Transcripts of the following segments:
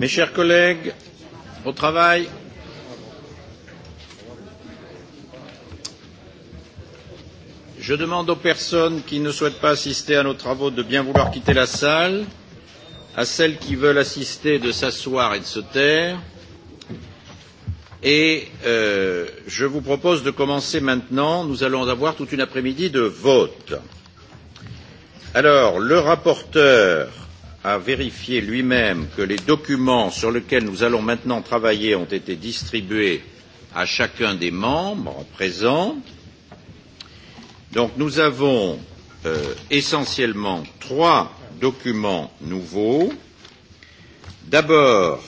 Mes chers collègues, au travail. Je demande aux personnes qui ne souhaitent pas assister à nos travaux de bien vouloir quitter la salle, à celles qui veulent assister de s'asseoir et de se taire. Et euh, je vous propose de commencer maintenant. Nous allons avoir toute une après-midi de vote. Alors, le rapporteur à vérifier lui-même que les documents sur lesquels nous allons maintenant travailler ont été distribués à chacun des membres présents. Donc nous avons euh, essentiellement trois documents nouveaux. D'abord,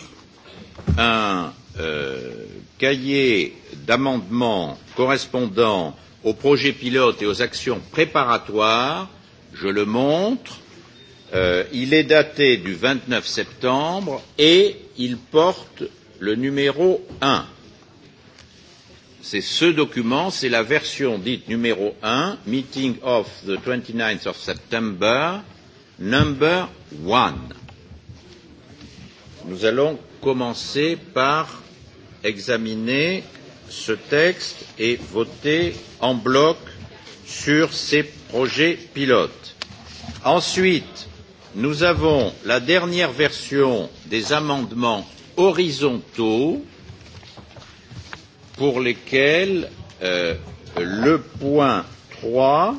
un euh, cahier d'amendements correspondant aux projets pilotes et aux actions préparatoires. Je le montre Euh, il est daté du vingt-neuf septembre et il porte le numéro un. C'est ce document, c'est la version dite numéro un Meeting of the 29th of September, number one. Nous allons commencer par examiner ce texte et voter en bloc sur ces projets pilotes. Ensuite, nous avons la dernière version des amendements horizontaux pour lesquels euh, le point 3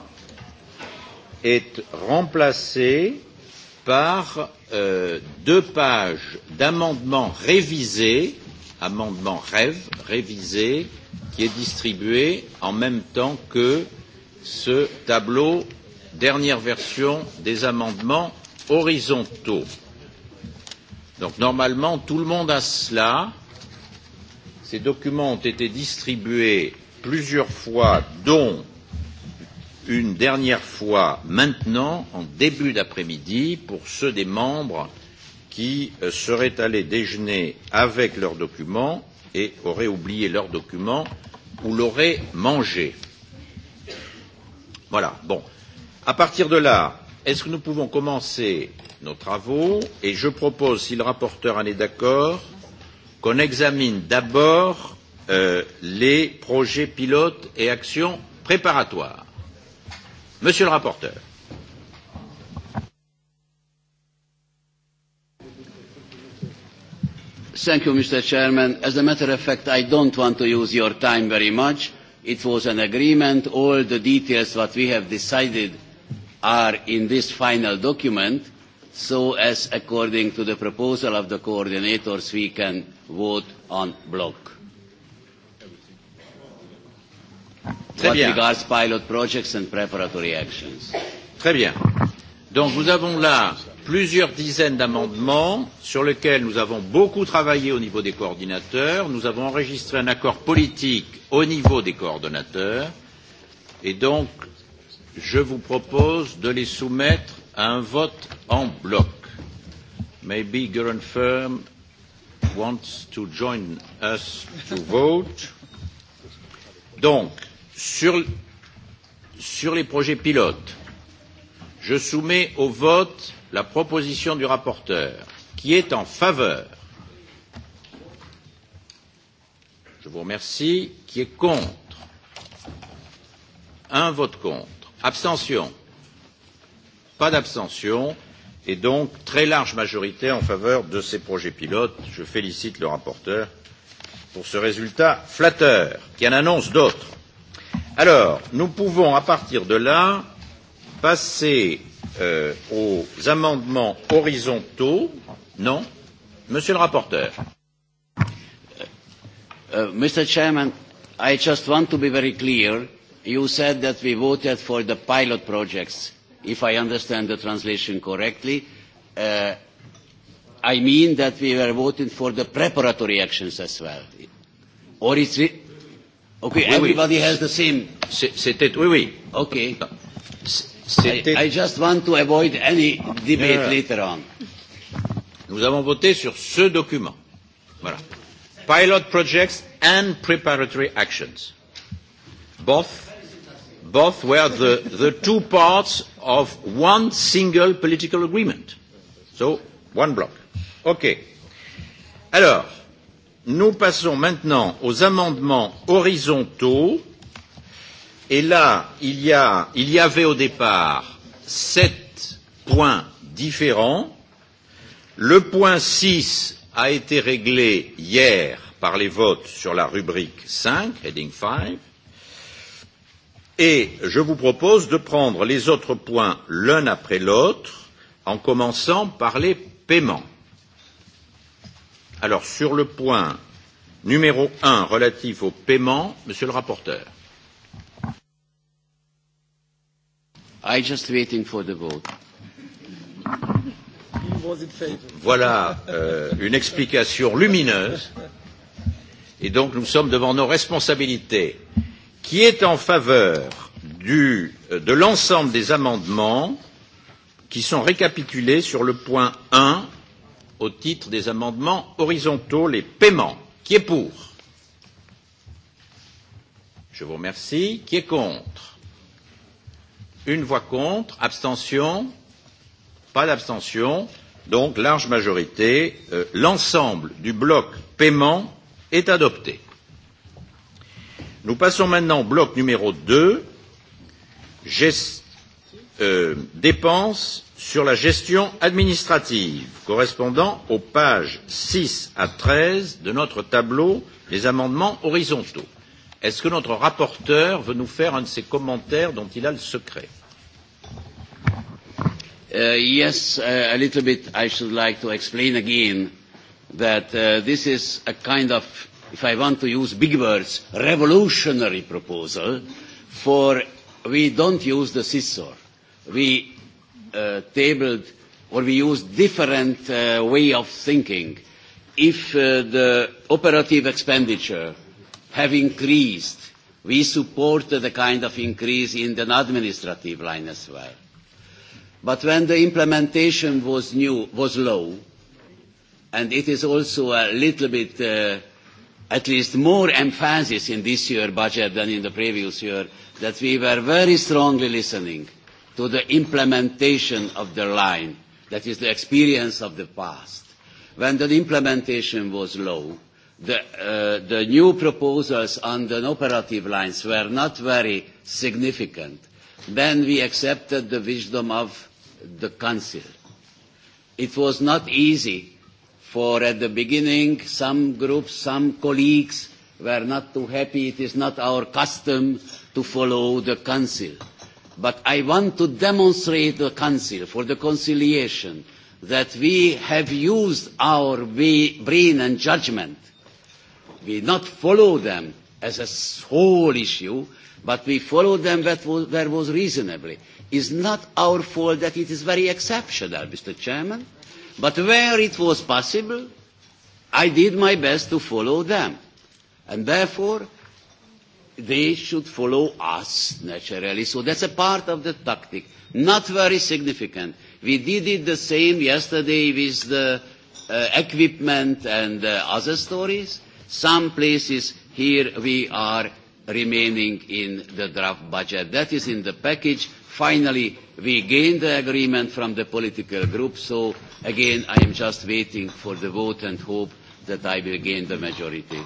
est remplacé par euh, deux pages d'amendements révisés, amendements rêve révisés, qui est distribué en même temps que ce tableau dernière version des amendements horizontaux. Donc normalement, tout le monde a cela. Ces documents ont été distribués plusieurs fois, dont une dernière fois maintenant, en début d'après-midi, pour ceux des membres qui euh, seraient allés déjeuner avec leurs documents et auraient oublié leurs documents ou l'auraient mangé. Voilà, bon. À partir de là, est-ce que nous pouvons commencer nos travaux et je propose, si le rapporteur en est d'accord, qu'on examine d'abord euh, les projets pilotes et actions préparatoires. Monsieur le rapporteur. Thank you, Mr. Chairman. As a matter of fact, I don't want to use your time very much. It was an agreement. All the details that we have decided are in this final document so as according to the proposal of the coordinators we can vote en bloc. Très what regards pilot projects and preparatory actions. Très bien. Donc nous avons là plusieurs dizaines d'amendements sur lesquels nous avons beaucoup travaillé au niveau des coordinateurs. Nous avons enregistré un accord politique au niveau des coordonnateurs. Et donc je vous propose de les soumettre à un vote en bloc. Maybe Göran Firm wants to join us to vote. Donc, sur, sur les projets pilotes, je soumets au vote la proposition du rapporteur qui est en faveur. Je vous remercie. Qui est contre Un vote contre. Abstention Pas d'abstention et donc très large majorité en faveur de ces projets pilotes. Je félicite le rapporteur pour ce résultat flatteur qui en annonce d'autres. Alors, nous pouvons à partir de là passer euh, aux amendements horizontaux. Non Monsieur le rapporteur. Uh, Mr. Chairman, I just want to be very clear you said that we voted for the pilot projects, if I understand the translation correctly. Uh, I mean that we were voting for the preparatory actions as well. Or it's... it... okay, oui, everybody oui. has the same... C'était... Oui, oui. Okay. I, I just want to avoid any debate yeah. later on. Nous avons voté sur ce document. Voilà. Pilot projects and preparatory actions. Both both were the, the two parts of one single political agreement. So, one block. OK. Alors, nous passons maintenant aux amendements horizontaux. Et là, il y, a, il y avait au départ sept points différents. Le point six a été réglé hier par les votes sur la rubrique cinq, heading five et je vous propose de prendre les autres points l'un après l'autre, en commençant par les paiements. Alors, sur le point numéro un relatif aux paiements, Monsieur le rapporteur. I just waiting for the vote. Voilà euh, une explication lumineuse. Et donc nous sommes devant nos responsabilités. Qui est en faveur du, euh, de l'ensemble des amendements qui sont récapitulés sur le point 1 au titre des amendements horizontaux, les paiements Qui est pour Je vous remercie. Qui est contre Une voix contre. Abstention Pas d'abstention. Donc, large majorité, euh, l'ensemble du bloc paiement est adopté. Nous passons maintenant au bloc numéro 2, euh, dépenses sur la gestion administrative, correspondant aux pages 6 à 13 de notre tableau des amendements horizontaux. Est-ce que notre rapporteur veut nous faire un de ces commentaires dont il a le secret uh, Yes, uh, a little bit. I should like to explain again that uh, this is a kind of if I want to use big words, revolutionary proposal, for we don't use the scissor. We uh, tabled or we used different uh, way of thinking. If uh, the operative expenditure have increased, we supported a kind of increase in the administrative line as well. But when the implementation was new, was low, and it is also a little bit uh, at least more emphasis in this year's budget than in the previous year that we were very strongly listening to the implementation of the line, that is the experience of the past. When the implementation was low, the, uh, the new proposals on the operative lines were not very significant. Then we accepted the wisdom of the Council. It was not easy for at the beginning some groups, some colleagues were not too happy. It is not our custom to follow the Council. But I want to demonstrate the Council for the conciliation that we have used our brain and judgment. We not follow them as a whole issue, but we follow them that was, where was reasonably. It's not our fault that it is very exceptional, Mr. Chairman. But where it was possible, I did my best to follow them. And therefore, they should follow us naturally. So that's a part of the tactic. Not very significant. We did it the same yesterday with the uh, equipment and uh, other stories. Some places here we are remaining in the draft budget. That is in the package. Finally, we gained the agreement from the political group, so again, I am just waiting for the vote and hope that I will gain the majority.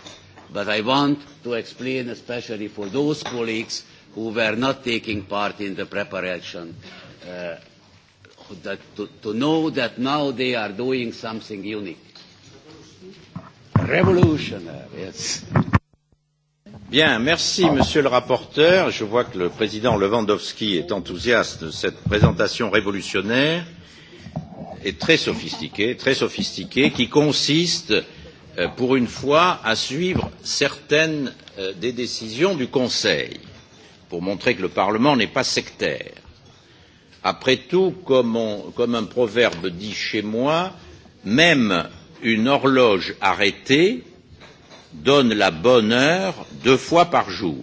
But I want to explain, especially for those colleagues who were not taking part in the preparation, uh, that to, to know that now they are doing something unique. Revolutionary, yes merci ah. monsieur le rapporteur. Je vois que le président Lewandowski est enthousiaste de cette présentation révolutionnaire et très sophistiquée, très sophistiquée, qui consiste euh, pour une fois à suivre certaines euh, des décisions du Conseil pour montrer que le Parlement n'est pas sectaire. Après tout, comme un proverbe dit chez moi, même une horloge arrêtée donne la bonne heure deux fois par jour.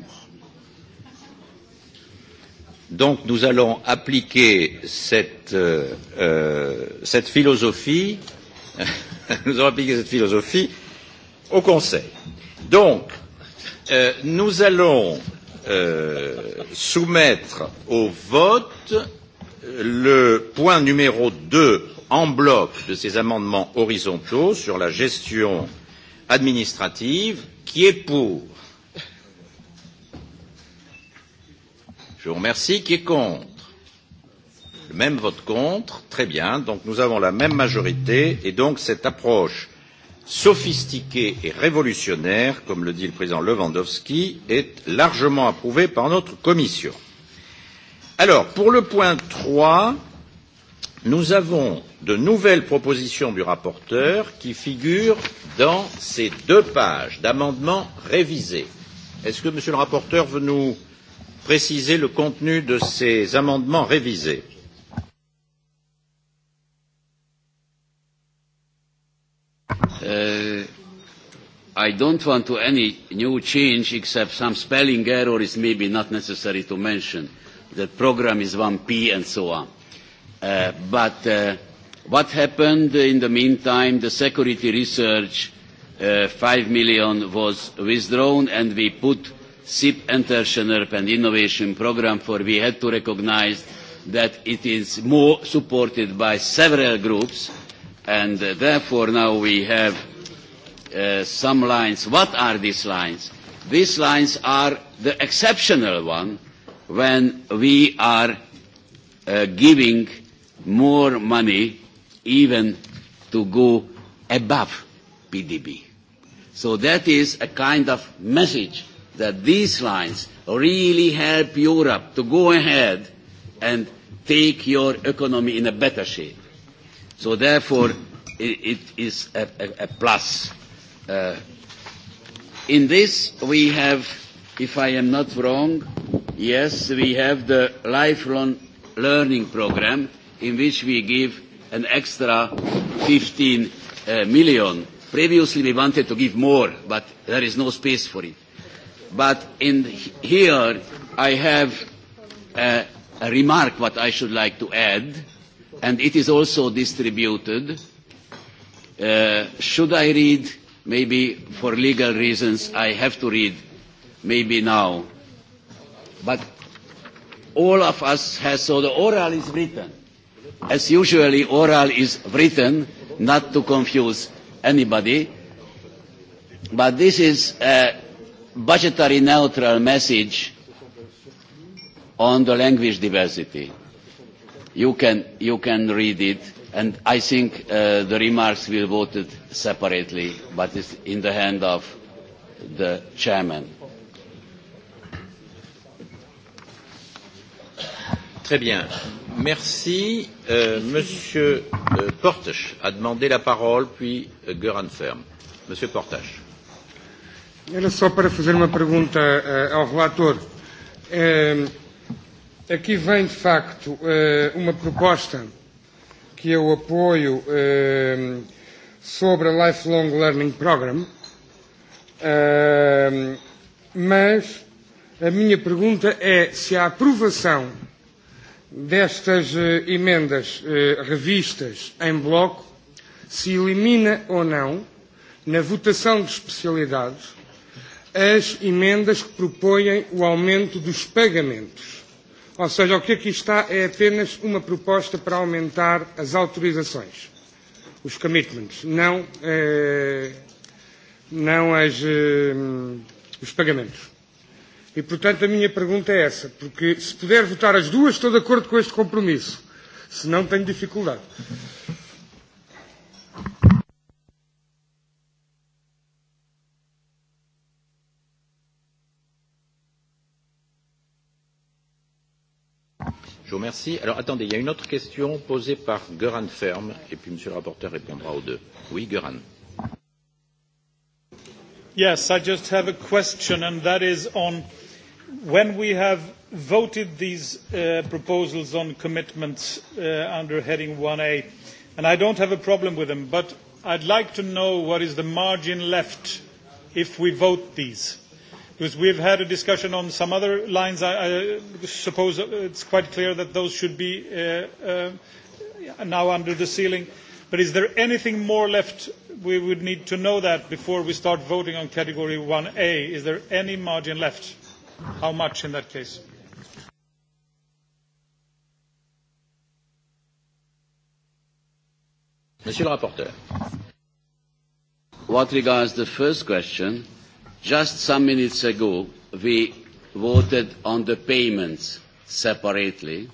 Donc nous allons appliquer cette, euh, euh cette philosophie nous allons appliquer cette philosophie au Conseil. Donc euh, nous allons euh, soumettre au vote le point numéro deux en bloc de ces amendements horizontaux sur la gestion euh, administrative qui est pour. Je vous remercie. Qui est contre Le même vote contre. Très bien. Donc nous avons la même majorité et donc cette approche sophistiquée et révolutionnaire, comme le dit le président Lewandowski, est largement approuvée par notre commission. Alors, pour le point 3, nous avons de nouvelles propositions du rapporteur qui figurent dans ces deux pages d'amendements révisés. Est-ce que Monsieur le rapporteur veut nous préciser le contenu de ces amendements révisés uh, I don't want to any new change except some spelling error is maybe not necessary to mention. The program is 1P and so on. Uh, but uh, what happened in the meantime, the security research, uh, 5 million was withdrawn and we put SIP entrepreneurship and innovation program for we had to recognize that it is more supported by several groups and uh, therefore now we have uh, some lines. What are these lines? These lines are the exceptional one when we are uh, giving more money even to go above PDB. So that is a kind of message that these lines really help Europe to go ahead and take your economy in a better shape. So therefore, it, it is a, a, a plus. Uh, in this, we have, if I am not wrong, yes, we have the lifelong learning program, in which we give an extra 15 uh, million. Previously we wanted to give more, but there is no space for it. But in here I have a, uh, a remark what I should like to add, and it is also distributed. Uh, should I read? Maybe for legal reasons I have to read, maybe now. But all of us have so the oral is written As usually, oral is written not to confuse anybody, but this is a budgetary neutral message on the language diversity. You can, you can read it, and I think uh, the remarks will be voted separately, but it's in the hand of the chairman. Très bien. Merci. Euh, Monsieur euh, a demandé la parole, puis euh, Ferm. Monsieur Portes. Era só para fazer uma pergunta uh, ao relator. Uh, aqui vem, de facto, uh, uma proposta que eu apoio uh, sobre a Lifelong Learning Program, uh, mas a minha pergunta é se a aprovação destas eh, emendas eh, revistas em bloco se elimina ou não, na votação de especialidades, as emendas que propõem o aumento dos pagamentos. Ou seja, o que aqui está é apenas uma proposta para aumentar as autorizações, os commitments, não, eh, não as, eh, os pagamentos. E, portanto, a minha pergunta é essa, porque se puder votar as duas, estou de acordo com este compromisso. Se não, tenho dificuldade. Je vous remercie. Alors attendez, il y a une autre question posée par Göran Ferme, et puis Monsieur le rapporteur répondra aux deux. Oui, Göran. Yes, I just have a question, and that is on When we have voted these uh, proposals on commitments uh, under heading 1A, and I don't have a problem with them, but I'd like to know what is the margin left if we vote these. Because we've had a discussion on some other lines. I, I suppose it's quite clear that those should be uh, uh now under the ceiling. But is there anything more left? We would need to know that before we start voting on category 1A. Is there any margin left? How much in that case? Monsieur le rapporteur. What regards the first question, just some minutes ago, we voted on the payments separately,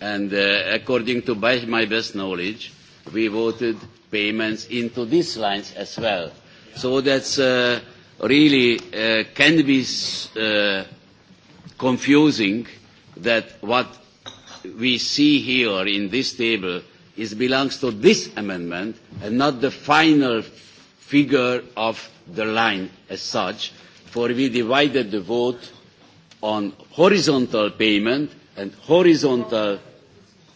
and uh, according to by my best knowledge, we voted payments into these lines as well. So that's uh, really uh, can be uh, confusing that what we see here in this table is belongs to this amendment and not the final figure of the line as such, for we divided the vote on horizontal payment and horizontal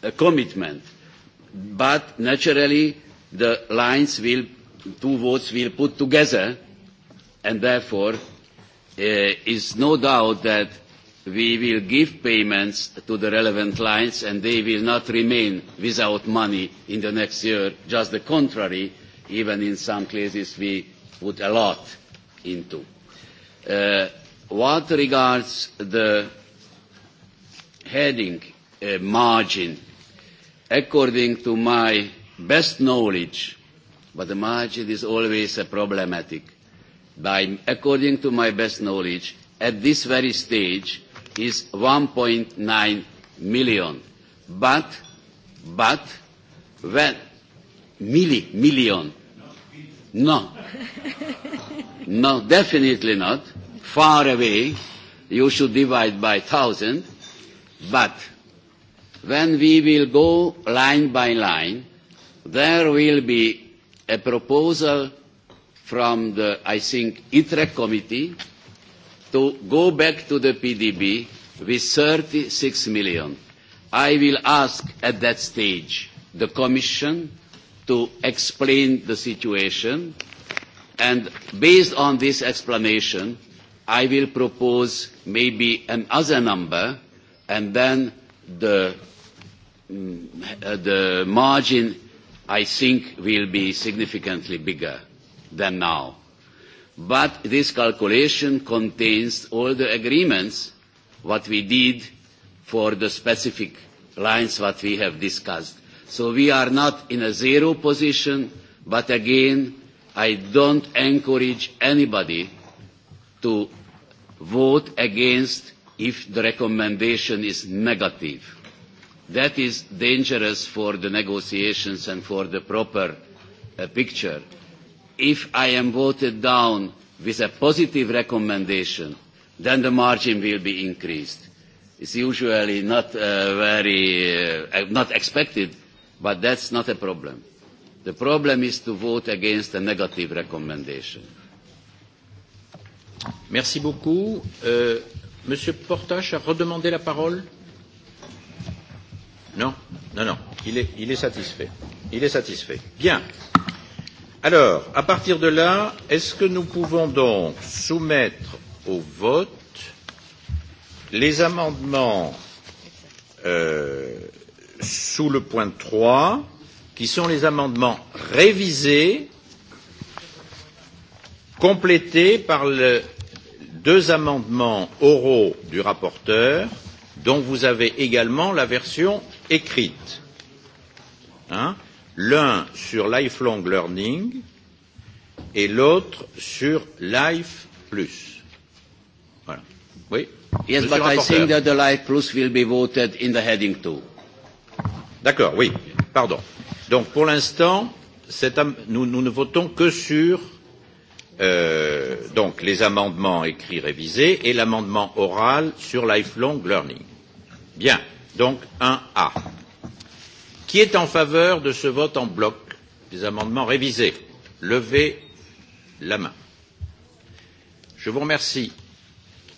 uh, commitment. But naturally, the lines will, two votes will put together, and therefore, uh, is no doubt that we will give payments to the relevant lines and they will not remain without money in the next year. Just the contrary, even in some cases we put a lot into. Uh, what regards the heading uh, margin, according to my best knowledge, but the margin is always a problematic, by, according to my best knowledge, at this very stage, is 1.9 million. But, but, when, milli, million. No. No, definitely not. Far away, you should divide by thousand. But when we will go line by line, there will be a proposal from the, I think, ITREC committee to go back to the PDB with 36 million. I will ask at that stage the Commission to explain the situation and based on this explanation I will propose maybe another number and then the, mm, uh, the margin I think will be significantly bigger than now but this calculation contains all the agreements what we did for the specific lines what we have discussed. So we are not in a zero position, but again, I don't encourage anybody to vote against if the recommendation is negative. That is dangerous for the negotiations and for the proper uh, picture if I am voted down with a positive recommendation, then the margin will be increased. It's usually not uh, very, uh, uh, not expected, but that's not a problem. The problem is to vote against a negative recommendation. Merci beaucoup. Euh, Monsieur Portache a redemandé la parole Non, non, non. Il est, il est satisfait. Il est satisfait. Bien. Alors, à partir de là, est-ce que nous pouvons donc soumettre au vote les amendements euh, sous le point trois, qui sont les amendements révisés, complétés par les deux amendements oraux du rapporteur, dont vous avez également la version écrite. Hein l'un sur lifelong learning et l'autre sur life plus. Voilà. Oui. Yes, but I think that the life plus will be voted in the heading two. D'accord, oui. Pardon. Donc pour l'instant, nous, nous ne votons que sur euh, donc les amendements écrits révisés et l'amendement oral sur lifelong learning. Bien. Donc un A. Qui est en faveur de ce vote en bloc des amendements révisés Levez la main. Je vous remercie.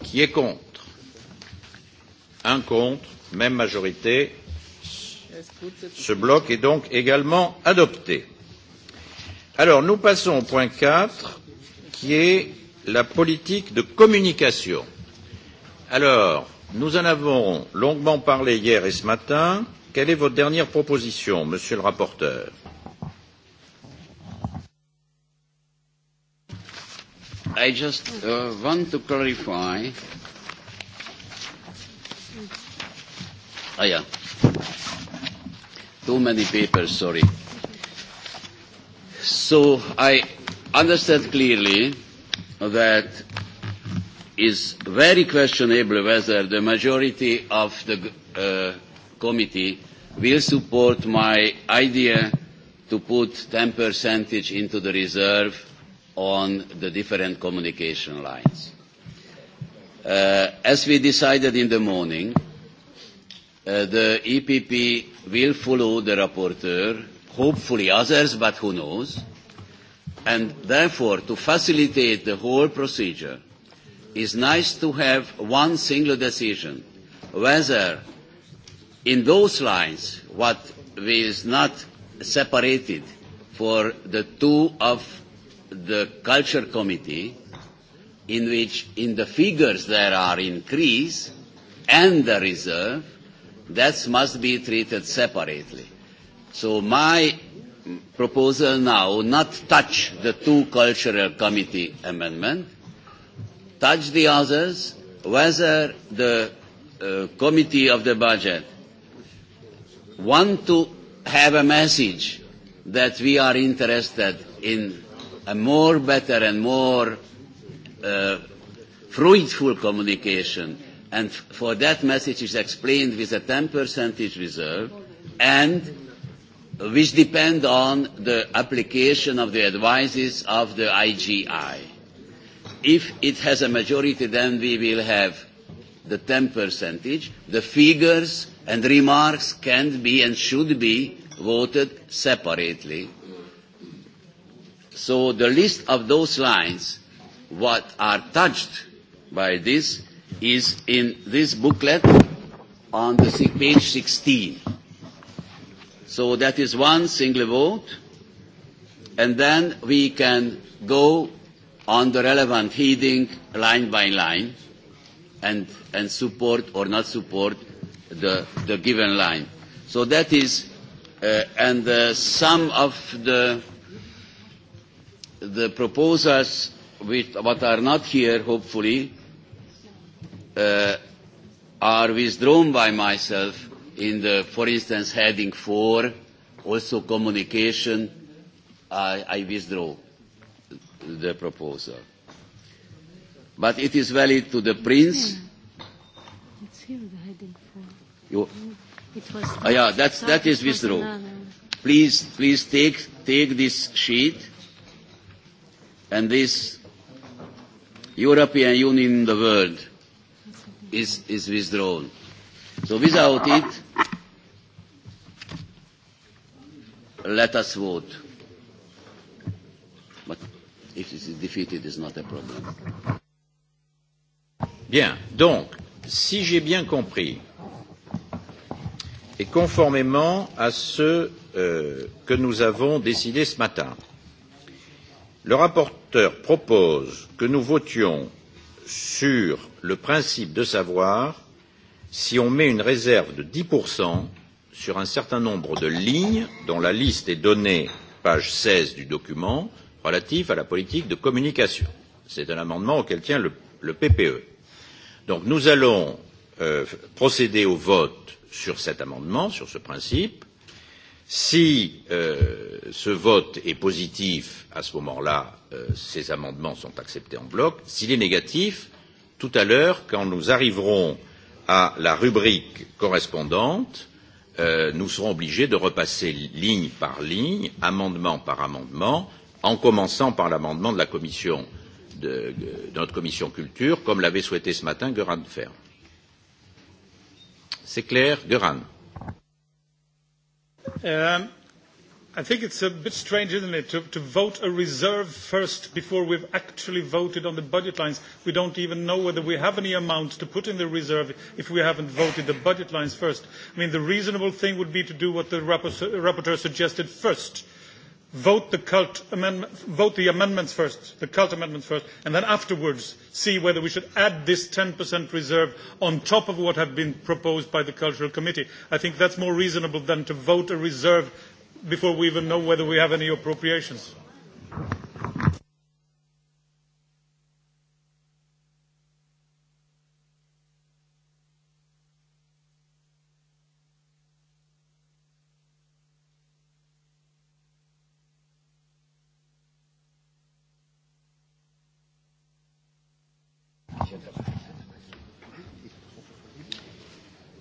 Qui est contre Un contre, même majorité. Ce bloc est donc également adopté. Alors, nous passons au point quatre, qui est la politique de communication. Alors, nous en avons longuement parlé hier et ce matin. Quelle est votre dernière proposition, monsieur le rapporteur I just uh, want to clarify. Ah, yeah. Too many papers, sorry. So I understand clearly that is very questionable whether the majority of the uh, committee will support my idea to put 10 percentage into the reserve on the different communication lines. Uh, as we decided in the morning, uh, the EPP will follow the rapporteur, hopefully others, but who knows. And therefore, to facilitate the whole procedure, it's nice to have one single decision, whether in those lines, what is not separated for the two of the culture committee, in which in the figures there are increase and the reserve, that must be treated separately. So my proposal now not touch the two cultural committee amendment, touch the others, whether the uh, committee of the budget want to have a message that we are interested in a more better and more uh, fruitful communication. And for that message is explained with a 10% reserve and which depend on the application of the advices of the IGI. If it has a majority, then we will have the 10 percentage. The figures and remarks can be and should be voted separately. So the list of those lines what are touched by this is in this booklet on the page 16. So that is one single vote, and then we can go on the relevant heading line by line and, and support or not support the, the given line. So that is, uh, and uh, some of the, the proposals which, what are not here, hopefully, uh, are withdrawn by myself in the, for instance, heading four also communication, I, I withdraw the proposal. But it is valid to the Prince. Yeah. It's here, You, ah, yeah, that's, that is withdrawn. Please, please take, take this sheet and this European Union in the world is, is withdrawn. So without it, let us vote. But if it is defeated, it's not a problem. Bien. Donc, si j'ai bien compris, et conformément à ce euh, que nous avons décidé ce matin. Le rapporteur propose que nous votions sur le principe de savoir si on met une réserve de dix sur un certain nombre de lignes dont la liste est donnée page seize du document relatif à la politique de communication. C'est un amendement auquel tient le, le PPE. Donc nous allons euh, procéder au vote sur cet amendement, sur ce principe. Si euh, ce vote est positif, à ce moment-là, euh, ces amendements sont acceptés en bloc. S'il est négatif, tout à l'heure, quand nous arriverons à la rubrique correspondante, euh, nous serons obligés de repasser ligne par ligne, amendement par amendement, en commençant par l'amendement de la commission de, de notre commission culture, comme l'avait souhaité ce matin Goran Ferm. C'est clair, Göran. Um, I think it's a bit strange, isn't it, to, to vote a reserve first before we've actually voted on the budget lines. We don't even know whether we have any amount to put in the reserve if we haven't voted the budget lines first. I mean, the reasonable thing would be to do what the rapporteur, suggested first, vote the cult amendment, vote the amendments first, the cult amendments first, and then afterwards see whether we should add this 10% reserve on top of what had been proposed by the cultural committee. I think that's more reasonable than to vote a reserve before we even know whether we have any appropriations.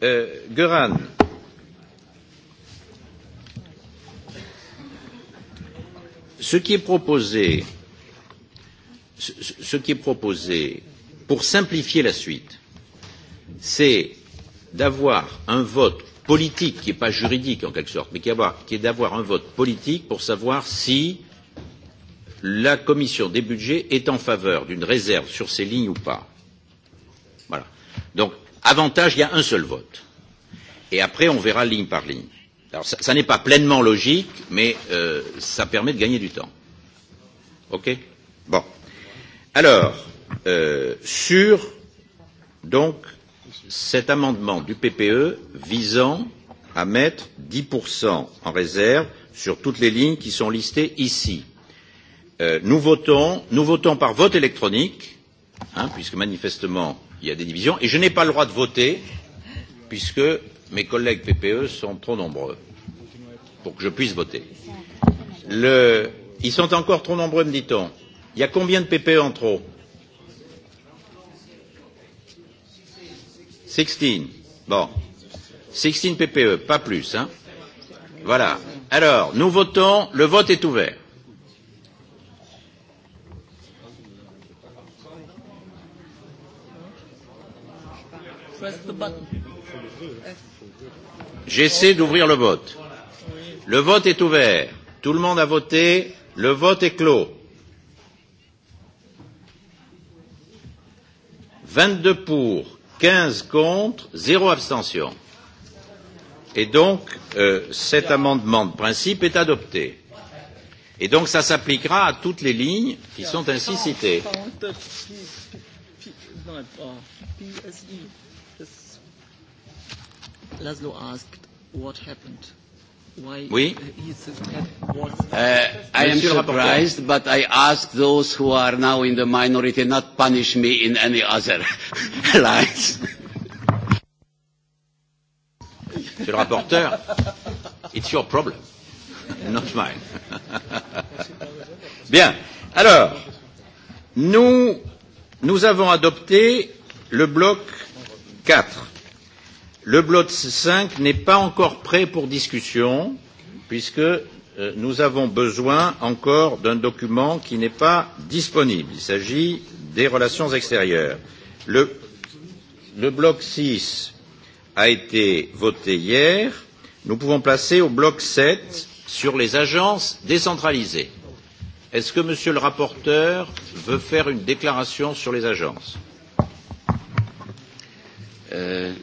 Eh, ce qui est proposé, pour simplifier la suite, c'est d'avoir un vote politique qui n'est pas juridique en quelque sorte, mais qui, qui est d'avoir un vote politique pour savoir si la commission des budgets est en faveur d'une réserve sur ces lignes ou pas. Voilà. Donc, avantage, il y a un seul vote. Et après, on verra ligne par ligne. Alors, ça, ça n'est pas pleinement logique, mais euh, ça permet de gagner du temps. OK Bon. Alors, euh, sur donc cet amendement du PPE visant à mettre 10% en réserve sur toutes les lignes qui sont listées ici. Euh, nous, votons, nous votons par vote électronique, hein, puisque manifestement il y a des divisions. Et je n'ai pas le droit de voter, puisque mes collègues PPE sont trop nombreux pour que je puisse voter. Le... Ils sont encore trop nombreux, me dit-on. Il y a combien de PPE en trop 16. Bon. 16 PPE, pas plus. Hein voilà. Alors, nous votons. Le vote est ouvert. J'essaie d'ouvrir le vote. Le vote est ouvert. Tout le monde a voté. Le vote est clos. 22 pour, 15 contre, 0 abstention. Et donc, euh, cet amendement de principe est adopté. Et donc, ça s'appliquera à toutes les lignes qui sont ainsi citées. Laszlo asked what happened. Why oui. Uh, I am surprised, but I ask those who are now in the minority not punish me in any other lines. Monsieur le rapporteur, it's your problem, not mine. Bien. Alors, nous, nous avons adopté le bloc 4. Le bloc 5 n'est pas encore prêt pour discussion, puisque euh, nous avons besoin encore d'un document qui n'est pas disponible. Il s'agit des relations extérieures. Le, le bloc 6 a été voté hier. Nous pouvons passer au bloc 7 sur les agences décentralisées. Est-ce que Monsieur le rapporteur veut faire une déclaration sur les agences euh,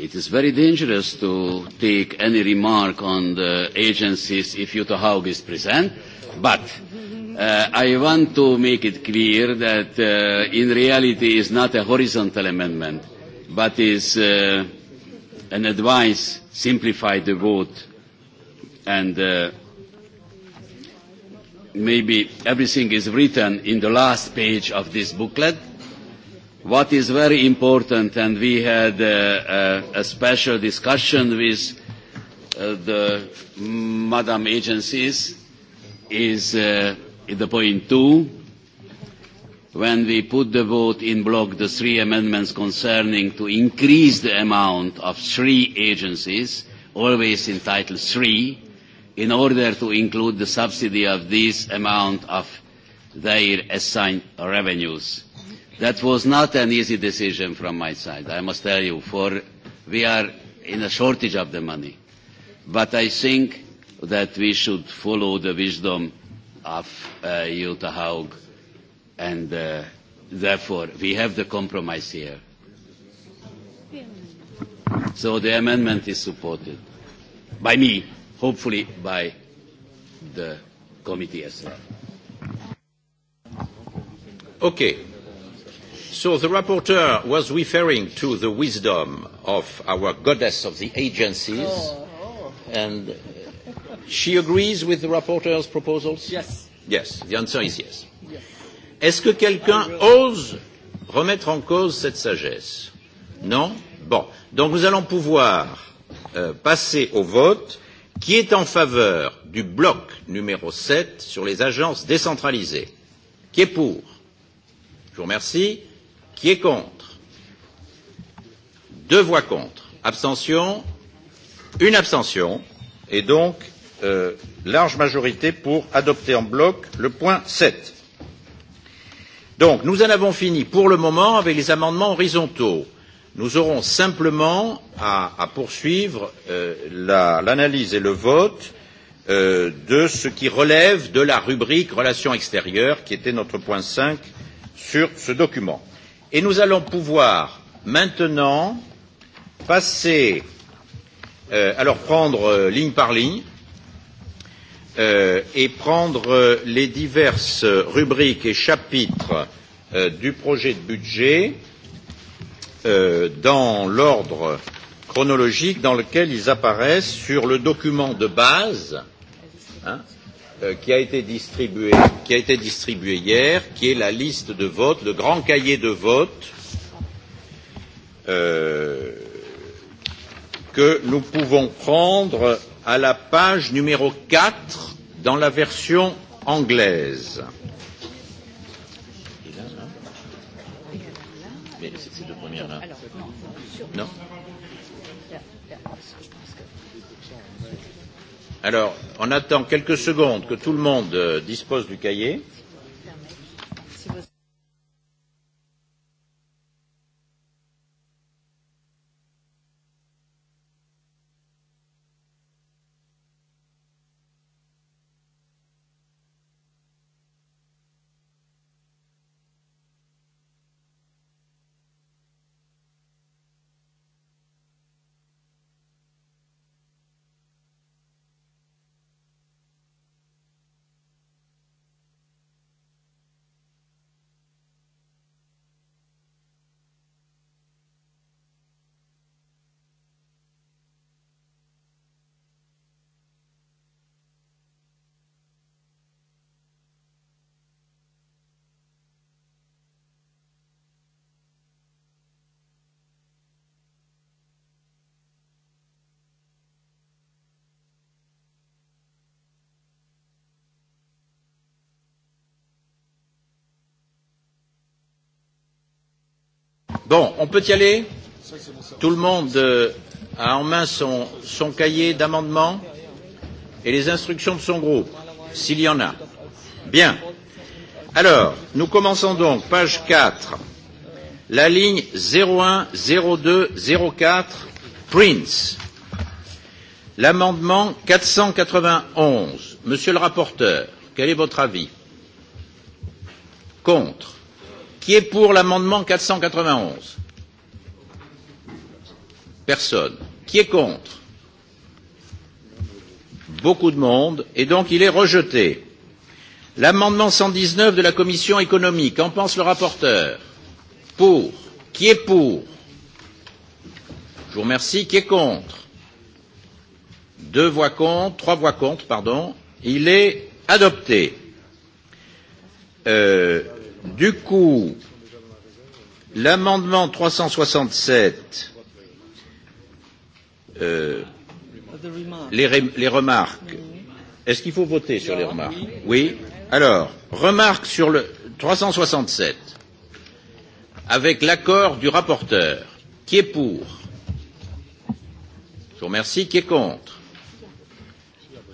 It is very dangerous to take any remark on the agencies if Jutta Haug is present, but uh, I want to make it clear that uh, in reality it is not a horizontal amendment, but is uh, an advice, simplify the vote, and uh, maybe everything is written in the last page of this booklet, What is very important, and we had uh, a, uh, a special discussion with uh, the madam agencies, is uh, the point two, when we put the vote in block the three amendments concerning to increase the amount of three agencies, always in Title three, in order to include the subsidy of this amount of their assigned revenues. That was not an easy decision from my side, I must tell you, for we are in a shortage of the money. But I think that we should follow the wisdom of uh, Jutta Haug, and uh, therefore we have the compromise here. So the amendment is supported by me, hopefully by the committee as well. Okay. So the rapporteur was referring to the wisdom of our goddess of the agencies, oh, and she agrees with the rapporteur's proposals? Yes. Yes, the answer is yes. yes. Est-ce que quelqu'un ose remettre en cause cette sagesse Non Bon. Donc nous allons pouvoir euh, passer au vote qui est en faveur du bloc numéro 7 sur les agences décentralisées. Qui est pour Je vous remercie. Qui est contre Deux voix contre. Abstention Une abstention. Et donc, euh, large majorité pour adopter en bloc le point 7. Donc, nous en avons fini pour le moment avec les amendements horizontaux. Nous aurons simplement à, à poursuivre euh, l'analyse la, et le vote euh, de ce qui relève de la rubrique Relations extérieures, qui était notre point cinq sur ce document. Et nous allons pouvoir maintenant passer, euh, alors prendre euh, ligne par ligne, euh, et prendre euh, les diverses rubriques et chapitres euh, du projet de budget euh, dans l'ordre chronologique dans lequel ils apparaissent sur le document de base. Hein, Euh, qui a été distribué, qui a été distribué hier, qui est la liste de vote, le grand cahier de vote euh, que nous pouvons prendre à la page numéro 4 dans la version anglaise. Mais c'est deux premières là. Alors, on attend quelques secondes que tout le monde euh, dispose du cahier. Bon, on peut y aller Tout le monde euh, a en main son, son cahier d'amendement et les instructions de son groupe, s'il y en a. Bien. Alors, nous commençons donc, page 4, la ligne 010204, Prince. L'amendement 491. Monsieur le rapporteur, quel est votre avis Contre Qui est pour l'amendement 491 Personne. Qui est contre Beaucoup de monde. Et donc il est rejeté. L'amendement 119 de la Commission économique, qu'en pense le rapporteur Pour. Qui est pour Je vous remercie. Qui est contre Deux voix contre, trois voix contre, pardon. Il est adopté. Euh, Du coup, l'amendement 367, euh, les, les remarques. Est-ce qu'il faut voter sur les remarques Oui. Alors, remarque sur le 367, avec l'accord du rapporteur. Qui est pour Je vous remercie. Qui est contre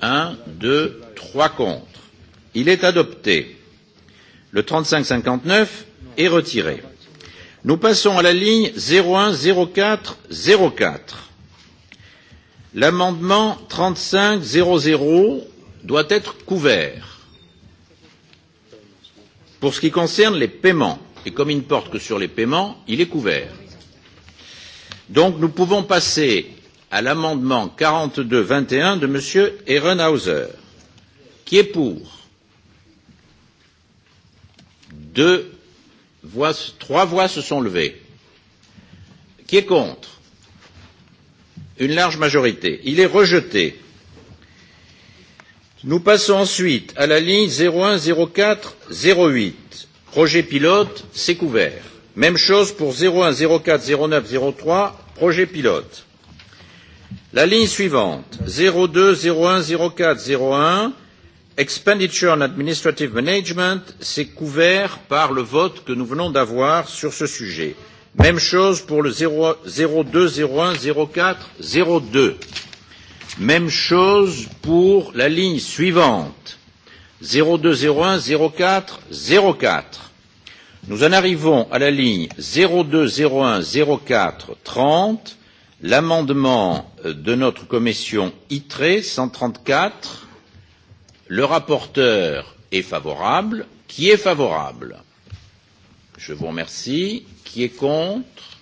Un, deux, trois contre. Il est adopté le trente cinq cinquante neuf est retiré. Nous passons à la ligne zéro un zéro quatre zéro quatre. L'amendement trente cinq zéro zéro doit être couvert pour ce qui concerne les paiements et comme il ne porte que sur les paiements, il est couvert. Donc nous pouvons passer à l'amendement quarante deux vingt et un de M. Ehrenhauser. Qui est pour? Deux voix, trois voix se sont levées. Qui est contre Une large majorité. Il est rejeté. Nous passons ensuite à la ligne 010408. Projet pilote, c'est couvert. Même chose pour 010409, 03, projet pilote. La ligne suivante, 02 expenditure on administrative management, c'est couvert par le vote que nous venons d'avoir sur ce sujet. Même chose pour le 0, 02, 01, 04, 02. Même chose pour la ligne suivante. 02, 01, 04, 04. Nous en arrivons à la ligne 02, 01, 04, 30. L'amendement euh, de notre commission ITRE e, 134 Le rapporteur est favorable. Qui est favorable Je vous remercie. Qui est contre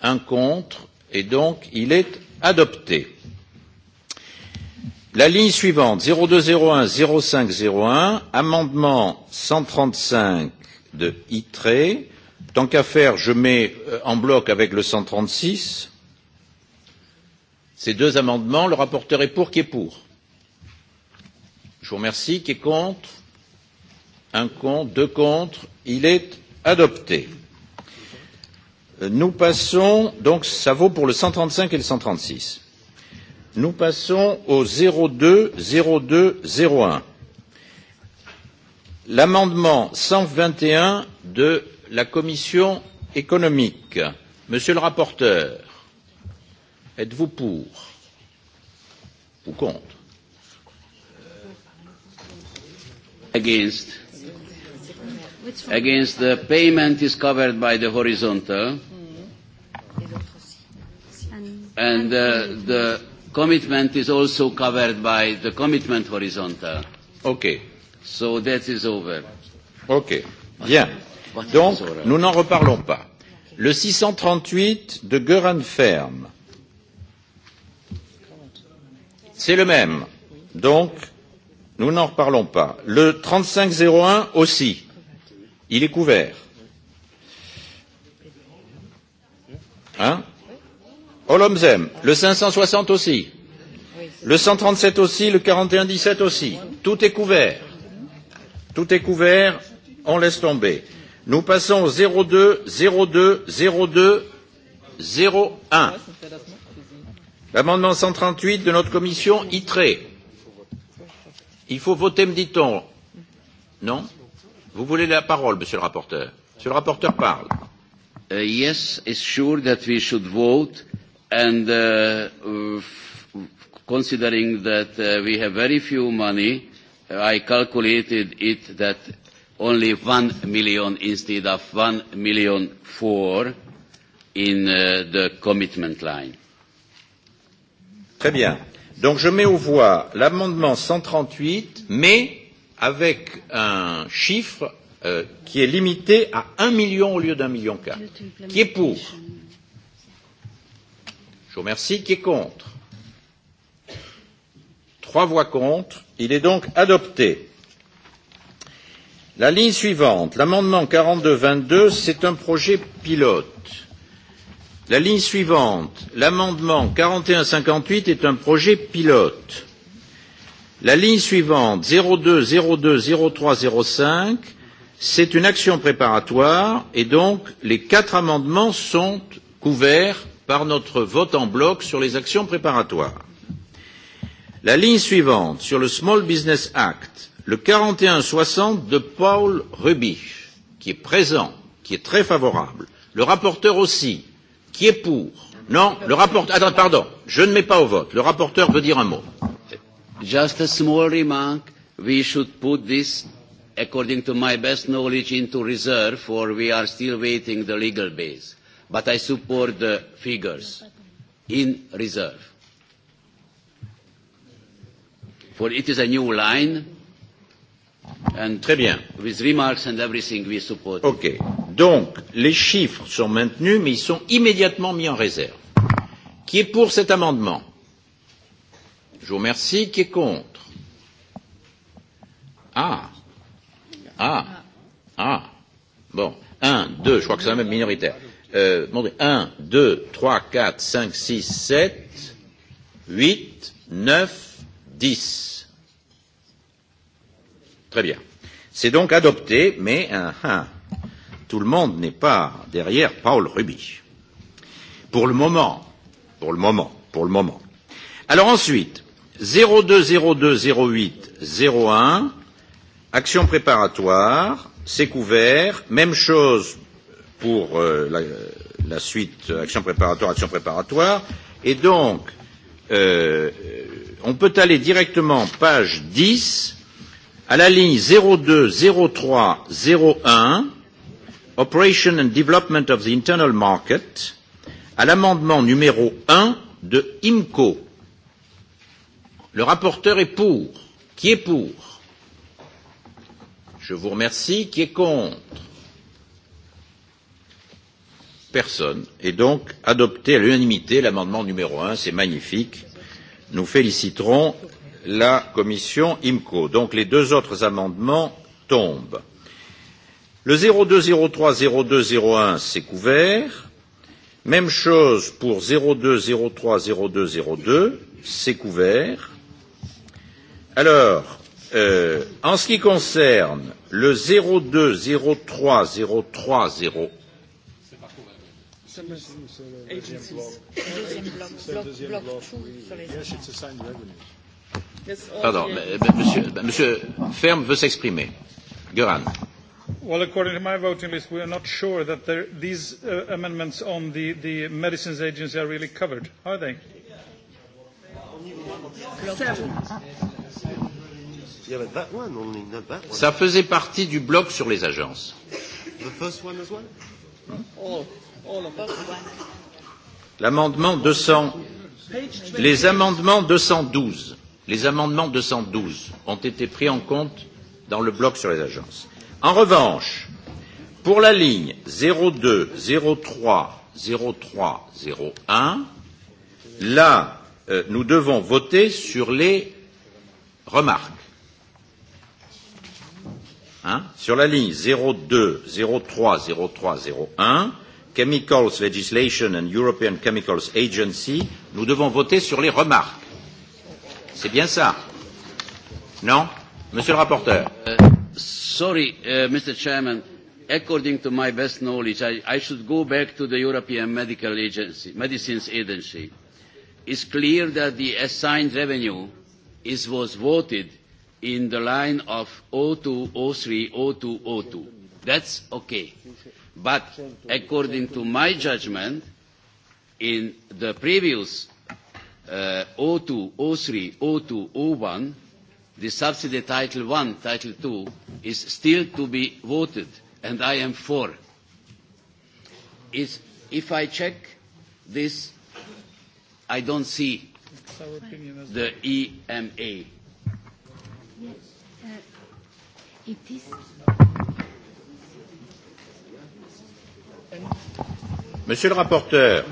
Un contre. Et donc, il est adopté. La ligne suivante, 0201 0501, amendement 135 de ITRE. Tant qu'à faire, je mets euh, en bloc avec le 136. Ces deux amendements, le rapporteur est pour, qui est pour vous remercie. Qui est contre Un contre, deux contre. Il est adopté. Nous passons, donc ça vaut pour le 135 et le 136. Nous passons au deux 02 un. L'amendement 121 de la Commission économique. Monsieur le rapporteur, êtes-vous pour ou contre against against the payment is covered by the horizontal and uh, the commitment is also covered by the commitment horizontal. Okay. So that is over. OK. Bien. Donc, nous n'en reparlons pas. Le 638 de Göran Ferm. C'est le même. Donc, Nous n'en reparlons pas. Le 3501 aussi. Il est couvert. Hein Olomzem. Le 560 aussi. Le 137 aussi. Le 4117 aussi. Tout est couvert. Tout est couvert. On laisse tomber. Nous passons au 02 02 02 01. L'amendement 138 de notre commission ITRE. Il faut voter, me dit-on. Non Vous voulez la parole, monsieur le rapporteur. Monsieur le rapporteur parle. Uh, yes, it's sure that we should vote and uh, considering that uh, we have very few money, uh, I calculated it that only one million instead of one million four in uh, the commitment line. Très bien. Donc je mets aux voix l'amendement cent trente huit, mais avec un chiffre euh, qui est limité à un million au lieu d'un million quatre. Qui est pour Je vous remercie. Qui est contre Trois voix contre. Il est donc adopté. La ligne suivante, l'amendement quarante deux vingt deux, c'est un projet pilote La ligne suivante, l'amendement quarante et un cinquante huit est un projet pilote. La ligne suivante, zéro zéro zéro zéro deux deux trois cinq c'est une action préparatoire et donc les quatre amendements sont couverts par notre vote en bloc sur les actions préparatoires. La ligne suivante, sur le Small Business Act, le 4160 de Paul Rubich, qui est présent, qui est très favorable, le rapporteur aussi, Qui est pour Non, le rapporteur. Attends, pardon, je ne mets pas au vote. Le rapporteur veut dire un mot. Just a small remark. We should put this, according to my best knowledge, into reserve, for we are still waiting the legal base. But I support the figures in reserve. For it is a new line, And très bien. With remarks and everything we support. OK. Donc, les chiffres sont maintenus, mais ils sont immédiatement mis en réserve. Qui est pour cet amendement Je vous remercie. Qui est contre Ah. Ah. Ah. Bon. Un, deux, je crois que c'est même minoritaire. Euh, un, deux, trois, quatre, cinq, six, sept, huit, neuf, dix. Très bien. C'est donc adopté, mais hein, hein, tout le monde n'est pas derrière Paul Ruby. Pour le moment, pour le moment, pour le moment. Alors ensuite, 0202-08-01, action préparatoire, c'est couvert. Même chose pour euh, la, la suite action préparatoire, action préparatoire. Et donc, euh, on peut aller directement page 10 à la ligne 020301, Operation and Development of the Internal Market, à l'amendement numéro 1 de IMCO. Le rapporteur est pour. Qui est pour Je vous remercie. Qui est contre Personne. Et donc, adopté à l'unanimité l'amendement numéro 1, c'est magnifique. Nous féliciterons la commission IMCO. Donc les deux autres amendements tombent. Le zéro deux zéro trois trois deux zéro un, c'est couvert. Même chose pour zéro zéro zéro deux zéro deux c'est couvert. Alors, euh, en ce qui concerne le zéro deux zéro trois zéro trois zéro Bloc, bloc, bloc, Pardon, monsieur, monsieur Ferme veut s'exprimer. Göran. Well, according to my voting list, we are not sure that these uh, amendments on the medicines agency are really covered, are they? Ça faisait partie du bloc sur les agences. L'amendement 200, les amendements 212 les amendements deux cent douze ont été pris en compte dans le bloc sur les agences. En revanche, pour la ligne zéro deux, zéro trois, trois, zéro un, là, euh, nous devons voter sur les remarques. Hein sur la ligne zéro deux, zéro trois, trois, un, Chemicals Legislation and European Chemicals Agency, nous devons voter sur les remarques C'est bien ça Non Monsieur le rapporteur. Uh, sorry, uh, Mr. Chairman. According to my best knowledge, I, I should go back to the European Medical Agency, Medicines Agency. It's clear that the assigned revenue is, was voted in the line of 02, 03, 02, 02. That's okay. But according to my judgment, in the previous uh, O2, O3, O2, O1, the subsidy Title 1, Title 2 is still to be voted, and I am for. if I check this, I don't see the EMA. Uh, Monsieur le rapporteur,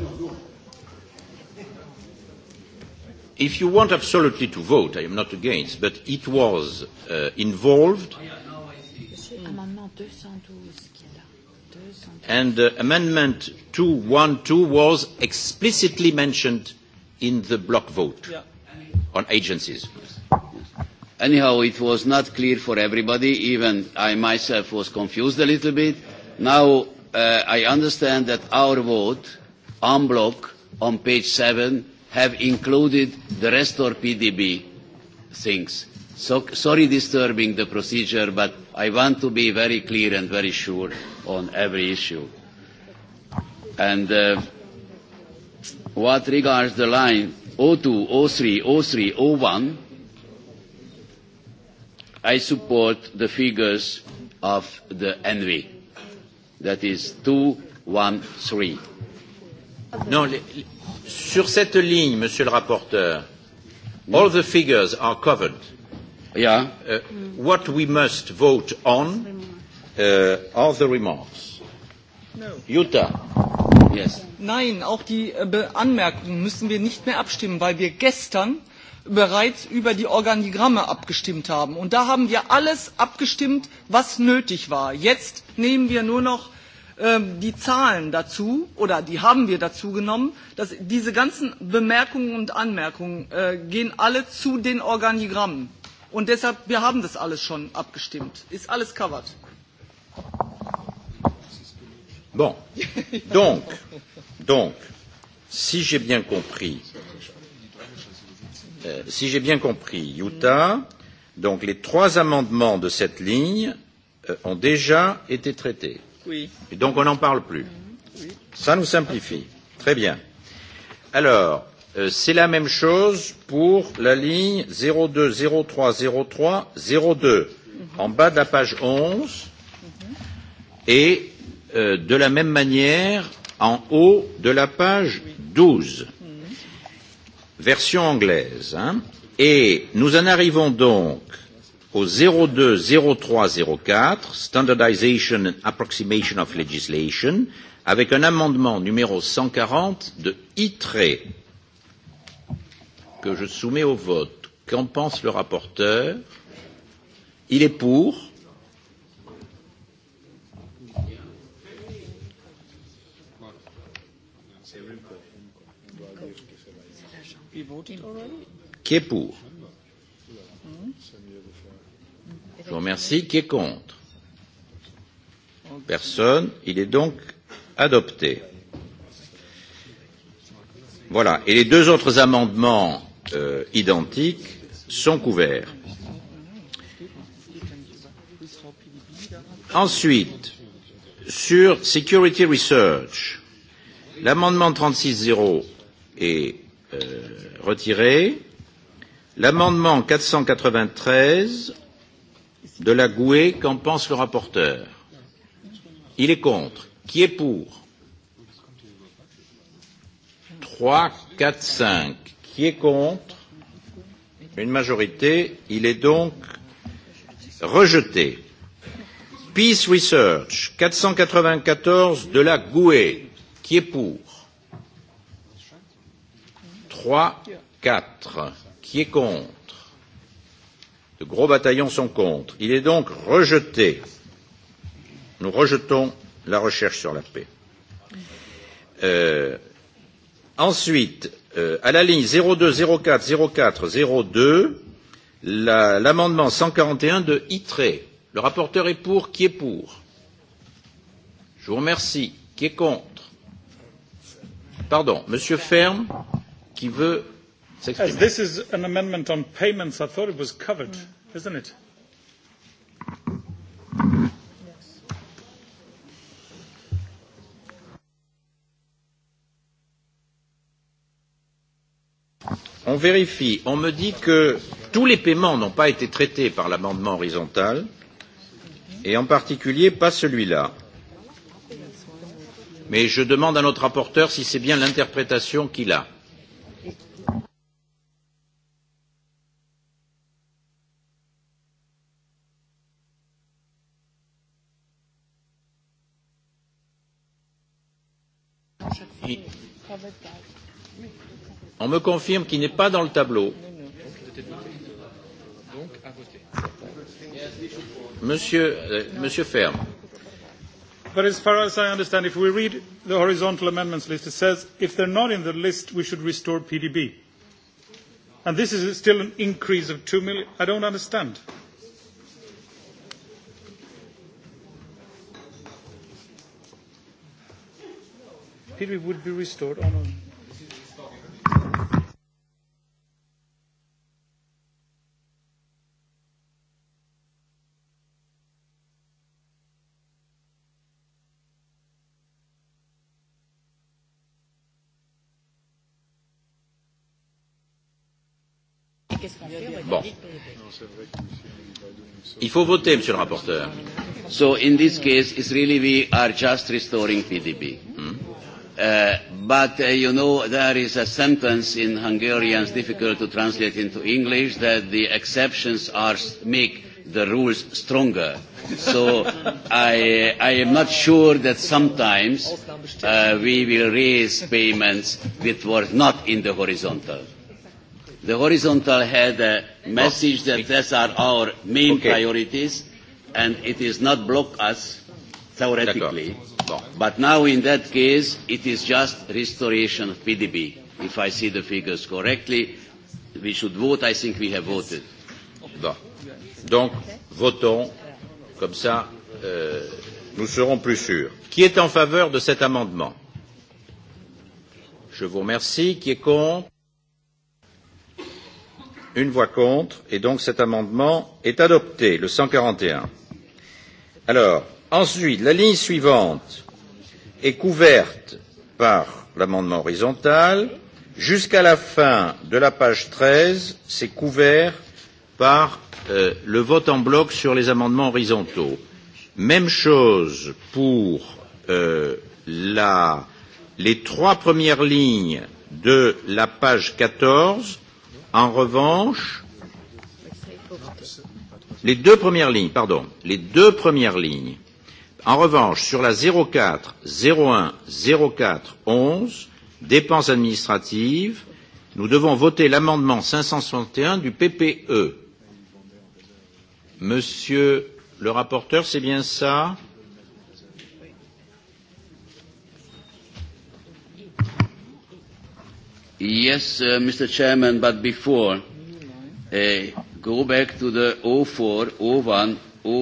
if you want absolutely to vote, I am not against, but it was uh, involved. And uh, amendment 212 was explicitly mentioned in the block vote yeah. on agencies. Anyhow, it was not clear for everybody. Even I myself was confused a little bit. Now uh, I understand that our vote en bloc on page seven have included the Restore PDB things. So, sorry disturbing the procedure, but I want to be very clear and very sure on every issue. And uh, what regards the line O O O three, O one, I support the figures of the NV. That is 213. No, Sur cette ligne, monsieur le rapporteur, all the figures are covered. Yeah. Uh, what we must vote on uh, are the remarks. No. Jutta. Yes. Nein, auch die äh, Anmerkungen müssen wir nicht mehr abstimmen, weil wir gestern bereits über die Organigramme abgestimmt haben. Und da haben wir alles abgestimmt, was nötig war. Jetzt nehmen wir nur noch Ähm, die Zahlen dazu oder die haben wir dazu genommen. Dass diese ganzen Bemerkungen und Anmerkungen äh, gehen alle zu den Organigrammen. Und deshalb, wir haben das alles schon abgestimmt. Ist alles covered. Bon. Donc, donc si j'ai bien compris, euh, si j'ai bien compris, Utah, donc les trois amendements de cette ligne euh, ont déjà été traités. Oui. Et donc on n'en parle plus. Mhm. Oui. Ça nous simplifie. Très bien. Alors, euh, c'est la même chose pour la ligne 02 mmh. en bas de la page 11 mmh. et euh, de la même manière en haut de la page 12 mmh. version anglaise hein, et nous en arrivons donc au zéro deux zéro trois zéro quatre standardisation and approximation of legislation avec un amendement numéro cent quarante de ITRE que je soumets au vote. Qu'en pense le rapporteur Il est pour Qui est pour Je vous remercie. Qui est contre Personne. Il est donc adopté. Voilà. Et les deux autres amendements euh, identiques sont couverts. Ensuite, sur Security Research, l'amendement 36.0 est euh, retiré. L'amendement 493 de la GUE, qu'en pense le rapporteur Il est contre. Qui est pour 3, 4, 5. Qui est contre Une majorité. Il est donc rejeté. Peace Research, 494 de la GUE. Qui est pour 3, 4. Qui est contre de gros bataillons sont contre. Il est donc rejeté. Nous rejetons la recherche sur la paix. Euh, ensuite, euh, à la ligne zéro deux zéro quatre zéro zéro deux, l'amendement cent quarante et un de ITRE. Le rapporteur est pour, qui est pour? Je vous remercie. Qui est contre? Pardon, Monsieur Ferme, qui veut As this is an amendment on payments, I thought it was covered, isn't it? On vérifie. On me dit que tous les paiements n'ont pas été traités par l'amendement horizontal, et en particulier pas celui-là. Mais je demande à notre rapporteur si c'est bien l'interprétation qu'il a. On me confirme qu'il n'est pas dans le tableau. Monsieur, euh, Monsieur Ferme. But as far as I understand, if we read the horizontal amendments list, it says if they're not in the list, we should restore PDB. And this is still an increase of 2 million. I don't understand. period would be restored on a Bon. Il faut voter, Monsieur le rapporteur. So in this case, it's really we are just restoring PDB. Uh, but uh, you know there is a sentence in Hungarian difficult to translate into English that the exceptions are make the rules stronger. So I, uh, I am not sure that sometimes uh, we will raise payments which were not in the horizontal. The horizontal had a message that these are our main okay. priorities and it is not block us theoretically. But now in that case, it is just restoration of PDB. If I see the figures correctly, we should vote. I think we have voted. Bon. Donc, votons. Comme ça, euh, nous serons plus sûrs. Qui est en faveur de cet amendement Je vous remercie. Qui est contre Une voix contre. Et donc, cet amendement est adopté, le 141. Alors, Ensuite, la ligne suivante est couverte par l'amendement horizontal. Jusqu'à la fin de la page 13, c'est couvert par euh, le vote en bloc sur les amendements horizontaux. Même chose pour euh, la, les trois premières lignes de la page 14. En revanche, les deux premières lignes, pardon, les deux premières lignes En revanche, sur la 04, 01, 04, 11, dépenses administratives, nous devons voter l'amendement 561 du PPE. Monsieur le rapporteur, c'est bien ça Yes, uh, Mr. Chairman, but before, uh, go back to the 04, 01,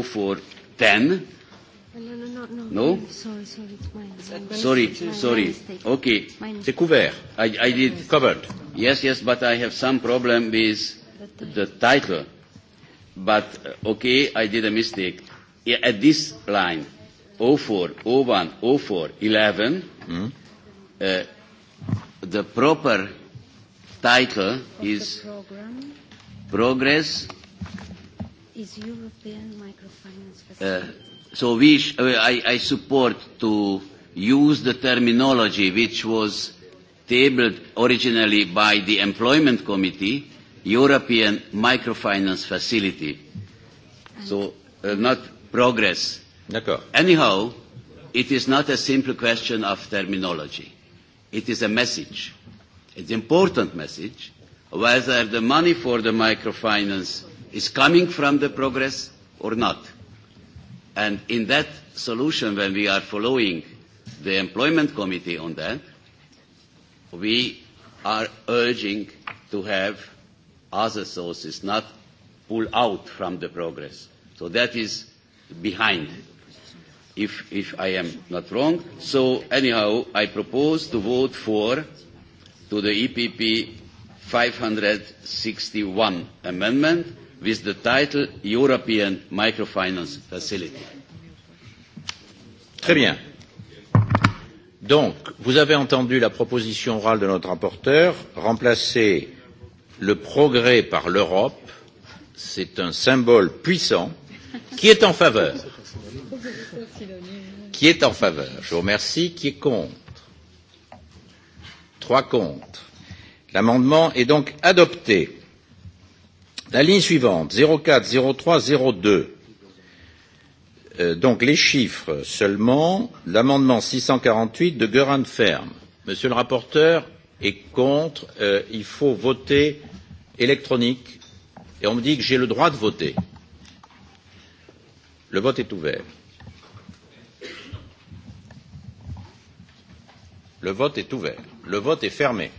04, 10 No? no? Eh, sorry, sorry, Okay, the cover. I, I did covered. Yes, yes, but I have some problem with the title. But uh, okay, I did a mistake. At this line, 04, 01, 04, 11, mm? uh, the proper title of is program? Progress is European Microfinance uh, Facility. Uh, so we sh uh, I, I support to use the terminology which was tabled originally by the Employment Committee, European Microfinance Facility. So uh, not progress. Anyhow, it is not a simple question of terminology. It is a message. It's an important message whether the money for the microfinance is coming from the progress or not. And in that solution, when we are following the employment committee on that, we are urging to have other sources, not pull out from the progress. So that is behind, if, if I am not wrong. So anyhow, I propose to vote for to the EPP 561 amendment with the title European Microfinance Facility. Très bien. Donc, vous avez entendu la proposition orale de notre rapporteur, remplacer le progrès par l'Europe, c'est un symbole puissant qui est en faveur. Qui est en faveur Je vous remercie. Qui est contre Trois contre. L'amendement est donc adopté. La ligne suivante, 04, 03, 02. Euh, donc les chiffres seulement. L'amendement 648 de Göran Ferme. Monsieur le rapporteur est contre. Euh, il faut voter électronique. Et on me dit que j'ai le droit de voter. Le vote est ouvert. Le vote est ouvert. Le vote est fermé.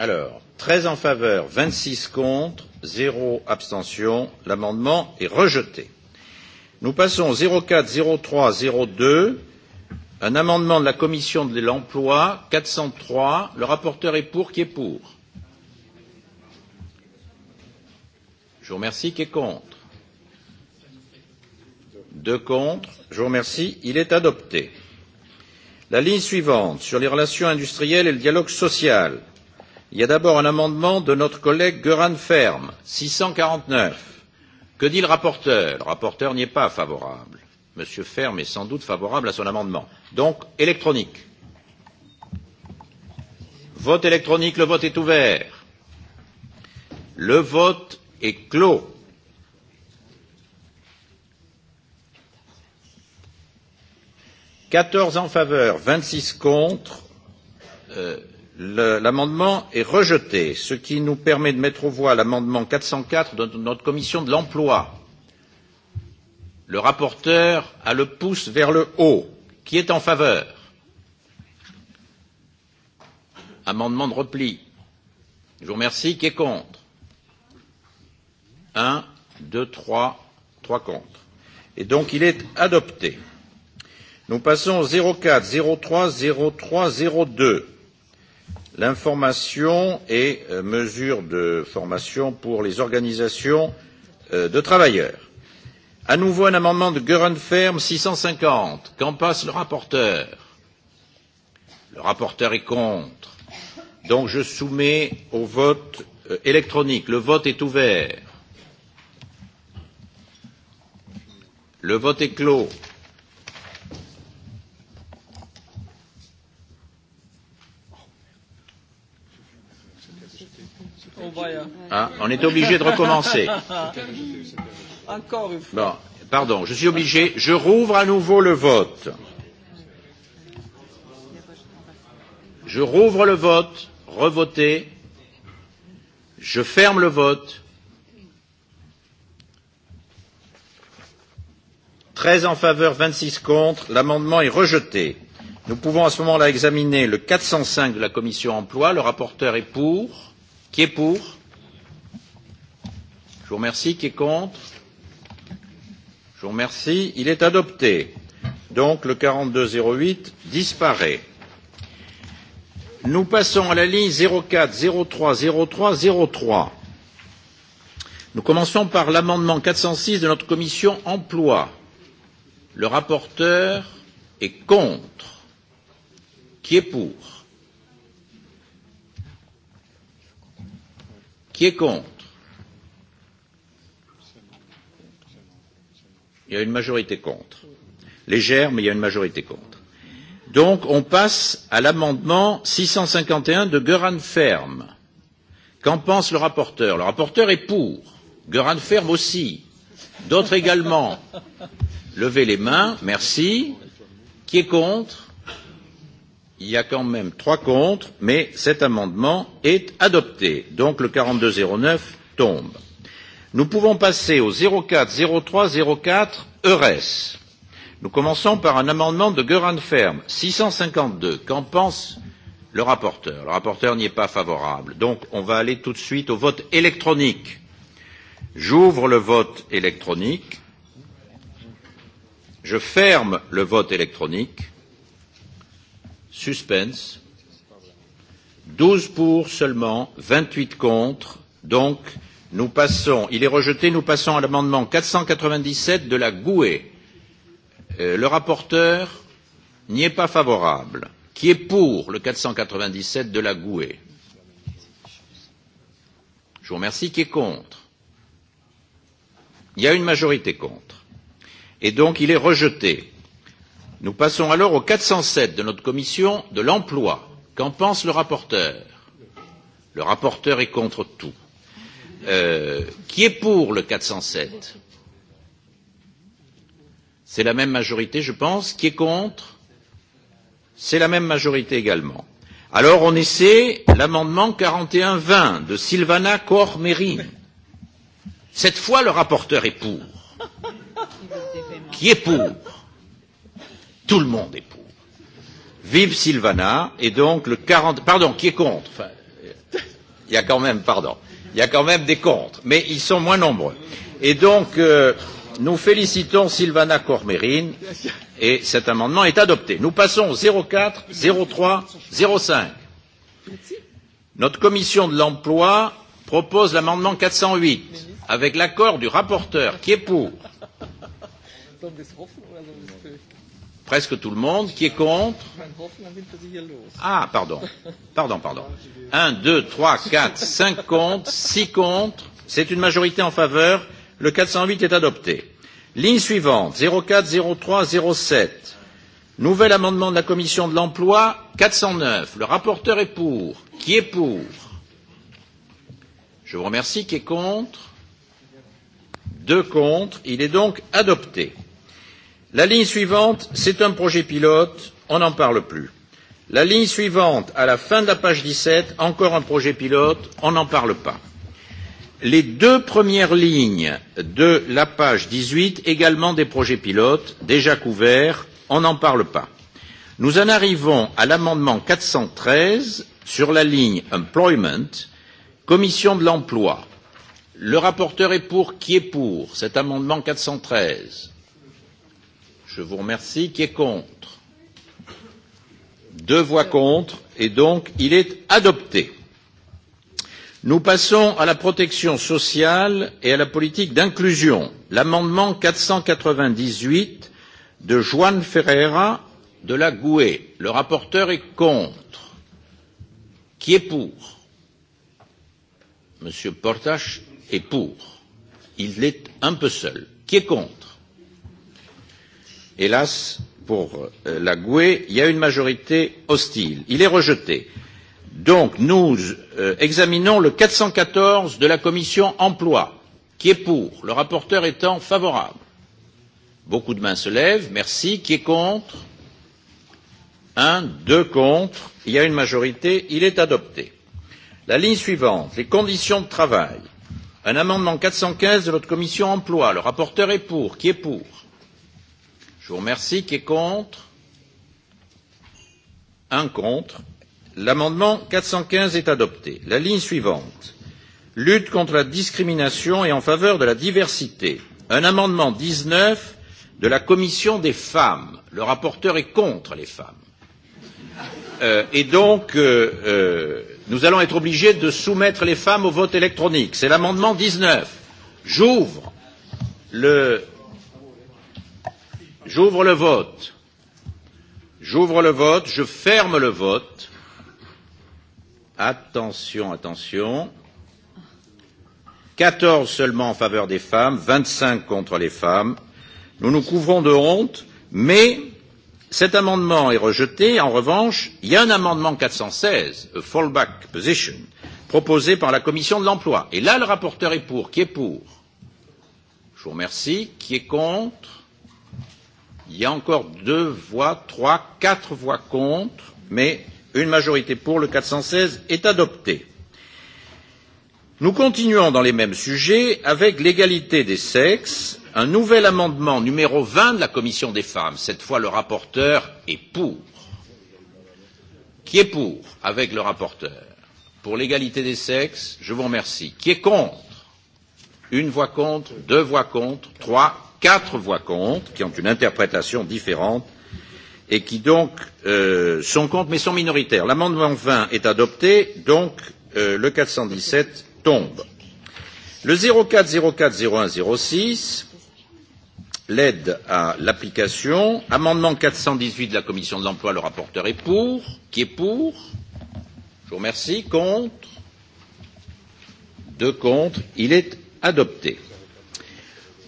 Alors, treize en faveur, vingt six contre, zéro abstention. L'amendement est rejeté. Nous passons zéro quatre, zéro trois, zéro deux. Un amendement de la commission de l'emploi, quatre cent trois. Le rapporteur est pour, qui est pour Je vous remercie, qui est contre Deux contre. Je vous remercie. Il est adopté. La ligne suivante sur les relations industrielles et le dialogue social il y a d'abord un amendement de notre collègue Göran Ferm, six cent quarante neuf. Que dit le rapporteur Le rapporteur n'y est pas favorable. Monsieur Ferm est sans doute favorable à son amendement. Donc, électronique. Vote électronique, le vote est ouvert. Le vote est clos. Quatorze en faveur, vingt six contre. Euh, l'amendement est rejeté ce qui nous permet de mettre aux voix l'amendement quatre cent quatre de no-, notre commission de l'emploi. le rapporteur a le pouce vers le haut qui est en faveur? amendement de repli je vous remercie qui est contre? un deux trois trois contre et donc il est adopté. nous passons au zéro quatre zéro trois zéro trois zéro deux l'information et euh, mesures de formation pour les organisations euh, de travailleurs. À nouveau un amendement de six Ferm 650. Qu'en passe le rapporteur Le rapporteur est contre. Donc je soumets au vote euh, électronique. Le vote est ouvert. Le vote est clos. Hein ah, On est obligé de recommencer. Encore une fois. Bon, pardon, je suis obligé. Je rouvre à nouveau le vote. Je rouvre le vote. Revoter. Je ferme le vote. 13 en faveur, 26 contre. L'amendement est rejeté. Nous pouvons à ce moment-là examiner le 405 de la commission emploi. Le rapporteur est pour. Qui est pour Je vous remercie. Qui est contre Je vous remercie. Il est adopté. Donc le quarante deux zéro huit disparaît. Nous passons à la ligne zéro quatre zéro trois zéro trois. Nous commençons par l'amendement quatre cent six de notre commission emploi. Le rapporteur est contre. Qui est pour Qui est contre Il y a une majorité contre. Légère, mais il y a une majorité contre. Donc, on passe à l'amendement 651 de Göran Ferm. Qu'en pense le rapporteur Le rapporteur est pour. Göran Ferm aussi. D'autres également. Levez les mains. Merci. Qui est contre il y a quand même trois contre, mais cet amendement est adopté. Donc le 4209 tombe. Nous pouvons passer au 04 03 04 EURES. Nous commençons par un amendement de Göran Ferm, 652. Qu'en pense le rapporteur Le rapporteur n'y est pas favorable. Donc on va aller tout de suite au vote électronique. J'ouvre le vote électronique. Je ferme le vote électronique. Suspense. 12 pour seulement, 28 contre. Donc, nous passons, il est rejeté, nous passons à l'amendement 497 de la Gouée. Euh, le rapporteur n'y est pas favorable. Qui est pour le 497 de la Gouée Je vous remercie. Qui est contre Il y a une majorité contre. Et donc, il est rejeté. Nous passons alors au quatre cent sept de notre commission de l'emploi. Qu'en pense le rapporteur Le rapporteur est contre tout. Euh, qui est pour le quatre cent sept? C'est la même majorité, je pense. Qui est contre C'est la même majorité également. Alors on essaie l'amendement quarante et un vingt de Sylvana Cormerin. Cette fois, le rapporteur est pour. Qui est pour Tout le monde est pour. Vive Sylvana, et donc le 40... Pardon, qui est contre enfin, Il y a quand même, pardon, il y a quand même des contre, mais ils sont moins nombreux. Et donc, euh, nous félicitons Sylvana Cormérine, et cet amendement est adopté. Nous passons au 04, 03, 05. Notre commission de l'emploi propose l'amendement 408 avec l'accord du rapporteur qui est pour presque tout le monde, qui est contre Ah, pardon, pardon, pardon. 1, 2, 3, 4, 5 contre, 6 contre, c'est une majorité en faveur, le 408 est adopté. Ligne suivante, 04, 03, 07, nouvel amendement de la commission de l'emploi, 409, le rapporteur est pour, qui est pour Je vous remercie, qui est contre Deux contre, il est donc adopté. La ligne suivante, c'est un projet pilote, on n'en parle plus. La ligne suivante, à la fin de la page dix sept, encore un projet pilote, on n'en parle pas. Les deux premières lignes de la page dix huit, également des projets pilotes, déjà couverts, on n'en parle pas. Nous en arrivons à l'amendement quatre cent treize sur la ligne Employment, Commission de l'emploi. Le rapporteur est pour, qui est pour cet amendement quatre cent treize? Je vous remercie. Qui est contre Deux voix contre et donc il est adopté. Nous passons à la protection sociale et à la politique d'inclusion. L'amendement quatre cent quatre-vingt-dix-huit de Juan Ferreira de la GUE. Le rapporteur est contre. Qui est pour Monsieur Portache est pour. Il est un peu seul. Qui est contre Hélas, pour euh, la GUE, il y a une majorité hostile. Il est rejeté. Donc, nous euh, examinons le quatre cent quatorze de la commission emploi, qui est pour, le rapporteur étant favorable. Beaucoup de mains se lèvent, merci. Qui est contre Un, deux contre. Il y a une majorité, il est adopté. La ligne suivante, les conditions de travail. Un amendement quatre cent quinze de notre commission emploi. Le rapporteur est pour. Qui est pour je vous remercie. Qui est contre Un contre. L'amendement quatre cent quinze est adopté. La ligne suivante. Lutte contre la discrimination et en faveur de la diversité. Un amendement dix neuf de la Commission des femmes. Le rapporteur est contre les femmes. Euh, et donc, euh, euh, nous allons être obligés de soumettre les femmes au vote électronique. C'est l'amendement dix neuf. J'ouvre le J'ouvre le vote. J'ouvre le vote. Je ferme le vote. Attention, attention. 14 seulement en faveur des femmes, 25 contre les femmes. Nous nous couvrons de honte, mais cet amendement est rejeté. En revanche, il y a un amendement 416, a fallback position, proposé par la commission de l'emploi. Et là, le rapporteur est pour. Qui est pour Je vous remercie. Qui est contre il y a encore deux voix, trois, quatre voix contre, mais une majorité pour le quatre cent seize est adopté. Nous continuons dans les mêmes sujets avec l'égalité des sexes, un nouvel amendement numéro vingt de la commission des femmes. Cette fois, le rapporteur est pour. Qui est pour avec le rapporteur Pour l'égalité des sexes, je vous remercie. Qui est contre Une voix contre, deux voix contre, trois, quatre voix contre, qui ont une interprétation différente et qui donc euh, sont contre mais sont minoritaires. L'amendement vingt est adopté, donc euh, le quatre cent dix sept tombe. Le zéro quatre quatre zéro zéro six l'aide à l'application. Amendement quatre cent dix huit de la commission de l'emploi, le rapporteur est pour. Qui est pour Je vous remercie. Contre Deux contre. Il est adopté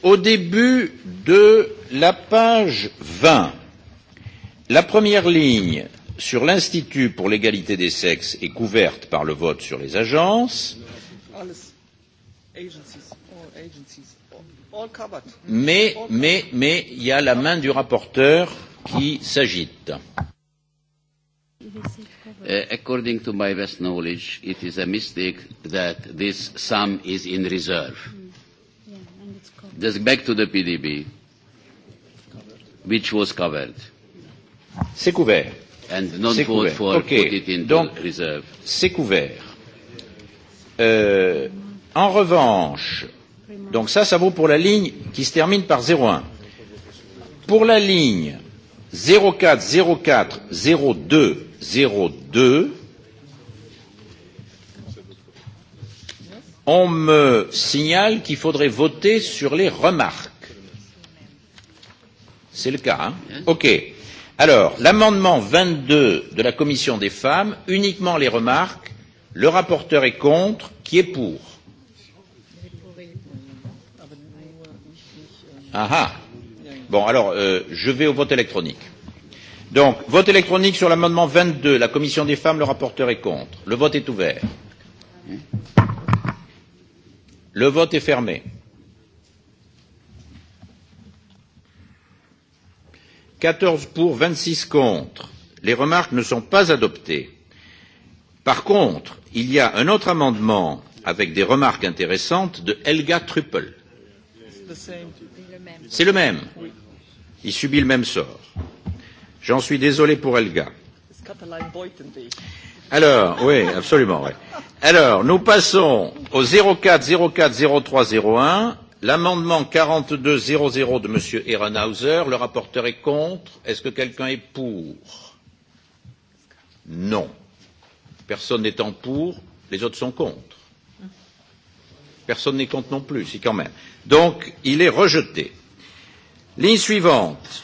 au début de la page vingt la première ligne sur l'institut pour l'égalité des sexes est couverte par le vote sur les agences mais mais mais il y a la main du rapporteur qui s'agite Uh, according to my best knowledge, it is a mistake that this sum is in reserve Mm. Just back to the PDB, which was covered. C'est couvert. And not vote for okay. put it in Donc, the reserve. C'est couvert. Euh, en revanche, donc ça, ça vaut pour la ligne qui se termine par 01. Pour la ligne 0,4, 0,4, 0,2, 0,2, on me signale qu'il faudrait voter sur les remarques. C'est le cas, hein OK. Alors, l'amendement 22 de la Commission des femmes, uniquement les remarques. Le rapporteur est contre. Qui est pour Ah ah Bon, alors, euh, je vais au vote électronique. Donc, vote électronique sur l'amendement 22. La Commission des femmes, le rapporteur est contre. Le vote est ouvert. Le vote est fermé. Quatorze pour, vingt six contre. Les remarques ne sont pas adoptées. Par contre, il y a un autre amendement avec des remarques intéressantes de Helga Truppel. C'est le même. Il subit le même sort. J'en suis désolé pour Helga. Alors, oui, absolument, oui. Alors, nous passons au 04 04 l'amendement 4200 de Monsieur Ehrenhauser. Le rapporteur est contre. Est-ce que quelqu'un est pour Non. Personne n'étant pour, les autres sont contre. Personne n'est contre non plus, si quand même. Donc, il est rejeté. Ligne suivante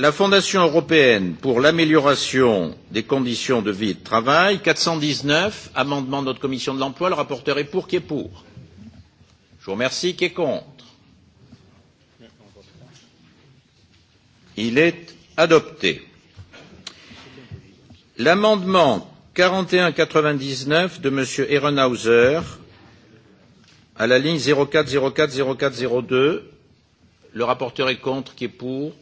la Fondation européenne pour l'amélioration des conditions de vie et de travail, quatre cent dix neuf, amendement de notre commission de l'emploi, le rapporteur est pour, qui est pour Je vous remercie, qui est contre Il est adopté. L'amendement quarante et un quatre-vingt-dix neuf de Monsieur Ehrenhauser à la ligne zéro quatre zéro quatre quatre zéro deux. Le rapporteur est contre, qui est pour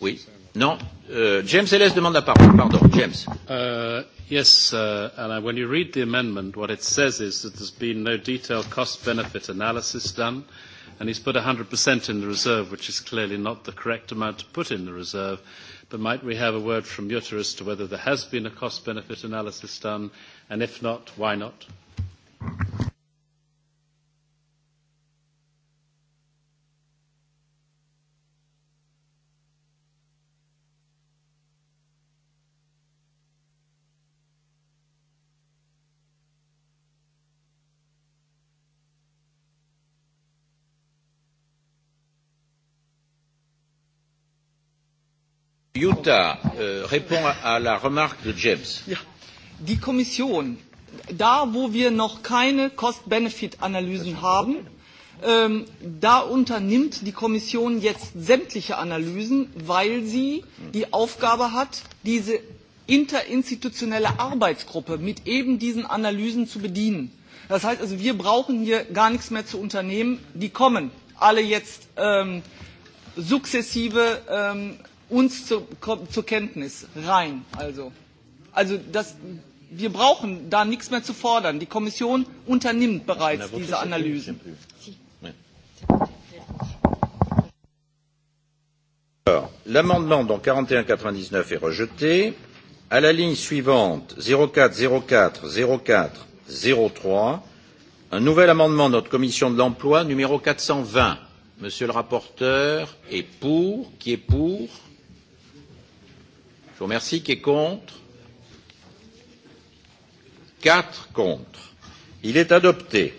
Oui. No. Uh, James Ellis demande la parole. Pardon, James. Uh, yes, uh, Alain, when you read the amendment, what it says is that there's been no detailed cost-benefit analysis done, and he's put 100% in the reserve, which is clearly not the correct amount to put in the reserve. But might we have a word from Jutta as to whether there has been a cost-benefit analysis done, and if not, why not? Jutta, äh, répond à la remarque de Ja. Die Kommission, da wo wir noch keine Cost-Benefit-Analysen haben, ähm, da unternimmt die Kommission jetzt sämtliche Analysen, weil sie mhm. die Aufgabe hat, diese interinstitutionelle Arbeitsgruppe mit eben diesen Analysen zu bedienen. Das heißt also, wir brauchen hier gar nichts mehr zu unternehmen. Die kommen alle jetzt ähm, sukzessive ähm, uns zu, zur Kenntnis rein. Also, also das, wir brauchen da nichts mehr zu fordern. Die Kommission unternimmt bereits diese Analysen. L'amendement quatre-vingt-dix 4199 est rejeté. À la ligne suivante, 0404 04 03, un nouvel amendement de notre commission de l'emploi numéro 420. Monsieur le rapporteur est pour, qui est pour je vous remercie. Qui est contre Quatre contre. Il est adopté.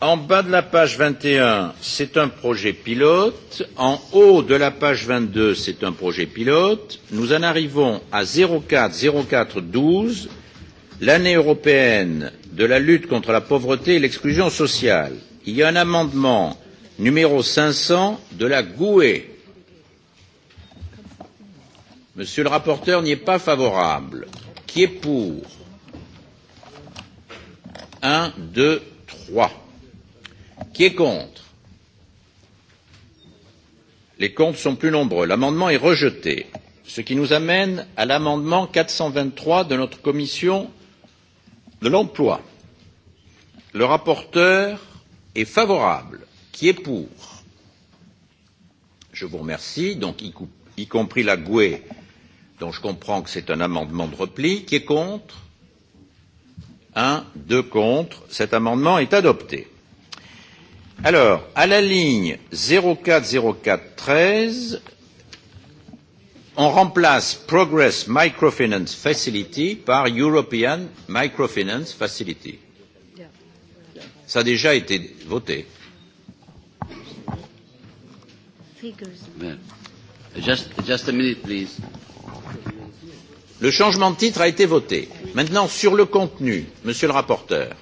En bas de la page vingt et un, c'est un projet pilote. En haut de la page vingt deux, c'est un projet pilote. Nous en arrivons à zéro zéro quatre douze, l'année européenne de la lutte contre la pauvreté et l'exclusion sociale. Il y a un amendement numéro cinq cents de la GUE. Monsieur le rapporteur n'y est pas favorable. Qui est pour Un, deux, trois. Qui est contre Les comptes sont plus nombreux. L'amendement est rejeté. Ce qui nous amène à l'amendement 423 de notre commission de l'emploi. Le rapporteur est favorable. Qui est pour Je vous remercie. Donc, y, y compris la GUE dont je comprends que c'est un amendement de repli, qui est contre Un, deux contre. Cet amendement est adopté. Alors, à la ligne 040413, on remplace Progress Microfinance Facility par European Microfinance Facility. Ça a déjà été voté. Just, just a minute, please. Le changement de titre a été voté. Maintenant, sur le contenu, monsieur le rapporteur.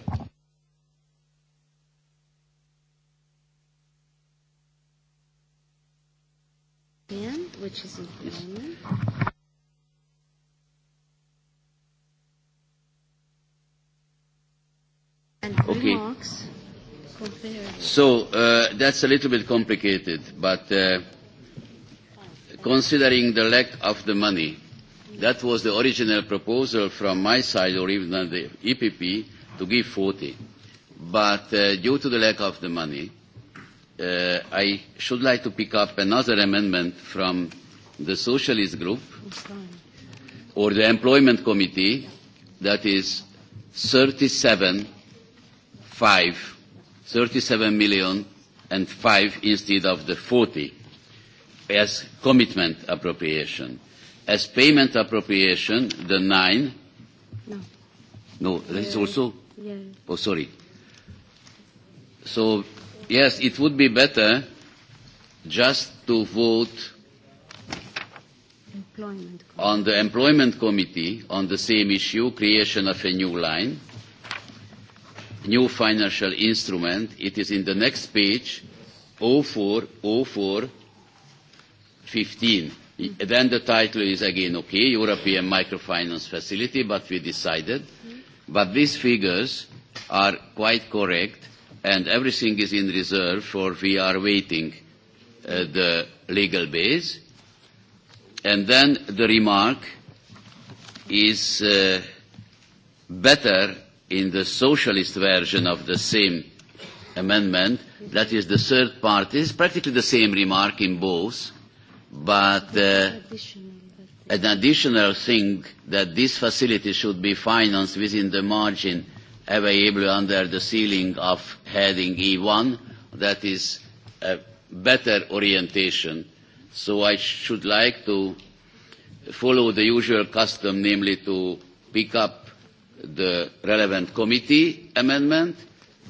Okay. So uh, that's a little bit complicated, but uh, considering the lack of the money. That was the original proposal from my side or even the EPP to give 40. But uh, due to the lack of the money, uh, I should like to pick up another amendment from the Socialist Group or the Employment Committee that is 37, 5, 37 million and 5 instead of the 40 as commitment appropriation. As payment appropriation, the nine. No. No, that's yeah. Uh, also. Yeah. Oh, sorry. So, yes, it would be better just to vote on the employment committee on the same issue, creation of a new line, new financial instrument. It is in the next page, 0404 15. Then the title is again okay, European Microfinance Facility, but we decided. But these figures are quite correct, and everything is in reserve, for we are waiting uh, the legal base. And then the remark is uh, better in the socialist version of the same amendment, that is the third part. It is practically the same remark in both But uh, an additional thing that this facility should be financed within the margin available under the ceiling of heading E1, that is a better orientation. So I should like to follow the usual custom, namely to pick up the relevant committee amendment,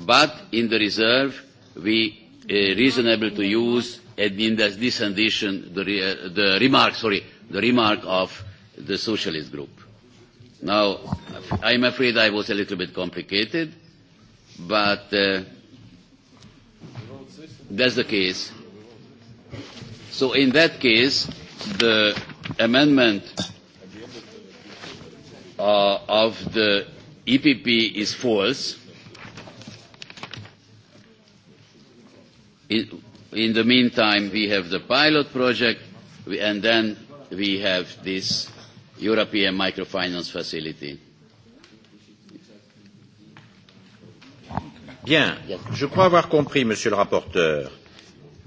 but in the reserve we uh, reasonable to use and in this addition, the, re, uh, the remark, sorry, the remark of the socialist group. Now, I'm afraid I was a little bit complicated, but uh, that's the case. So in that case, the amendment uh, of the EPP is false. It, In the meantime, we have the pilot project, and then we have this European microfinance facility. Bien, je crois avoir compris, monsieur le rapporteur.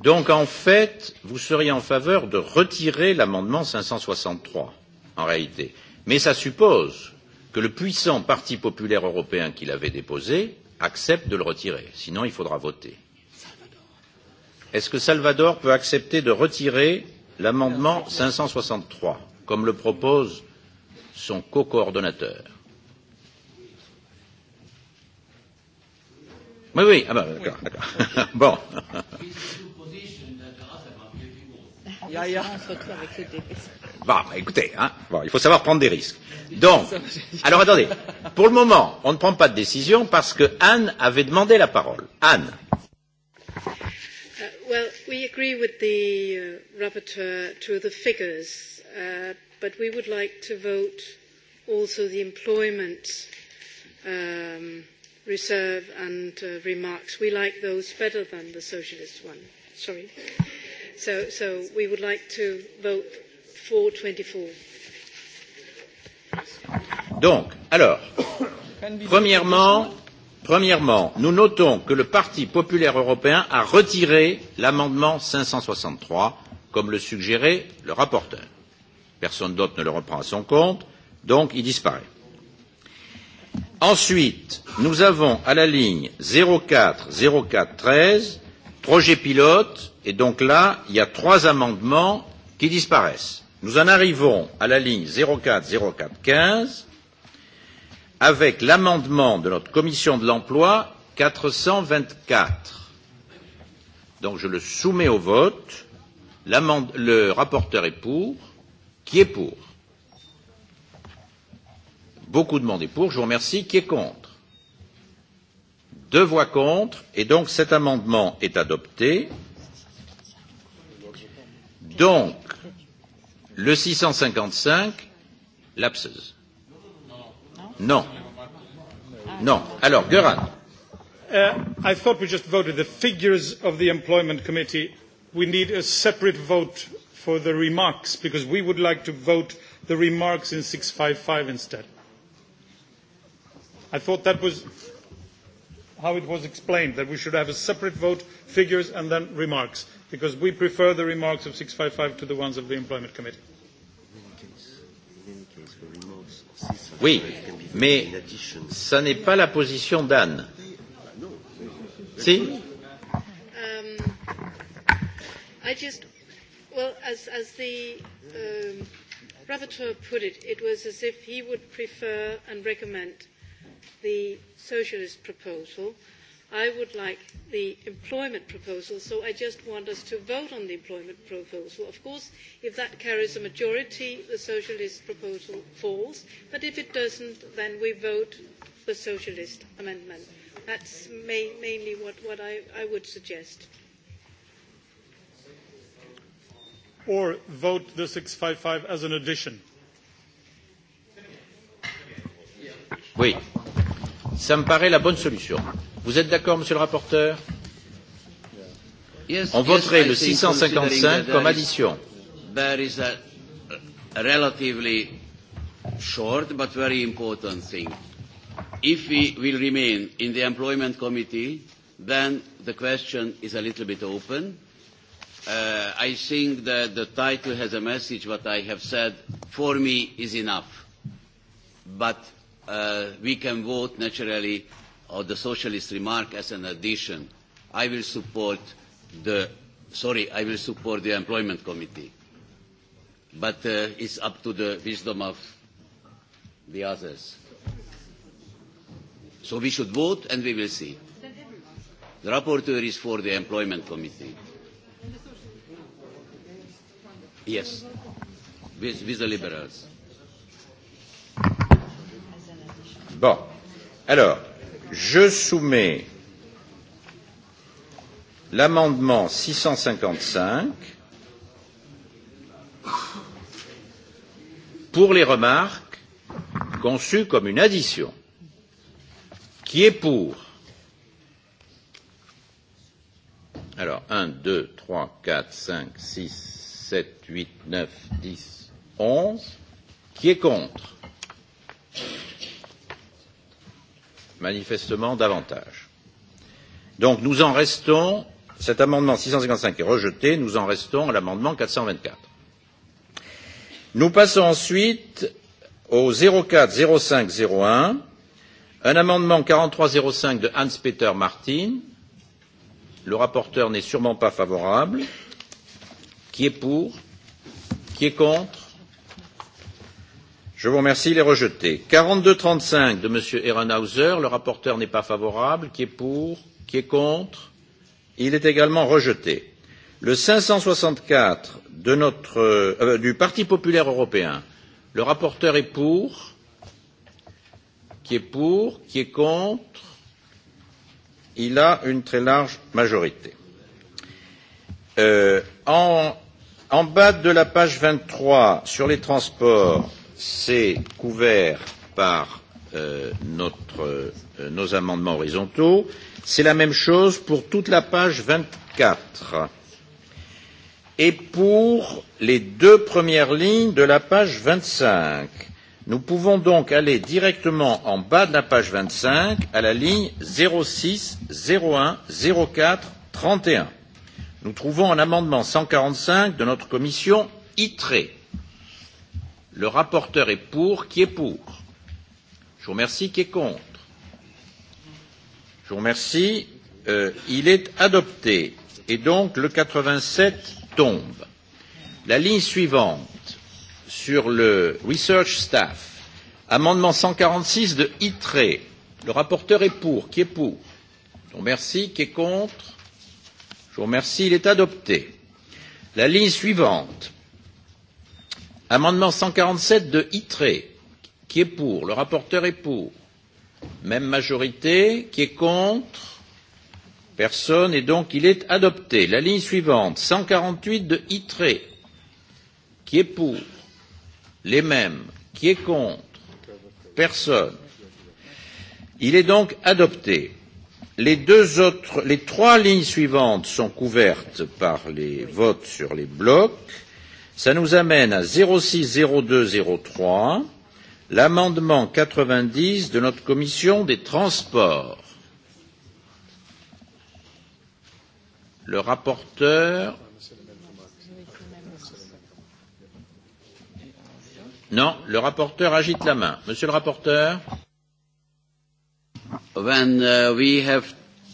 Donc, en fait, vous seriez en faveur de retirer l'amendement 563, en réalité. Mais ça suppose que le puissant Parti populaire européen qui l'avait déposé accepte de le retirer. Sinon, il faudra voter. Est-ce que Salvador peut accepter de retirer l'amendement cinq cent soixante trois, comme le propose son co-coordonnateur Oui, oui, ah ben, d'accord, d'accord. bon. Bon, écoutez, hein, bon, il faut savoir prendre des risques. Donc, alors attendez, pour le moment, on ne prend pas de décision parce que Anne avait demandé la parole. Anne. Well, we agree with the uh, rapporteur to the figures, uh, but we would like to vote also the employment um, reserve and uh, remarks. We like those better than the socialist one. Sorry. So, so we would like to vote for 24. Donc, alors, premièrement, premièrement nous notons que le parti populaire européen a retiré l'amendement cinq cent soixante trois comme le suggérait le rapporteur personne d'autre ne le reprend à son compte donc il disparaît. ensuite nous avons à la ligne zéro quatre zéro quatre treize projet pilote et donc là il y a trois amendements qui disparaissent. nous en arrivons à la ligne zéro quatre zéro quatre quinze avec l'amendement de notre commission de l'emploi quatre cent vingt quatre. Donc je le soumets au vote. Le rapporteur est pour. Qui est pour Beaucoup de monde est pour. Je vous remercie. Qui est contre Deux voix contre. Et donc cet amendement est adopté. Donc le six cent cinquante cinq lapses. No. No. Alors, Göran. Uh, I thought we just voted the figures of the Employment Committee. We need a separate vote for the remarks because we would like to vote the remarks in 655 instead. I thought that was how it was explained, that we should have a separate vote, figures and then remarks, because we prefer the remarks of 655 to the ones of the Employment Committee. Oui, Mais ce n'est pas la position d'Anne. Si um, I just, well, as, as the um, rapporteur put it, it was as if he would prefer and recommend the socialist proposal i would like the employment proposal, so I just want us to vote on the employment proposal. Of course, if that carries a majority, the socialist proposal falls, but if it doesn't, then we vote the socialist amendment. That's ma mainly what, what I, I would suggest. Or vote the 655 as an addition. Oui, ça me paraît la bonne solution. Vous êtes d'accord, monsieur le rapporteur On voterait le 655 comme addition. There is a relatively short but very important thing. If we will remain in the employment committee, then the question is a little bit open. Uh, I think that the title has a message what I have said for me is enough. But uh, we can vote naturally of the socialist remark as an addition. I will support the, sorry, I will support the employment committee. But uh, it's up to the wisdom of the others. So we should vote and we will see. The rapporteur is for the employment committee. Yes, with, with the liberals. Bon, alors, je soumets l'amendement six cent cinquante cinq pour les remarques conçues comme une addition. Qui est pour Alors, 1, 2, 3, 4, 5, 6, 7, 8, 9, 10, 11. Qui est contre manifestement davantage. Donc nous en restons cet amendement six cent cinquante cinq est rejeté nous en restons à l'amendement quatre cent vingt quatre. Nous passons ensuite au zéro quatre zéro un un amendement quarante trois zéro cinq de Hans Peter Martin le rapporteur n'est sûrement pas favorable qui est pour qui est contre je vous remercie, il est rejeté. 42-35 de M. Ehrenhauser, le rapporteur n'est pas favorable. Qui est pour Qui est contre Il est également rejeté. Le 564 de notre, euh, euh, du Parti populaire européen, le rapporteur est pour. Qui est pour Qui est contre Il a une très large majorité. Euh, en, en bas de la page 23, sur les transports, c'est couvert par euh, notre, euh, nos amendements horizontaux. C'est la même chose pour toute la page 24 et pour les deux premières lignes de la page 25. Nous pouvons donc aller directement en bas de la page 25 à la ligne 06 01 04 31. Nous trouvons un amendement 145 de notre commission ITRE Le rapporteur est pour. Qui est pour Je vous remercie. Qui est contre Je vous remercie. Euh, il est adopté. Et donc le 87 tombe. La ligne suivante sur le Research Staff. Amendement 146 de ITRE. Le rapporteur est pour. Qui est pour Je vous remercie. Qui est contre Je vous remercie. Il est adopté. La ligne suivante Amendement cent quarante sept de ITRE, qui est pour, le rapporteur est pour. Même majorité, qui est contre, personne, et donc il est adopté. La ligne suivante, cent quarante huit de ITRE, qui est pour, les mêmes, qui est contre, personne. Il est donc adopté. Les, deux autres, les trois lignes suivantes sont couvertes par les votes sur les blocs Ça nous amène à zéro zéro deux zéro trois, l'amendement quatre-vingt-dix de notre commission des transports. Le rapporteur. Non, le rapporteur agite la main. Monsieur le rapporteur. When uh, we have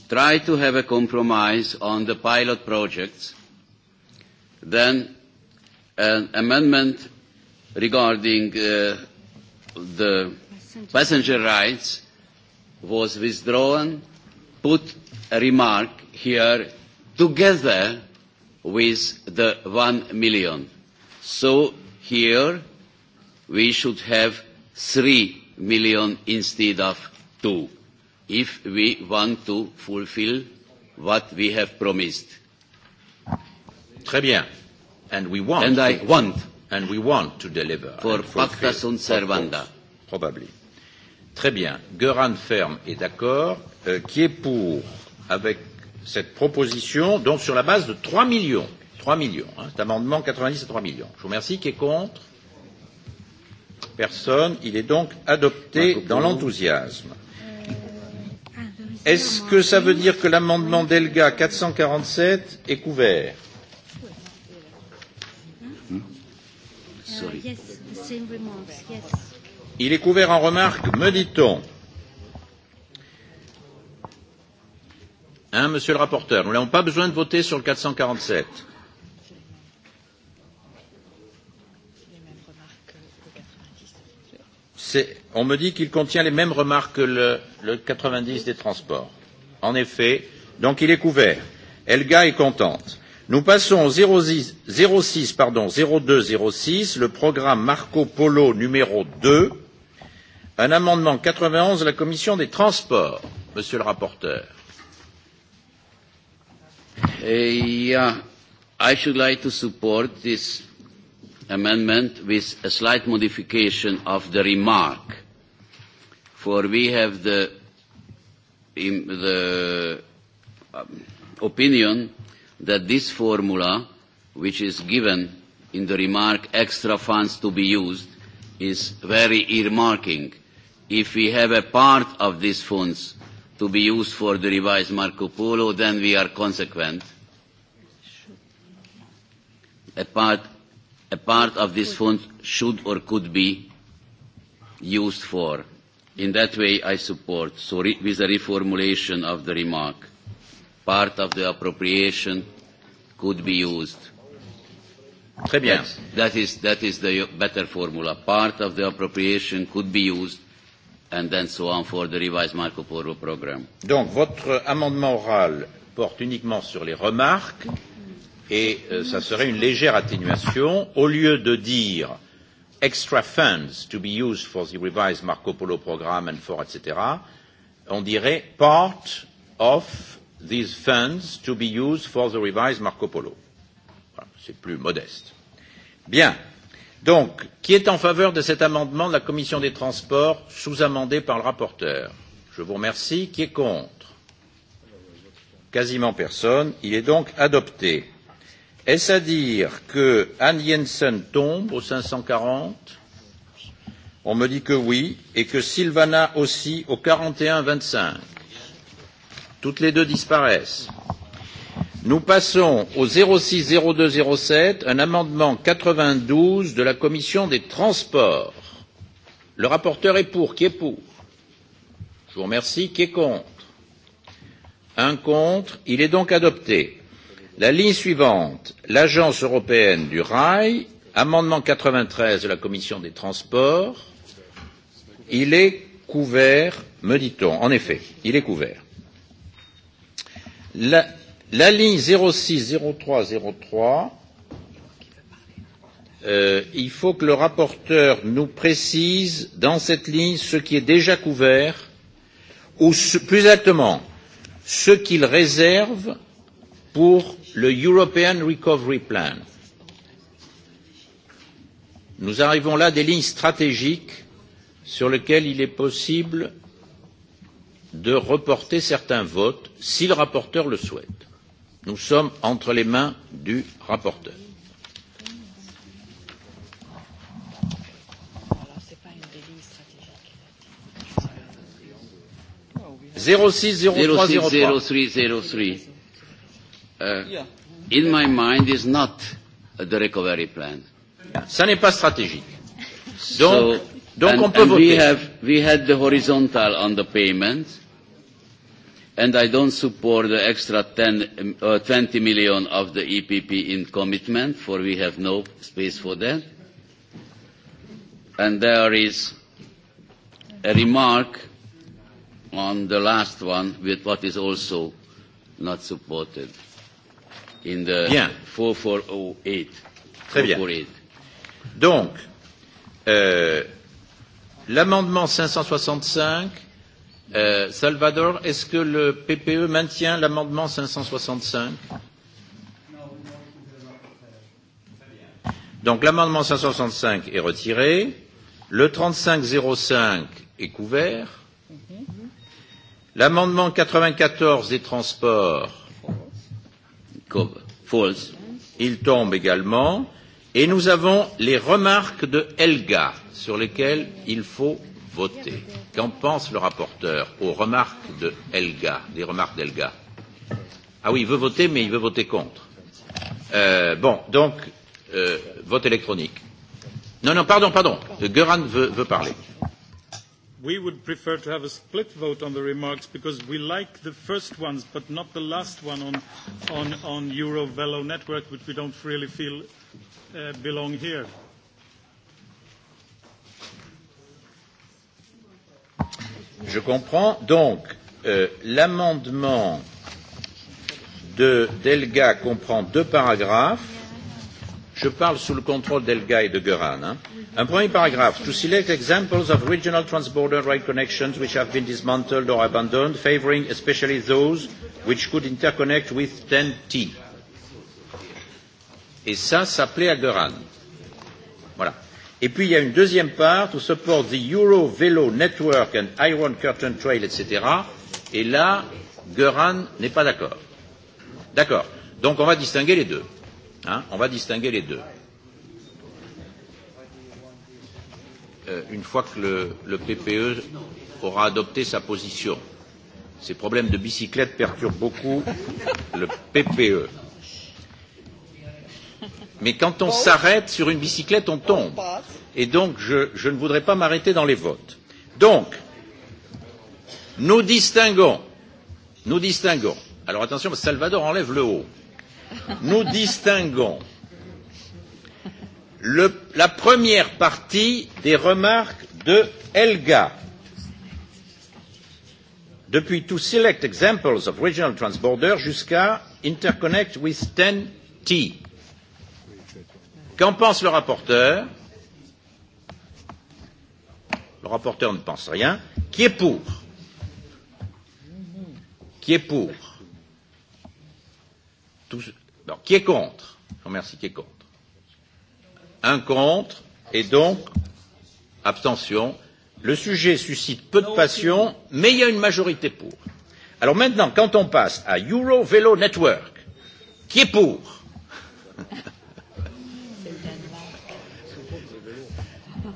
tried to have a compromise on the pilot projects, then an amendment regarding uh, the passenger rights was withdrawn, put a remark here together with the one million. So here we should have three million instead of two if we want to fulfill what we have promised. Très bien. And we want. And I want. And we want to deliver. For pacta sunt servanda. Probably. Très bien. Göran Ferm est d'accord. Euh, qui est pour avec cette proposition, donc sur la base de 3 millions. 3 millions. Hein, cet amendement 90 à 3 millions. Je vous remercie. Qui est contre Personne. Il est donc adopté dans l'enthousiasme. Euh, ah, Est-ce que ça veut dire que l'amendement Delga 447 est couvert sorry. Yes, same remarks, yes. Il est couvert en remarques, me dit-on. Hein, monsieur le rapporteur, nous n'avons pas besoin de voter sur le 447. On me dit qu'il contient les mêmes remarques que le, le 90 des transports. En effet, donc il est couvert. Elga est contente. Nous passons au zéro six pardon deux zéro six, le programme Marco Polo numéro deux, un amendement quatre vingt onze de la commission des transports, monsieur le rapporteur. Hey, eh, I should like to support this amendment with a slight modification of the remark, for we have the, the um, opinion that this formula, which is given in the remark extra funds to be used, is very earmarking. If we have a part of these funds to be used for the revised Marco Polo, then we are consequent. A part, a part of this fund should or could be used for. In that way, I support, so re with a reformulation of the remark part of the appropriation could be used. Très bien. Yeah, that, is, that is the better formula. Part of the appropriation could be used and then so on for the revised Marco Polo program. Donc votre amendement oral porte uniquement sur les remarques et euh, ça serait une légère atténuation. Au lieu de dire extra funds to be used for the revised Marco Polo program and for etc., on dirait part of these funds to be used for the revised Marco Polo. C'est plus modeste. Bien. Donc, qui est en faveur de cet amendement de la Commission des transports, sous-amendé par le rapporteur Je vous remercie. Qui est contre Quasiment personne. Il est donc adopté. Est-ce à dire que Anne Jensen tombe au 540 On me dit que oui, et que Sylvana aussi au 41-25. Toutes les deux disparaissent. Nous passons au 060207, un amendement 92 de la Commission des Transports. Le rapporteur est pour. Qui est pour Je vous remercie. Qui est contre Un contre. Il est donc adopté. La ligne suivante, l'Agence européenne du rail, amendement 93 de la Commission des Transports. Il est couvert, me dit-on. En effet, il est couvert. La, la ligne 060303, euh, il faut que le rapporteur nous précise dans cette ligne ce qui est déjà couvert, ou ce, plus exactement, ce qu'il réserve pour le European Recovery Plan. Nous arrivons là à des lignes stratégiques sur lesquelles il est possible de reporter certains votes si le rapporteur le souhaite. Nous sommes entre les mains du rapporteur. Zero six zero three zero three zero uh, three. In my mind is not the recovery plan. Ça n'est pas stratégique. Donc, so, Donc and, on peut and voter. We, have, we had the horizontal on the payment and I don't support the extra 10, uh, 20 million of the EPP in commitment, for we have no space for that. And there is a remark on the last one with what is also not supported in the bien. 4408. Très bien. 448. Donc, euh, L'amendement 565, euh, Salvador, est-ce que le PPE maintient l'amendement 565 Donc l'amendement 565 est retiré. Le 3505 est couvert. L'amendement 94 des transports, false, il tombe également. Et nous avons les remarques de Helga sur lesquelles il faut voter. Qu'en pense le rapporteur aux remarques de Helga, des remarques d'Helga Ah oui, il veut voter, mais il veut voter contre. Euh, bon, donc, euh, vote électronique. Non, non, pardon, pardon. Euh, Göran veut, veut parler. We would prefer to have a split vote on the remarks because we like the first ones, but not the last one on, on, on Eurovelo network, which we don't really feel uh, belong here. Je comprends. Donc, euh, l'amendement de Delga comprend deux paragraphes. Je parle sous le contrôle d'Elga et de Göran. Hein. Un premier paragraphe. To select examples of regional transborder rail connections which have been dismantled or abandoned, favoring especially those which could interconnect with 10 t Et ça, ça plaît à Goran. Voilà. Et puis il y a une deuxième part, to support the Euro Velo Network and Iron Curtain Trail, etc. Et là, Goran n'est pas d'accord. D'accord. Donc on va distinguer les deux. Hein on va distinguer les deux. Euh, une fois que le, le PPE aura adopté sa position, ces problèmes de bicyclette perturbent beaucoup le PPE. Mais quand on s'arrête sur une bicyclette, on tombe. Et donc, je, je ne voudrais pas m'arrêter dans les votes. Donc, nous distinguons, nous distinguons, alors attention, Salvador enlève le haut, nous distinguons le, la première partie des remarques de Helga. Depuis to select examples of regional transborder jusqu'à interconnect with 10T. Qu'en pense le rapporteur Le rapporteur ne pense rien. Qui est pour Qui est pour Tout... non, Qui est contre Je vous remercie. Qui est contre Un contre et donc abstention. Le sujet suscite peu de passion, mais il y a une majorité pour. Alors maintenant, quand on passe à Euro Vélo Network, qui est pour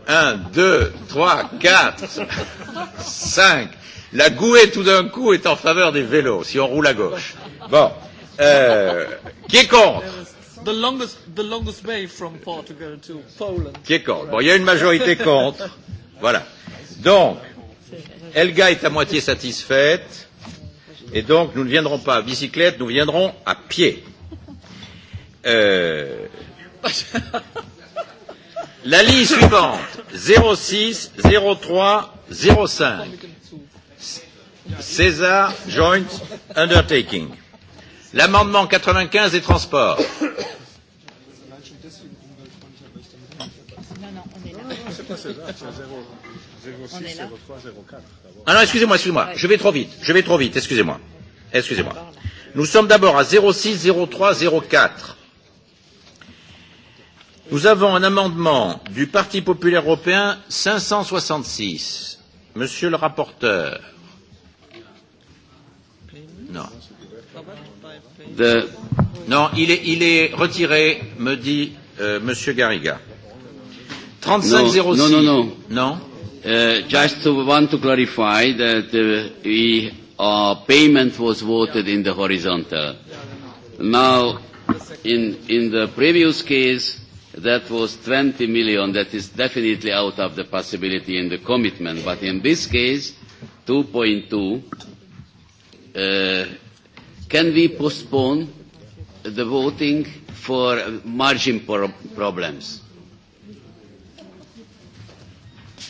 1, 2, 3, 4, 5. La gouée, tout d'un coup, est en faveur des vélos, si on roule à gauche. Bon. Euh, qui est contre the longest, the longest way from Portugal to Poland. Qui est contre Bon, il y a une majorité contre. Voilà. Donc, Elga est à moitié satisfaite. Et donc, nous ne viendrons pas à bicyclette, nous viendrons à pied. Euh... La ligne suivante, 06, 03, 05. César Joint Undertaking. L'amendement 95 des transports. Ah non, excusez-moi, excusez-moi. Je vais trop vite. Je vais trop vite. Excusez-moi. Excusez-moi. Nous sommes d'abord à 06, 03, 04. Nous avons un amendement du Parti populaire européen 566. Monsieur le rapporteur. Non. De... Non, il est, il est retiré, me dit euh, Monsieur Garriga. 3506. Non, non, non. Non. non? Uh, just to want to clarify that uh, we, uh, payment was voted in the horizontal. Now, in, in the previous case, that was 20 million. That is definitely out of the possibility in the commitment. But in this case, 2.2, uh, can we postpone the voting for margin pro problems?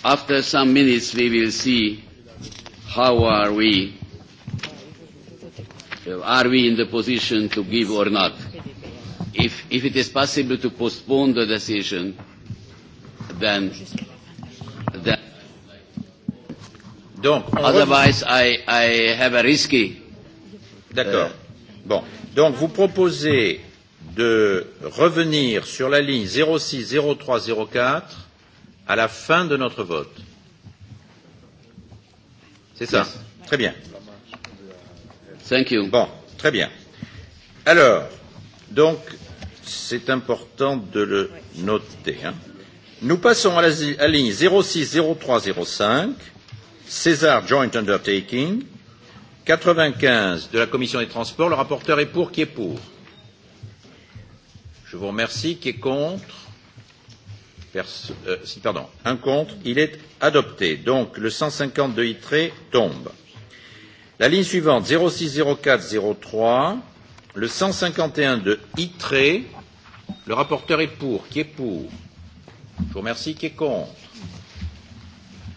After some minutes, we will see how are we, uh, are we in the position to give or not if, if it is possible to postpone the decision, then, then Donc, otherwise I, I have a risky. Uh, D'accord. Uh, bon. Donc vous proposez de revenir sur la ligne 06 03 04 à la fin de notre vote. C'est ça yes. Très bien. Thank you. Bon, très bien. Alors, donc c'est important de le noter. Hein. Nous passons à la, à la ligne 060305, César Joint Undertaking, 95 de la Commission des Transports. Le rapporteur est pour, qui est pour Je vous remercie. Qui est contre Perso euh, si, pardon, un contre, il est adopté. Donc le de ITRE tombe. La ligne suivante, 060403 le 151 de ITRE, le rapporteur est pour. Qui est pour Je vous remercie. Qui est contre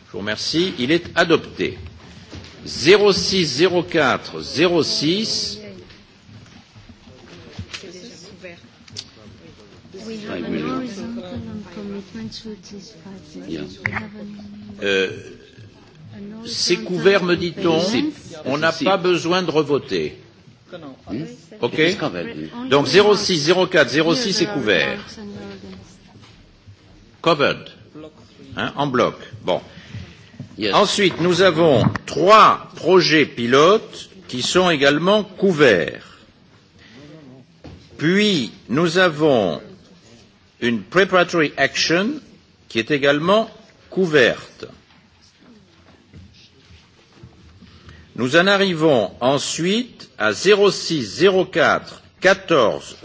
Je vous remercie. Il est adopté. 0604 06 ah, euh, c'est couvert, me dit-on. On n'a pas besoin de revoter. Hmm ok Donc 06, 04, 06 est couvert. Covered. Hein, en bloc. Bon. Yes. Ensuite, nous avons trois projets pilotes qui sont également couverts. Puis, nous avons une preparatory action qui est également couverte. Nous en arrivons ensuite à zéro six zéro quatre quatorze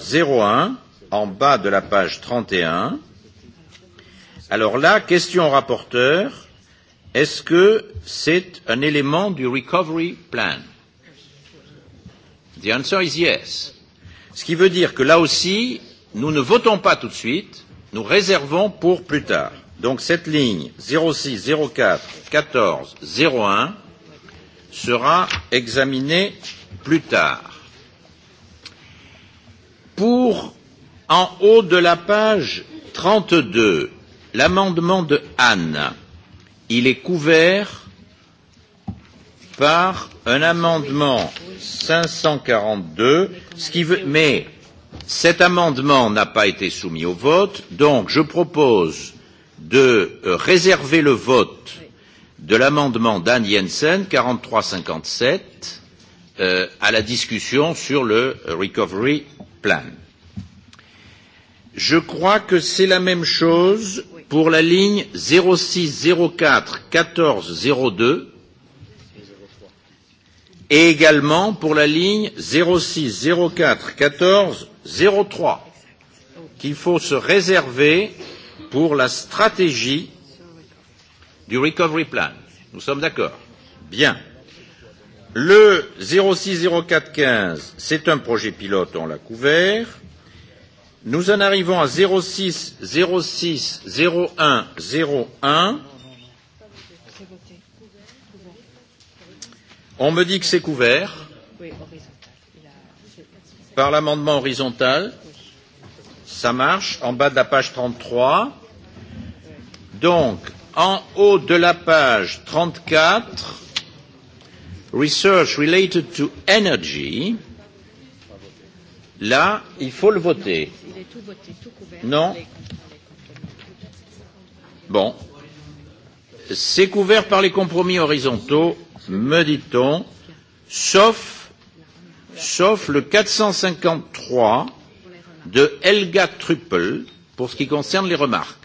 un en bas de la page trente et un. Alors là, question au rapporteur, est-ce que c'est un élément du recovery plan The answer is yes. Ce qui veut dire que là aussi, nous ne votons pas tout de suite, nous réservons pour plus tard. Donc cette ligne zéro zéro quatre quatorze zéro un sera examiné plus tard. Pour en haut de la page 32, l'amendement de Anne, il est couvert par un amendement 542, ce qui veut, mais cet amendement n'a pas été soumis au vote, donc je propose de réserver le vote de l'amendement d'Anne Jensen, 4357, euh, à la discussion sur le Recovery Plan. Je crois que c'est la même chose pour la ligne 0604 1402 et également pour la ligne 0604 14 trois qu'il faut se réserver pour la stratégie du recovery plan. Nous sommes d'accord Bien. Le 060415, c'est un projet pilote, on l'a couvert. Nous en arrivons à 06 01 01. On me dit que c'est couvert par l'amendement horizontal. Ça marche en bas de la page 33. Donc, en haut de la page 34, Research related to energy, là, il faut le voter. Non Bon. C'est couvert par les compromis horizontaux, me dit-on, sauf, sauf le 453 de Helga Truppel pour ce qui concerne les remarques.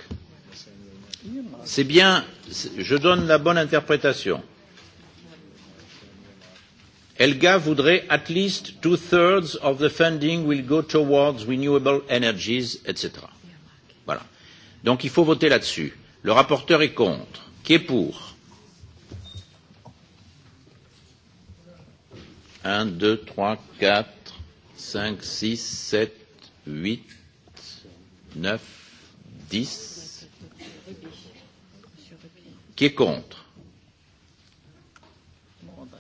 C'est bien, je donne la bonne interprétation. Elga voudrait at least two thirds of the funding will go towards renewable energies, etc. Voilà. Donc il faut voter là-dessus. Le rapporteur est contre. Qui est pour Un, deux, trois, quatre, cinq, six, sept, huit, neuf, dix. Qui est contre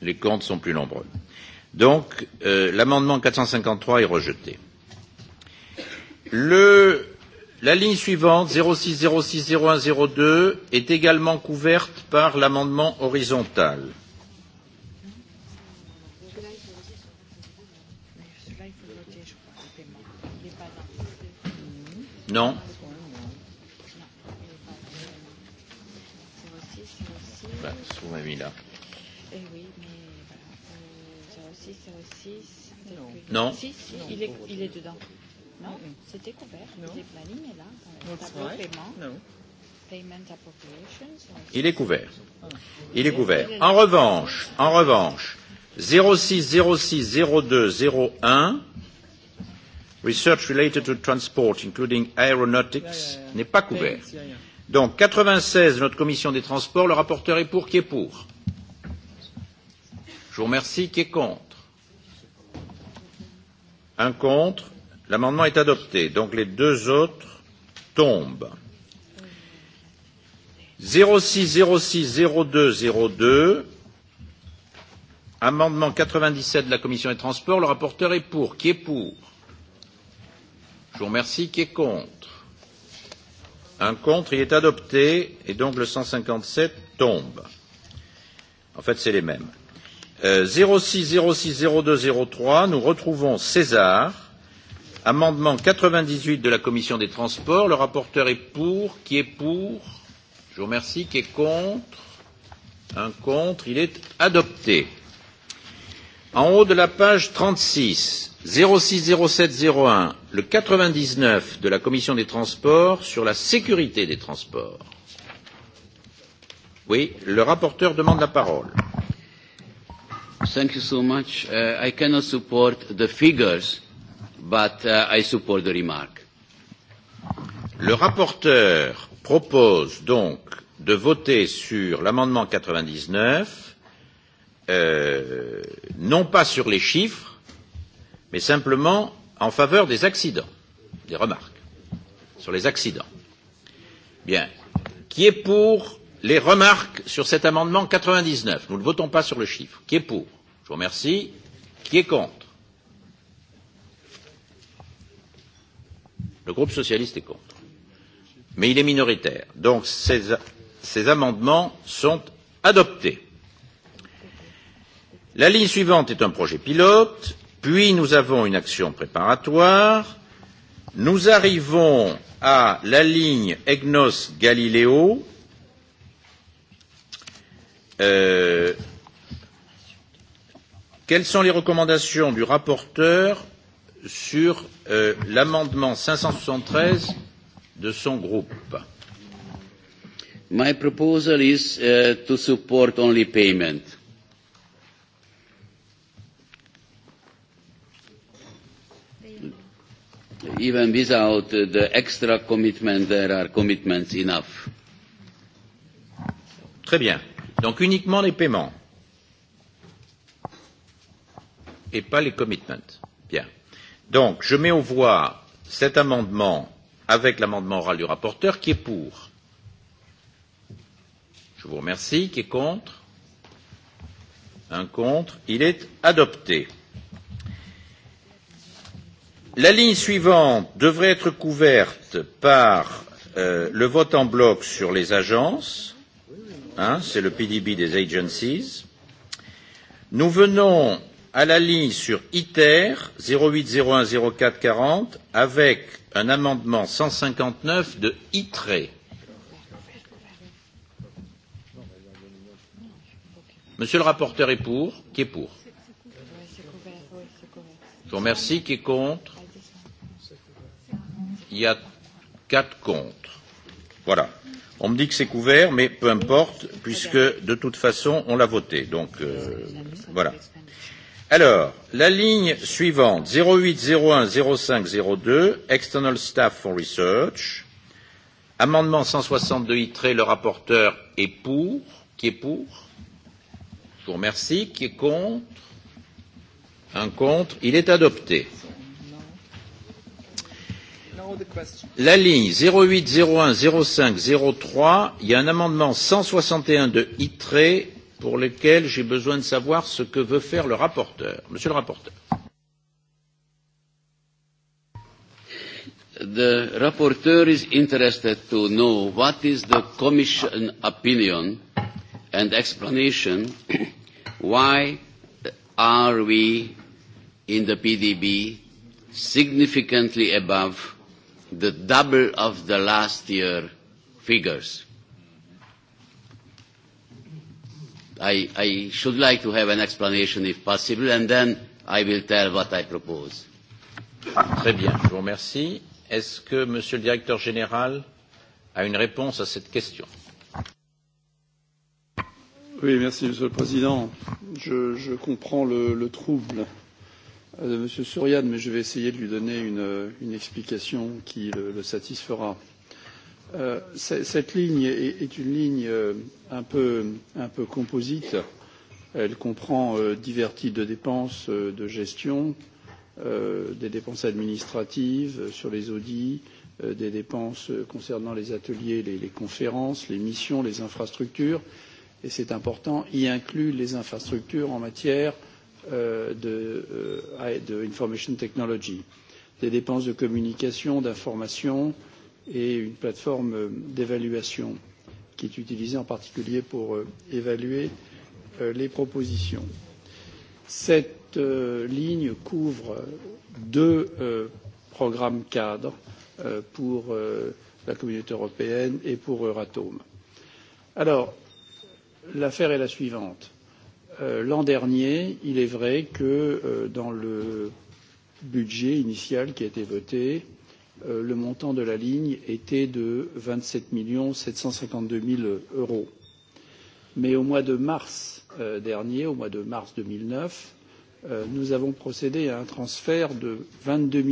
Les comptes sont plus nombreux. Donc, euh, l'amendement 453 est rejeté. Le, la ligne suivante, 06060102, est également couverte par l'amendement horizontal. Non celui-là. Eh oui, mais voilà. Euh, 06, 06. Non. non. 06, il est, il est dedans. Non, c'était couvert. Non. Il est là. Euh, Dans no. est là. paiement. Non. Il est couvert. Il est couvert. En revanche, en revanche, 06 06 02 01 Research related to transport, including aeronautics, n'est pas couvert. Donc, seize de notre commission des transports, le rapporteur est pour, qui est pour Je vous remercie, qui est contre Un contre, l'amendement est adopté. Donc les deux autres tombent. Zéro zéro six six zéro deux zéro deux Amendement quatre-vingt dix sept de la Commission des Transports. Le rapporteur est pour. Qui est pour Je vous remercie. Qui est contre Un contre, il est adopté et donc le cent cinquante sept tombe. En fait, c'est les mêmes. Euh, zéro six, zéro six, zéro deux, zéro trois, nous retrouvons César. Amendement quatre-vingt-dix huit de la Commission des Transports. Le rapporteur est pour. Qui est pour Je vous remercie. Qui est contre Un contre. Il est adopté. En haut de la page 36, 060701, le 99 de la Commission des transports sur la sécurité des transports. Oui, le rapporteur demande la parole. Thank you so much. Uh, I cannot support the figures, but uh, I support the remark. Le rapporteur propose donc de voter sur l'amendement 99 euh, non pas sur les chiffres, mais simplement en faveur des accidents, des remarques sur les accidents. Bien. Qui est pour les remarques sur cet amendement 99 Nous ne votons pas sur le chiffre. Qui est pour Je vous remercie. Qui est contre Le groupe socialiste est contre. Mais il est minoritaire. Donc ces, ces amendements sont adoptés. La ligne suivante est un projet pilote, puis nous avons une action préparatoire, nous arrivons à la ligne EGNOS Galileo. Euh, quelles sont les recommandations du rapporteur sur euh, l'amendement 573 de son groupe My proposal is uh, to support only payment even without the extra commitment, there are commitments enough. Très bien. Donc uniquement les paiements et pas les commitments. Bien. Donc je mets aux voix cet amendement avec l'amendement oral du rapporteur qui est pour. Je vous remercie. Qui est contre Un contre. Il est adopté la ligne suivante devrait être couverte par euh, le vote en bloc sur les agences c'est le pdb des agencies nous venons à la ligne sur iter zéro huit zéro un zéro quatre quarante avec un amendement cent cinquante neuf de itre monsieur le rapporteur est pour qui est pour je vous remercie qui est contre Il y a quatre contre. Voilà. On me dit que c'est couvert, mais peu importe, puisque de toute façon, on l'a voté. Donc, euh, voilà. Alors, la ligne suivante, 08, 01, External Staff for Research. Amendement 162 ITRE, le rapporteur est pour. Qui est pour Je vous remercie. Qui est contre Un contre. Il est adopté. La ligne 08010503, il y a un amendement 161 de ITRE pour lequel j'ai besoin de savoir ce que veut faire le rapporteur. Monsieur le rapporteur. The rapporteur is interested to know what is the Commission opinion and explanation why are we in the PDB significantly above the double of the last year figures. I, I should like to have an explanation if possible, and then I will tell what I propose. Très bien, je vous remercie. Est-ce que Monsieur le Directeur Général a une réponse à cette question Oui, merci Monsieur le Président. Je, je comprends le, le trouble de euh, M. Souriane, mais je vais essayer de lui donner une, euh, une explication qui le, le satisfera. Euh, cette ligne est, est une ligne euh, un peu, un peu composite. Elle comprend euh, divers types de dépenses euh, de gestion, euh, des dépenses administratives sur les audits, euh, des dépenses concernant les ateliers, les, les conférences, les missions, les infrastructures. Et c'est important, y inclut les infrastructures en matière Euh, de, euh, de information technology, des dépenses de communication, d'information et une plateforme euh, d'évaluation qui est utilisée en particulier pour euh, évaluer euh, les propositions. Cette euh, ligne couvre deux euh, programmes cadres euh, pour euh, la communauté européenne et pour Euratom. Alors, l'affaire est la suivante Euh, l'an dernier, il est vrai que euh, dans le budget initial qui a été voté, euh, le montant de la ligne était de vingt sept sept cent cinquante deux zéro euros. Mais au mois de mars dernier, au mois de mars deux mille neuf, nous avons procédé à un transfert de vingt deux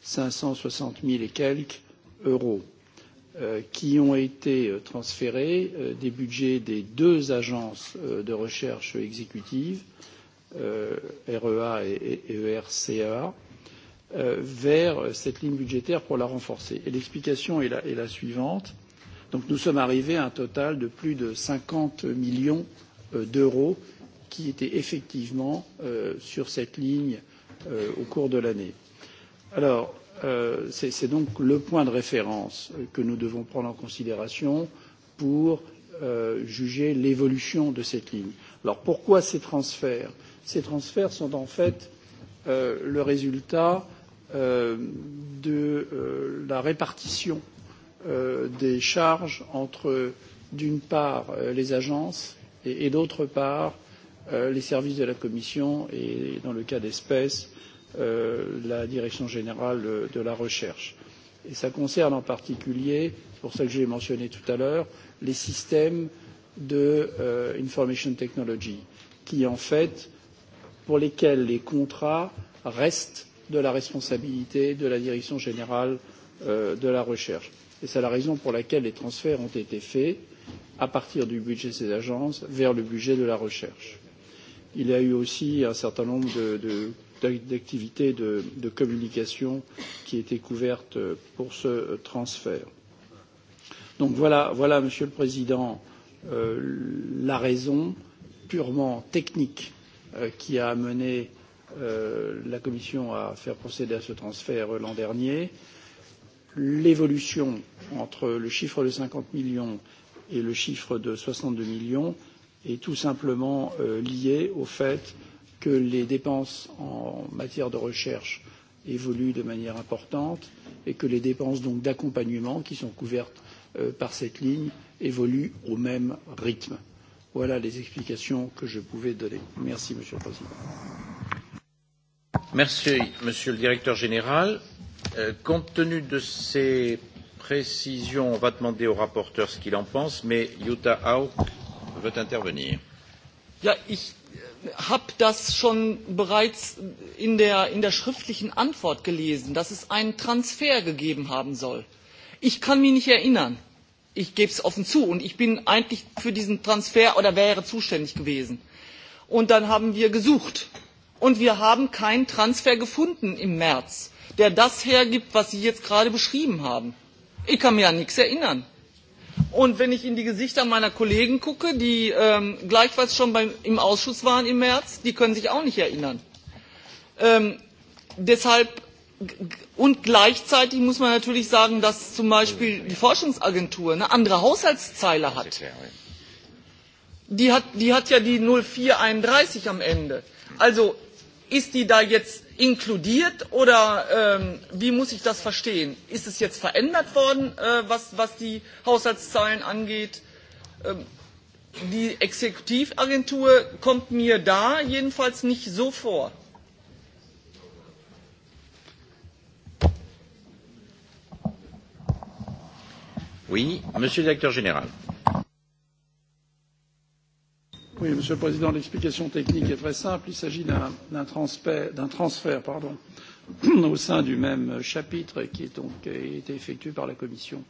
cinq cent soixante 000 et quelques euros Euh, qui ont été euh, transférés euh, des budgets des deux agences de recherche exécutive REA et ERCA e vers cette ligne budgétaire pour la renforcer. Et l'explication est la, est la suivante. Donc nous sommes arrivés à un total de plus de 50 millions d'euros qui étaient effectivement sur cette ligne au cours de l'année. Alors, euh, c'est donc le point de référence que nous devons prendre en considération pour euh, juger l'évolution de cette ligne. Alors pourquoi ces transferts Ces transferts sont en fait euh, le résultat euh, de euh, la répartition euh, des charges entre, d'une part, les agences et, et d'autre part, les services de la Commission et, dans le cas d'espèce, euh, Euh, la direction générale de la recherche. Et ça concerne en particulier, pour ça que j'ai mentionné tout à l'heure, les systèmes de euh, information technology, qui en fait, pour lesquels les contrats restent de la responsabilité de la direction générale euh, de la recherche. Et c'est la raison pour laquelle les transferts ont été faits à partir du budget de ces agences vers le budget de la recherche. Il y a eu aussi un certain nombre de, de d'activité de, de communication qui était couverte euh, pour ce euh, transfert. Donc voilà, voilà Monsieur le Président, euh, la raison purement technique euh, qui a amené euh, la Commission à faire procéder à ce transfert euh, l'an dernier. L'évolution entre le chiffre de 50 millions et le chiffre de 62 millions est tout simplement liée au fait que les dépenses en matière de recherche évoluent de manière importante et que les dépenses d'accompagnement qui sont couvertes euh, par cette ligne évoluent au même rythme. Voilà les explications que je pouvais donner. Merci, Monsieur le Président. Merci, Monsieur le Directeur général. Euh, compte tenu de ces précisions, on va demander au rapporteur ce qu'il en pense, mais Jutta Haug veut intervenir. Ja, ich habe das schon bereits in der, in der schriftlichen Antwort gelesen, dass es einen Transfer gegeben haben soll. Ich kann mich nicht erinnern. Ich gebe es offen zu. Und ich bin eigentlich für diesen Transfer oder wäre zuständig gewesen. Und dann haben wir gesucht. Und wir haben keinen Transfer gefunden im März, der das hergibt, was Sie jetzt gerade beschrieben haben. Ich kann mir an nichts erinnern. Und wenn ich in die Gesichter meiner Kollegen gucke, die ähm, gleichfalls schon beim, im Ausschuss waren im März, die können sich auch nicht erinnern. Ähm, deshalb und gleichzeitig muss man natürlich sagen, dass zum Beispiel die Forschungsagentur eine andere Haushaltszeile hat. Die hat, die hat ja die 0431 am Ende. Also ist die da jetzt inkludiert oder ähm, wie muss ich das verstehen? Ist es jetzt verändert worden, äh, was, die Haushaltszahlen angeht? Ähm, die Exekutivagentur kommt mir da jedenfalls nicht so vor. Oui, Monsieur le Directeur Général. Oui, Monsieur le Président, l'explication technique est très simple. Il s'agit d'un transfert, transfert pardon, au sein du même chapitre qui est donc, a été effectué par la Commission.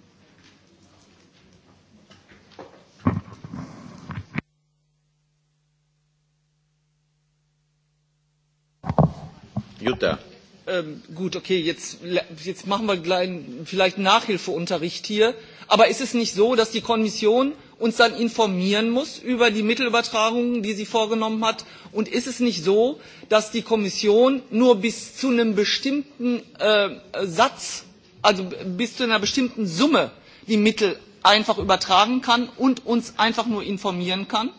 Jutta ähm, gut, okay, jetzt, jetzt machen wir klein, vielleicht Nachhilfeunterricht hier. Aber ist es nicht so, dass die Kommission uns dann informieren muss über die Mittelübertragungen, die sie vorgenommen hat? Und ist es nicht so, dass die Kommission nur bis zu einem bestimmten äh, Satz, also bis zu einer bestimmten Summe die Mittel einfach übertragen kann und uns einfach nur informieren kann?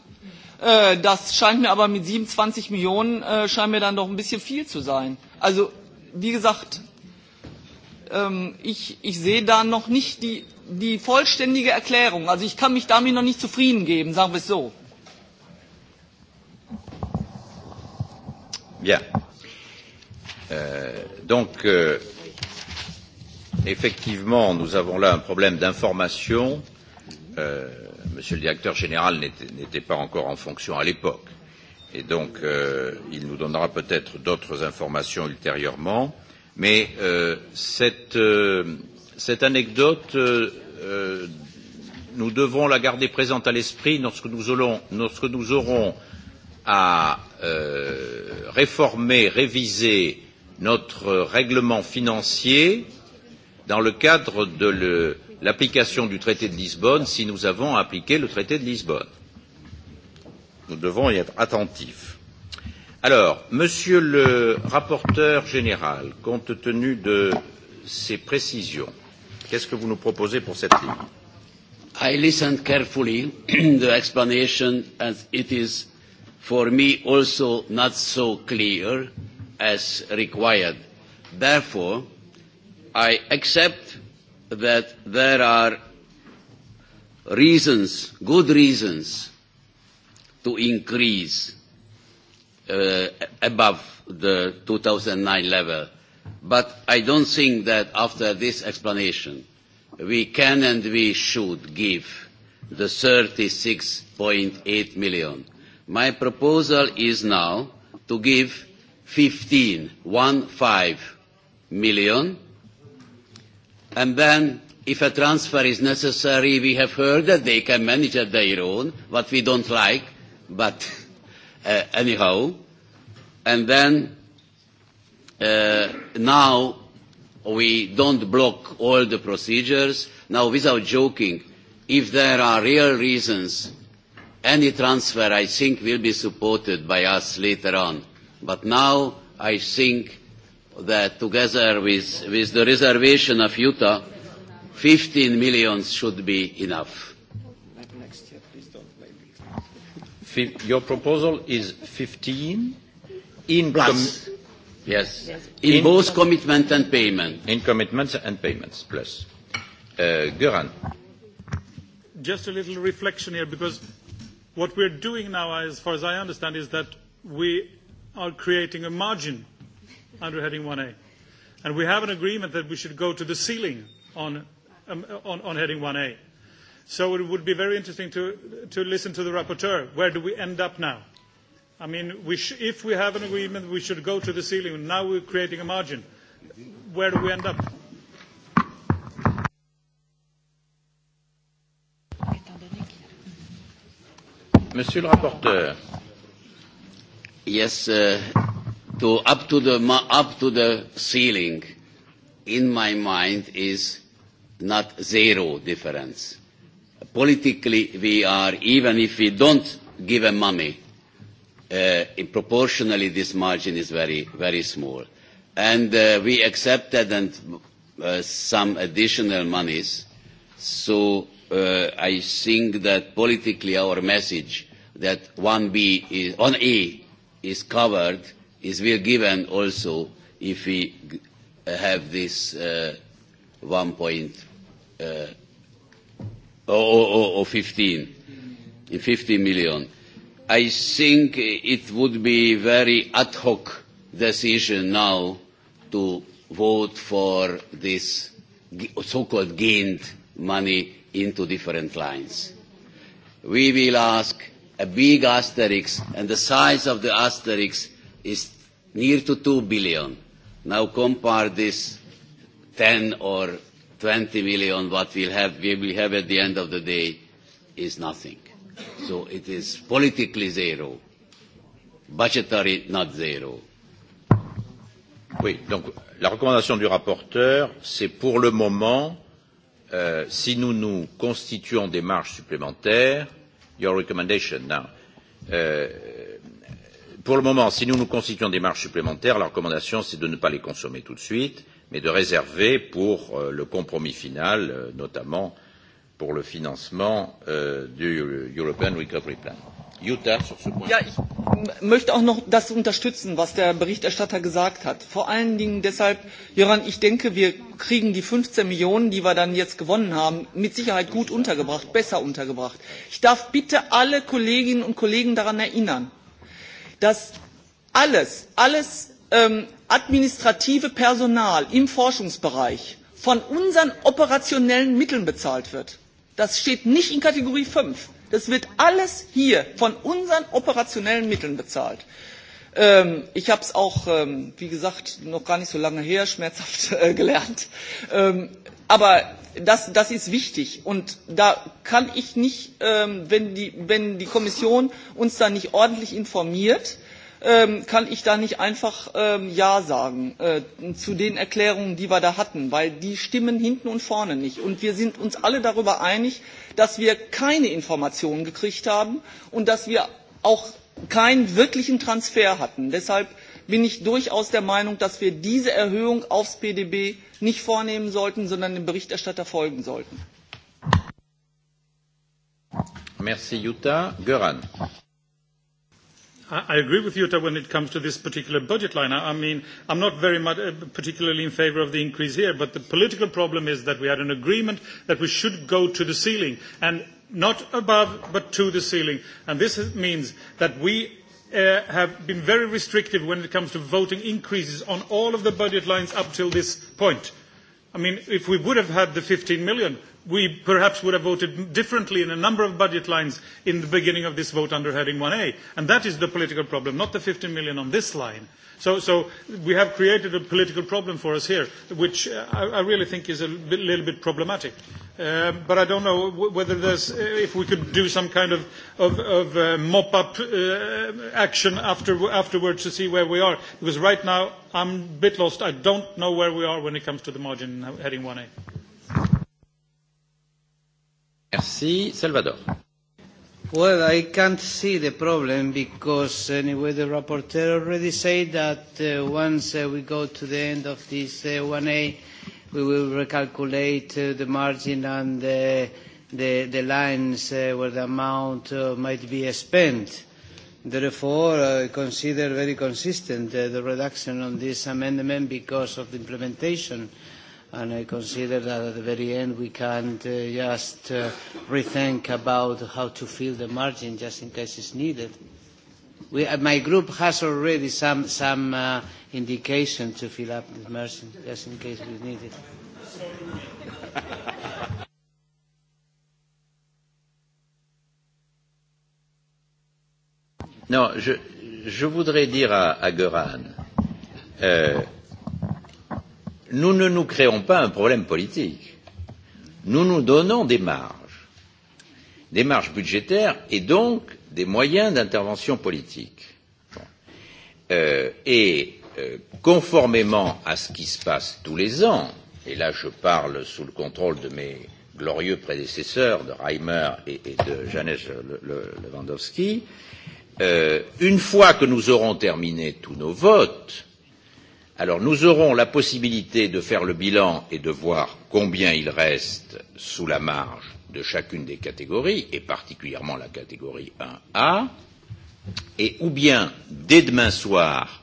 Äh, das scheint mir aber mit 27 Millionen äh, scheint mir dann doch ein bisschen viel zu sein. Also wie gesagt, ähm, ich, ich sehe da noch nicht die, die vollständige Erklärung. Also ich kann mich damit noch nicht zufrieden geben, sagen wir es so. Bien. Euh, donc, euh, effectivement, nous avons là un problème d'information. Euh, monsieur le directeur général n'était pas encore en fonction à l'époque et donc euh, il nous donnera peut-être d'autres informations ultérieurement. Mais euh, cette, euh, cette anecdote, euh, euh nous devons la garder présente à l'esprit lorsque nous aurons, lorsque nous aurons à euh, réformer, réviser notre règlement financier dans le cadre de l'application du traité de Lisbonne si nous avons à appliquer le traité de Lisbonne nous devons y être attentifs. Alors, monsieur le rapporteur général, compte tenu de ces précisions, qu'est-ce que vous nous proposez pour cette ligne I listened carefully the explanation as it is for me also not so clear as required. Therefore, I accept that there are reasons, good reasons, to increase uh, above the 2009 level. But I don't think that after this explanation, we can and we should give the 36.8 million. My proposal is now to give 15.15 one five million, and then if a transfer is necessary, we have heard that they can manage at their own, what we don't like, but uh, anyhow. And then uh, now we don't block all the procedures. Now, without joking, if there are real reasons, any transfer, I think, will be supported by us later on. But now I think that together with, with the reservation of Utah, 15 million should be enough. your proposal is 15 in plus. Com yes. yes. In, in both commitment and payment. In commitments and payments, plus. Uh, Göran. Just a little reflection here, because what we're doing now, as far as I understand, is that we are creating a margin under heading 1A. And we have an agreement that we should go to the ceiling on, um, on, on heading 1A. So it would be very interesting to, to listen to the rapporteur. Where do we end up now? I mean, we sh if we have an agreement, we should go to the ceiling. Now we're creating a margin. Where do we end up? Monsieur le rapporteur, yes, uh, to up to the up to the ceiling, in my mind is not zero difference politically we are, even if we don't give a money, uh, proportionally this margin is very, very small. And uh, we accepted and, uh, some additional monies, so uh, I think that politically our message that 1B is, on E is covered is will given also if we have this uh, 1.2 or, or, or 15, 50 million. I think it would be very ad hoc decision now to vote for this so-called gained money into different lines. We will ask a big asterisk, and the size of the asterisk is near to 2 billion. Now compare this 10 or twenty million what we'll have, we will have at the end of the day is nothing. So it is politically zero, budgetary not zero. Oui, donc la recommandation du rapporteur, c'est pour le moment, euh, si nous nous constituons des marges supplémentaires, your recommendation now, euh, pour le moment, si nous nous constituons des marges supplémentaires, la recommandation, c'est de ne pas les consommer tout de suite mais de réserver pour euh, le compromis final, euh, notamment pour le financement euh, du European Recovery Plan. Jutta, sur ce point. Ja, ich möchte auch noch das unterstützen, was der Berichterstatter gesagt hat. Vor allen Dingen deshalb, Jöran, ich denke, wir kriegen die 15 Millionen, die wir dann jetzt gewonnen haben, mit Sicherheit gut untergebracht, besser untergebracht. Ich darf bitte alle Kolleginnen und Kollegen daran erinnern, dass alles, alles Ähm, administrative personal im forschungsbereich von unseren operationellen mitteln bezahlt wird das steht nicht in kategorie fünf das wird alles hier von unseren operationellen mitteln bezahlt. Ähm, ich habe es auch ähm, wie gesagt noch gar nicht so lange her schmerzhaft äh, gelernt aber das, das ist wichtig und da kann ich nicht wenn die kommission uns da nicht ordentlich informiert Ähm, kann ich da nicht einfach ähm, ja sagen äh, zu den erklärungen die wir da hatten denn die stimmen hinten und vorne nicht. und wir sind uns alle darüber einig dass wir keine informationen gekriegt haben und dass wir auch keinen wirklichen transfer hatten. deshalb bin ich durchaus der meinung dass wir diese erhöhung aufs pdb nicht vornehmen sollten sondern dem berichterstatter folgen sollten. I agree with Jutta when it comes to this particular budget line. I, I mean, I'm not very much uh, particularly in favour of the increase here, but the political problem is that we had an agreement that we should go to the ceiling, and not above, but to the ceiling. And this means that we Uh, have been very restrictive when it comes to voting increases on all of the budget lines up till this point. I mean, if we would have had the fifteen million, we perhaps would have voted differently in a number of budget lines in the beginning of this vote under heading one a and that is the political problem, not the fifteen million on this line. So, so we have created a political problem for us here, which uh, I, I really think is a bit, little bit problematic. Um, but I don't know whether there's, uh, if we could do some kind of, of, of uh, mop-up uh, action after, afterwards to see where we are. Because right now, I'm a bit lost. I don't know where we are when it comes to the margin uh, heading one a Merci. Salvador. Well, I can't see the problem because anyway the rapporteur already said that uh, once uh, we go to the end of this uh, 1A, we will recalculate uh, the margin and the, the, the lines uh, where the amount uh, might be spent. Therefore, I consider very consistent uh, the reduction on this amendment because of the implementation and I consider that at the very end we can uh, just uh, rethink about how to fill the margin just in case it's needed. We, uh, my group has already some, some uh, indication to fill up the margin just in case we need it. Non, je, je voudrais dire à, à Göran, euh, nous ne nous créons pas un problème politique. Nous nous donnons des marges, des marges budgétaires et donc des moyens d'intervention politique. Bon. Euh, et euh, conformément à ce qui se passe tous les ans, et là je parle sous le contrôle de mes glorieux prédécesseurs, de Reimer et, et de Janez Lewandowski, euh, une fois que nous aurons terminé tous nos votes, Alors nous aurons la possibilité de faire le bilan et de voir combien il reste sous la marge de chacune des catégories, et particulièrement la catégorie 1A, et ou bien dès demain soir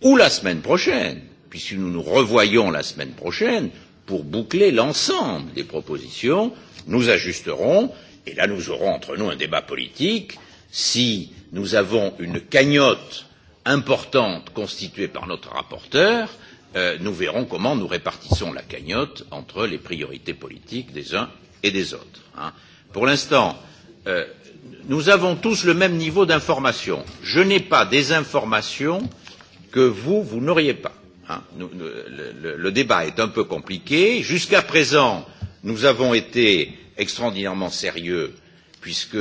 ou la semaine prochaine, puisque nous nous revoyons la semaine prochaine pour boucler l'ensemble des propositions, nous ajusterons et là nous aurons entre nous un débat politique si nous avons une cagnotte importante constituée par notre rapporteur, euh, nous verrons comment nous répartissons la cagnotte entre les priorités politiques des uns et des autres. Hein. Pour l'instant, euh, nous avons tous le même niveau d'information. Je n'ai pas des informations que vous, vous n'auriez pas. Hein. Nous, nous, le, le débat est un peu compliqué. Jusqu'à présent, nous avons été extraordinairement sérieux puisque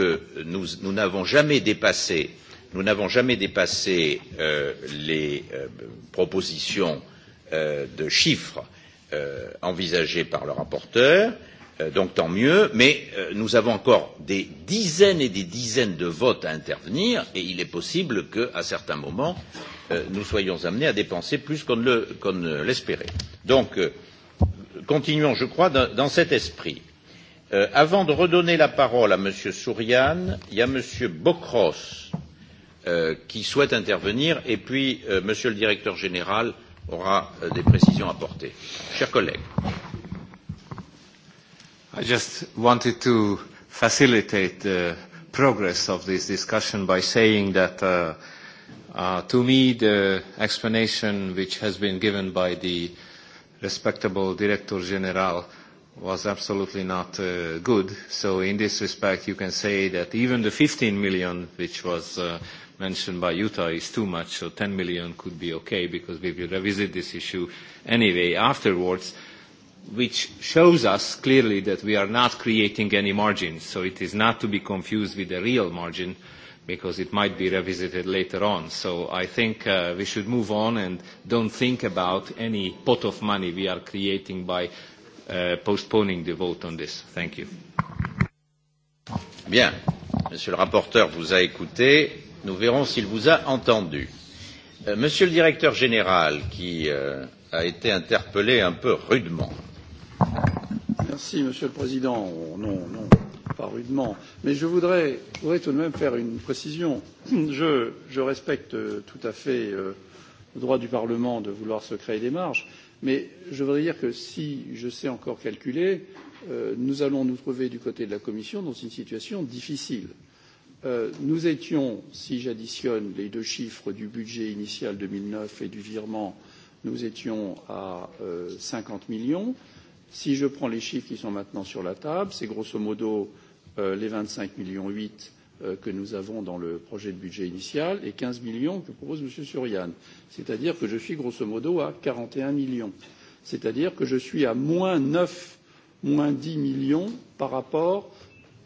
nous n'avons jamais dépassé euh, nous n'avons jamais dépassé euh, les euh, propositions euh, de chiffres euh, envisagées par le rapporteur, euh, donc tant mieux, mais euh, nous avons encore des dizaines et des dizaines de votes à intervenir et il est possible qu'à certains moments, nous soyons amenés à dépenser plus qu'on ne l'espérait. Le, donc, continuons, je crois, dans, dans cet esprit. avant de redonner la parole à M. Souriane, il y a M. Bocros Euh, qui souhaitent intervenir et puis euh, Monsieur le Directeur général aura euh, des précisions à apporter. Chers collègues. I just wanted to facilitate the progress of this discussion by saying that uh, uh, to me the explanation which has been given by the respectable Director General was absolutely not uh, good. So in this respect, you can say that even the 15 million, which was uh, mentioned by Utah is too much, so 10 million could be okay because we will revisit this issue anyway afterwards, which shows us clearly that we are not creating any margin. So it is not to be confused with the real margin because it might be revisited later on. So I think uh, we should move on and don't think about any pot of money we are creating by uh, postponing the vote on this. Thank you. Bien. Monsieur le rapporteur vous a écouté Nous verrons s'il vous a entendu. Euh, monsieur le directeur général, qui euh, a été interpellé un peu rudement. Merci, Monsieur le Président. Oh, non, non, pas rudement. Mais je voudrais, voudrais tout de même faire une précision. Je, je respecte euh, tout à fait euh, le droit du Parlement de vouloir se créer des marges, mais je voudrais dire que si je sais encore calculer, euh, nous allons nous trouver du côté de la Commission dans une situation difficile. Euh, Euh, nous étions, si j'additionne les deux chiffres du budget initial deux mille neuf et du virement, nous étions à euh, millions. Si je prends les chiffres qui sont maintenant sur la table, c'est grosso modo euh, les cinq millions huit millions euh, que nous avons dans le projet de budget initial et 15 millions que propose M. Surian. C'est-à-dire que je suis grosso modo à 41 millions. C'est-à-dire que je suis à moins 9, moins 10 millions par rapport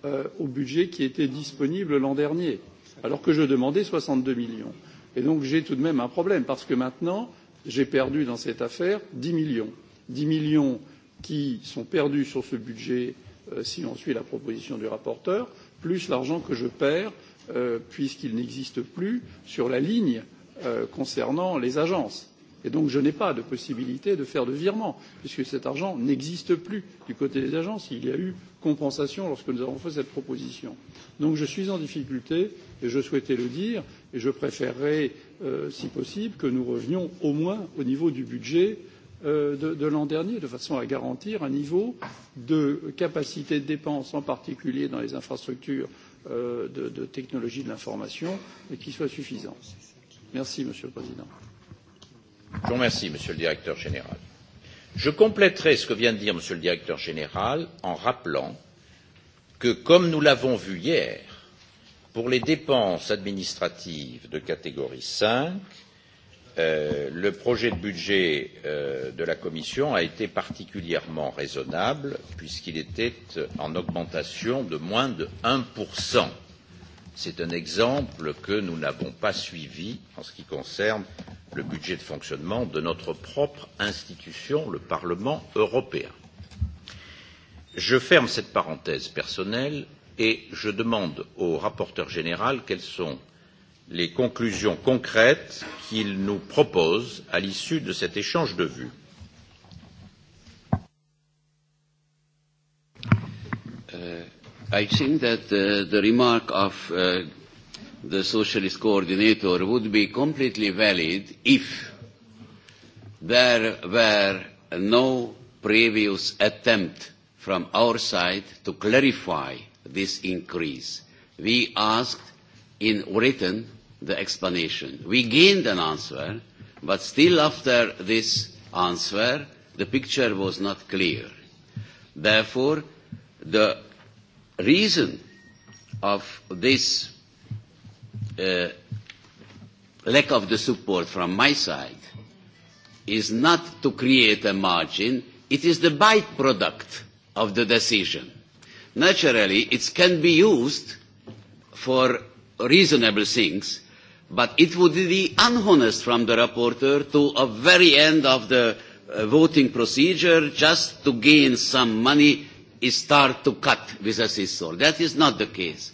Euh, au budget qui était disponible l'an dernier, alors que je demandais soixante deux millions. Et donc j'ai tout de même un problème, parce que maintenant, j'ai perdu dans cette affaire dix millions. dix millions qui sont perdus sur ce budget euh, si on suit la proposition du rapporteur, plus l'argent que je perds euh, puisqu'il n'existe plus sur la ligne euh, concernant les agences et donc je n'ai pas de possibilité de faire de virement puisque cet argent n'existe plus du côté des agences il y a eu compensation lorsque nous avons fait cette proposition. donc je suis en difficulté et je souhaitais le dire et je préférerais euh, si possible que nous revenions au moins au niveau du budget euh, de, de l'an dernier de façon à garantir un niveau de capacité de dépenses en particulier dans les infrastructures euh, de, de technologie de l'information qui soit suffisant. merci monsieur le président. Je vous remercie, Monsieur le Directeur général. Je compléterai ce que vient de dire Monsieur le Directeur général en rappelant que, comme nous l'avons vu hier, pour les dépenses administratives de catégorie cinq, euh, le projet de budget euh, de la Commission a été particulièrement raisonnable puisqu'il était en augmentation de moins de un C'est un exemple que nous n'avons pas suivi en ce qui concerne le budget de fonctionnement de notre propre institution, le Parlement européen. Je ferme cette parenthèse personnelle et je demande au rapporteur général quelles sont les conclusions concrètes qu'il nous propose à l'issue de cet échange de vues. I think that uh, the remark of uh, the socialist coordinator would be completely valid if there were no previous attempt from our side to clarify this increase. We asked in written the explanation. We gained an answer, but still after this answer, the picture was not clear. Therefore, the reason of this uh, lack of the support from my side is not to create a margin, it is the byproduct of the decision. Naturally, it can be used for reasonable things, but it would be unhonest from the rapporteur to the very end of the uh, voting procedure just to gain some money start to cut with a scissor. That is not the case.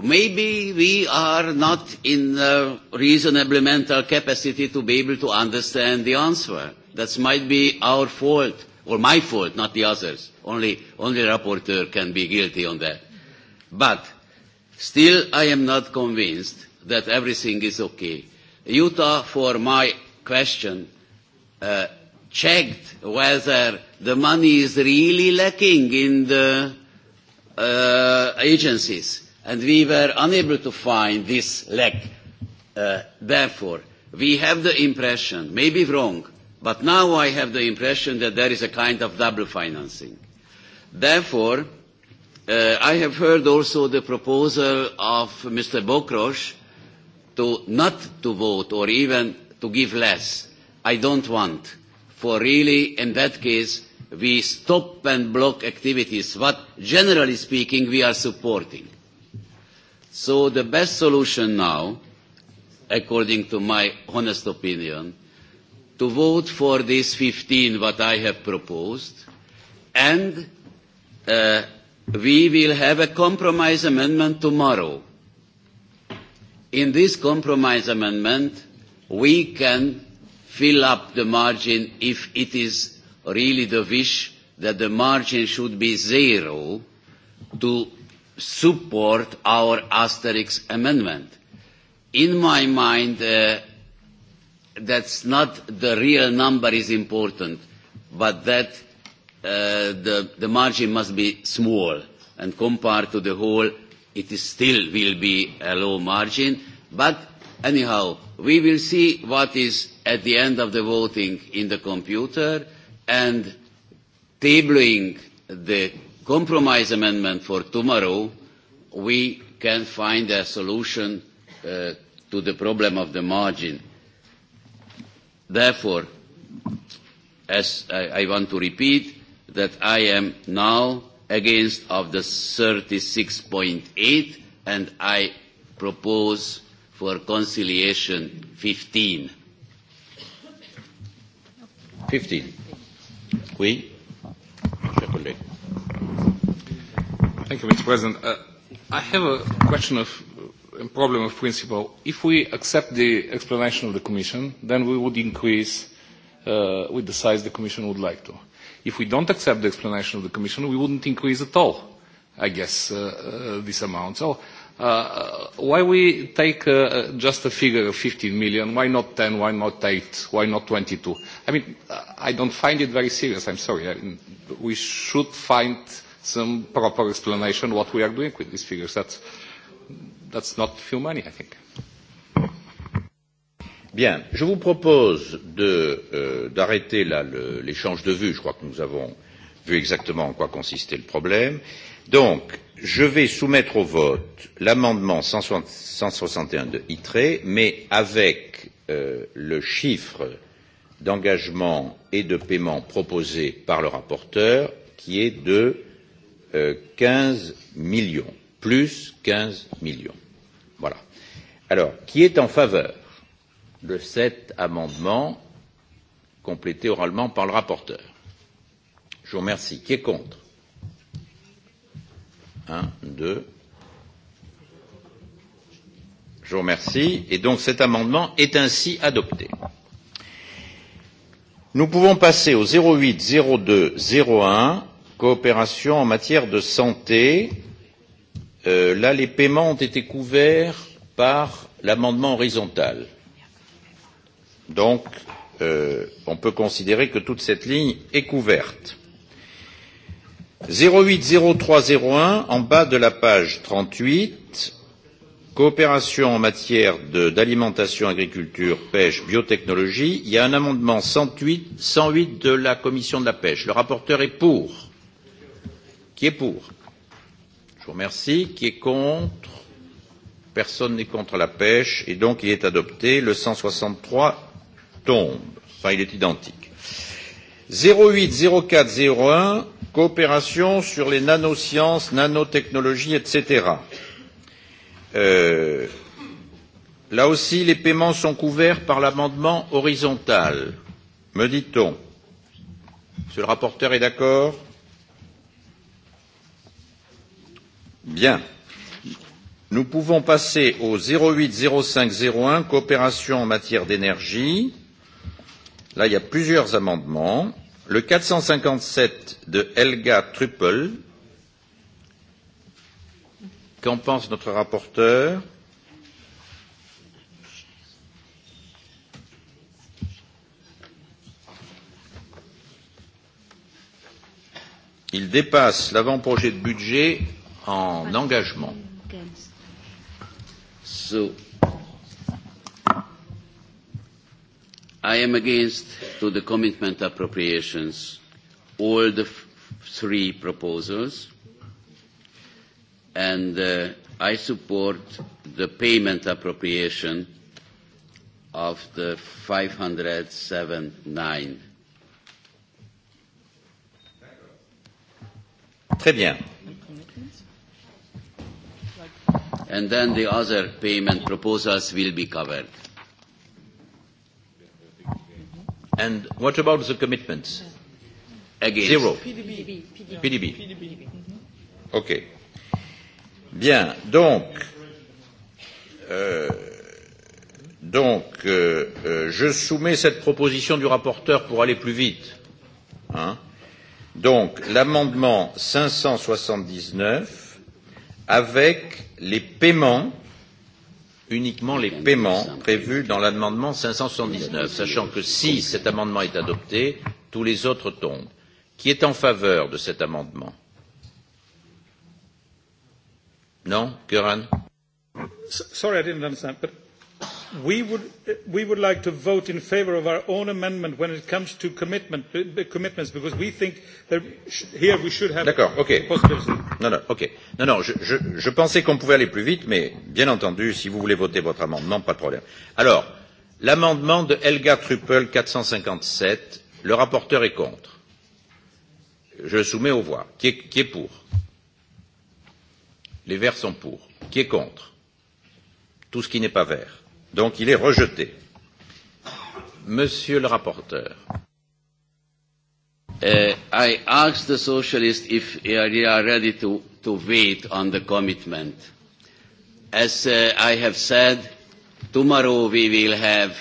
Maybe we are not in a reasonable mental capacity to be able to understand the answer. That might be our fault, or my fault, not the others. Only, only the rapporteur can be guilty on that. But still, I am not convinced that everything is okay. Utah, for my question, uh, checked whether the money is really lacking in the uh, agencies, and we were unable to find this lack. Uh, therefore, we have the impression, maybe wrong, but now I have the impression that there is a kind of double financing. Therefore, uh, I have heard also the proposal of Mr. Bokrosh to not to vote or even to give less. I don't want for really, in that case, we stop and block activities, what, generally speaking, we are supporting. So the best solution now, according to my honest opinion, to vote for these 15 what I have proposed, and uh, we will have a compromise amendment tomorrow. In this compromise amendment, we can fill up the margin if it is really the wish that the margin should be zero to support our Asterix amendment. In my mind, uh, that's not the real number is important, but that uh, the, the margin must be small. And compared to the whole, it is still will be a low margin, but Anyhow, we will see what is at the end of the voting in the computer and tabling the compromise amendment for tomorrow, we can find a solution uh, to the problem of the margin. Therefore, as I, I want to repeat, that I am now against of the 36.8 and I propose for conciliation 15. 15. Oui, cher collègue. Thank you, Mr. President. Uh, I have a question of uh, a problem of principle. If we accept the explanation of the Commission, then we would increase uh, with the size the Commission would like to. If we don't accept the explanation of the Commission, we wouldn't increase at all, I guess, uh, uh, this amount. So Uh, why we take uh, just a figure of 15 million? Why not 10? Why not 8? Why not 22? I mean, uh, I don't find it very serious. I'm sorry. I mean, we should find some proper explanation what we are doing with these figures. That's, that's not few money, I think. Bien, je vous propose euh, d'arrêter euh, là l'échange de vues. Je crois que nous avons vu exactement en quoi consistait le problème Donc, je vais soumettre au vote l'amendement cent soixante et un de ITRE, mais avec euh, le chiffre d'engagement et de paiement proposé par le rapporteur, qui est de euh, quinze millions, plus quinze millions. Voilà. Alors, qui est en faveur de cet amendement complété oralement par le rapporteur Je vous remercie. Qui est contre Un, deux. Je vous remercie. Et donc cet amendement est ainsi adopté. Nous pouvons passer au 08 02 01, coopération en matière de santé. Euh, là, les paiements ont été couverts par l'amendement horizontal. Donc, euh, on peut considérer que toute cette ligne est couverte. 080301 en bas de la page 38, coopération en matière d'alimentation, agriculture, pêche, biotechnologie. Il y a un amendement 108, 108 de la commission de la pêche. Le rapporteur est pour. Qui est pour Je vous remercie. Qui est contre Personne n'est contre la pêche et donc il est adopté. Le 163 tombe. Enfin, il est identique. 080401 coopération sur les nanosciences, nanotechnologies, etc. Euh, là aussi, les paiements sont couverts par l'amendement horizontal, me dit-on. Monsieur le rapporteur est d'accord Bien. Nous pouvons passer au 080501, coopération en matière d'énergie. Là, il y a plusieurs amendements. Le quatre cent cinquante sept de Helga Truppel. Qu'en pense notre rapporteur Il dépasse l'avant-projet de budget en engagement. So I am against to the commitment appropriations all the three proposals and uh, I support the payment appropriation of the 507.9. Très bien. And then the other payment proposals will be covered. And what about the commitments? Against. Zero. PDB. PDB. PDB. Mm-hmm. OK. Bien. Donc, euh, donc euh, euh, je soumets cette proposition du rapporteur pour aller plus vite. Hein donc, l'amendement 579 avec les paiements uniquement les paiements prévus dans l'amendement cinq cent soixante dix neuf, sachant que si cet amendement est adopté, tous les autres tombent. Qui est en faveur de cet amendement Non Göran Sorry, I didn't understand, but we would, like to vote in favour of our own amendment when it comes to commitment, uh, commitments because we think that here we should have D'accord, ok. Non, non, ok. Non, non, je, je, je pensais qu'on pouvait aller plus vite, mais bien entendu, si vous voulez voter votre amendement, pas de problème. Alors, l'amendement de Helga Truppel 457, le rapporteur est contre. Je le soumets aux voix. Qui est, qui est pour Les verts sont pour. Qui est contre Tout ce qui n'est pas vert Donc il est rejeté. Monsieur le rapporteur. Uh, I asked the socialists if uh, they are ready to, to wait on the commitment. As uh, I have said, tomorrow we will have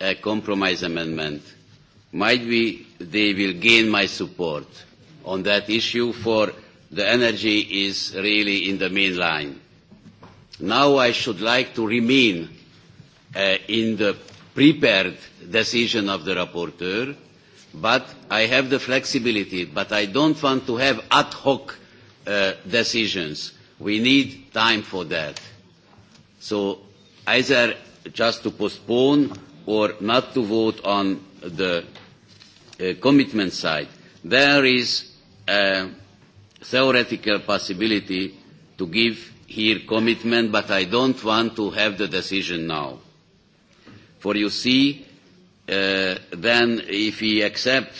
a compromise amendment. Might be they will gain my support on that issue for the energy is really in the main line. Now I should like to remain Uh, in the prepared decision of the rapporteur, but I have the flexibility, but I don't want to have ad hoc uh, decisions. We need time for that. So either just to postpone or not to vote on the uh, commitment side. There is a theoretical possibility to give here commitment, but I don't want to have the decision now. For you see, uh, then if we accept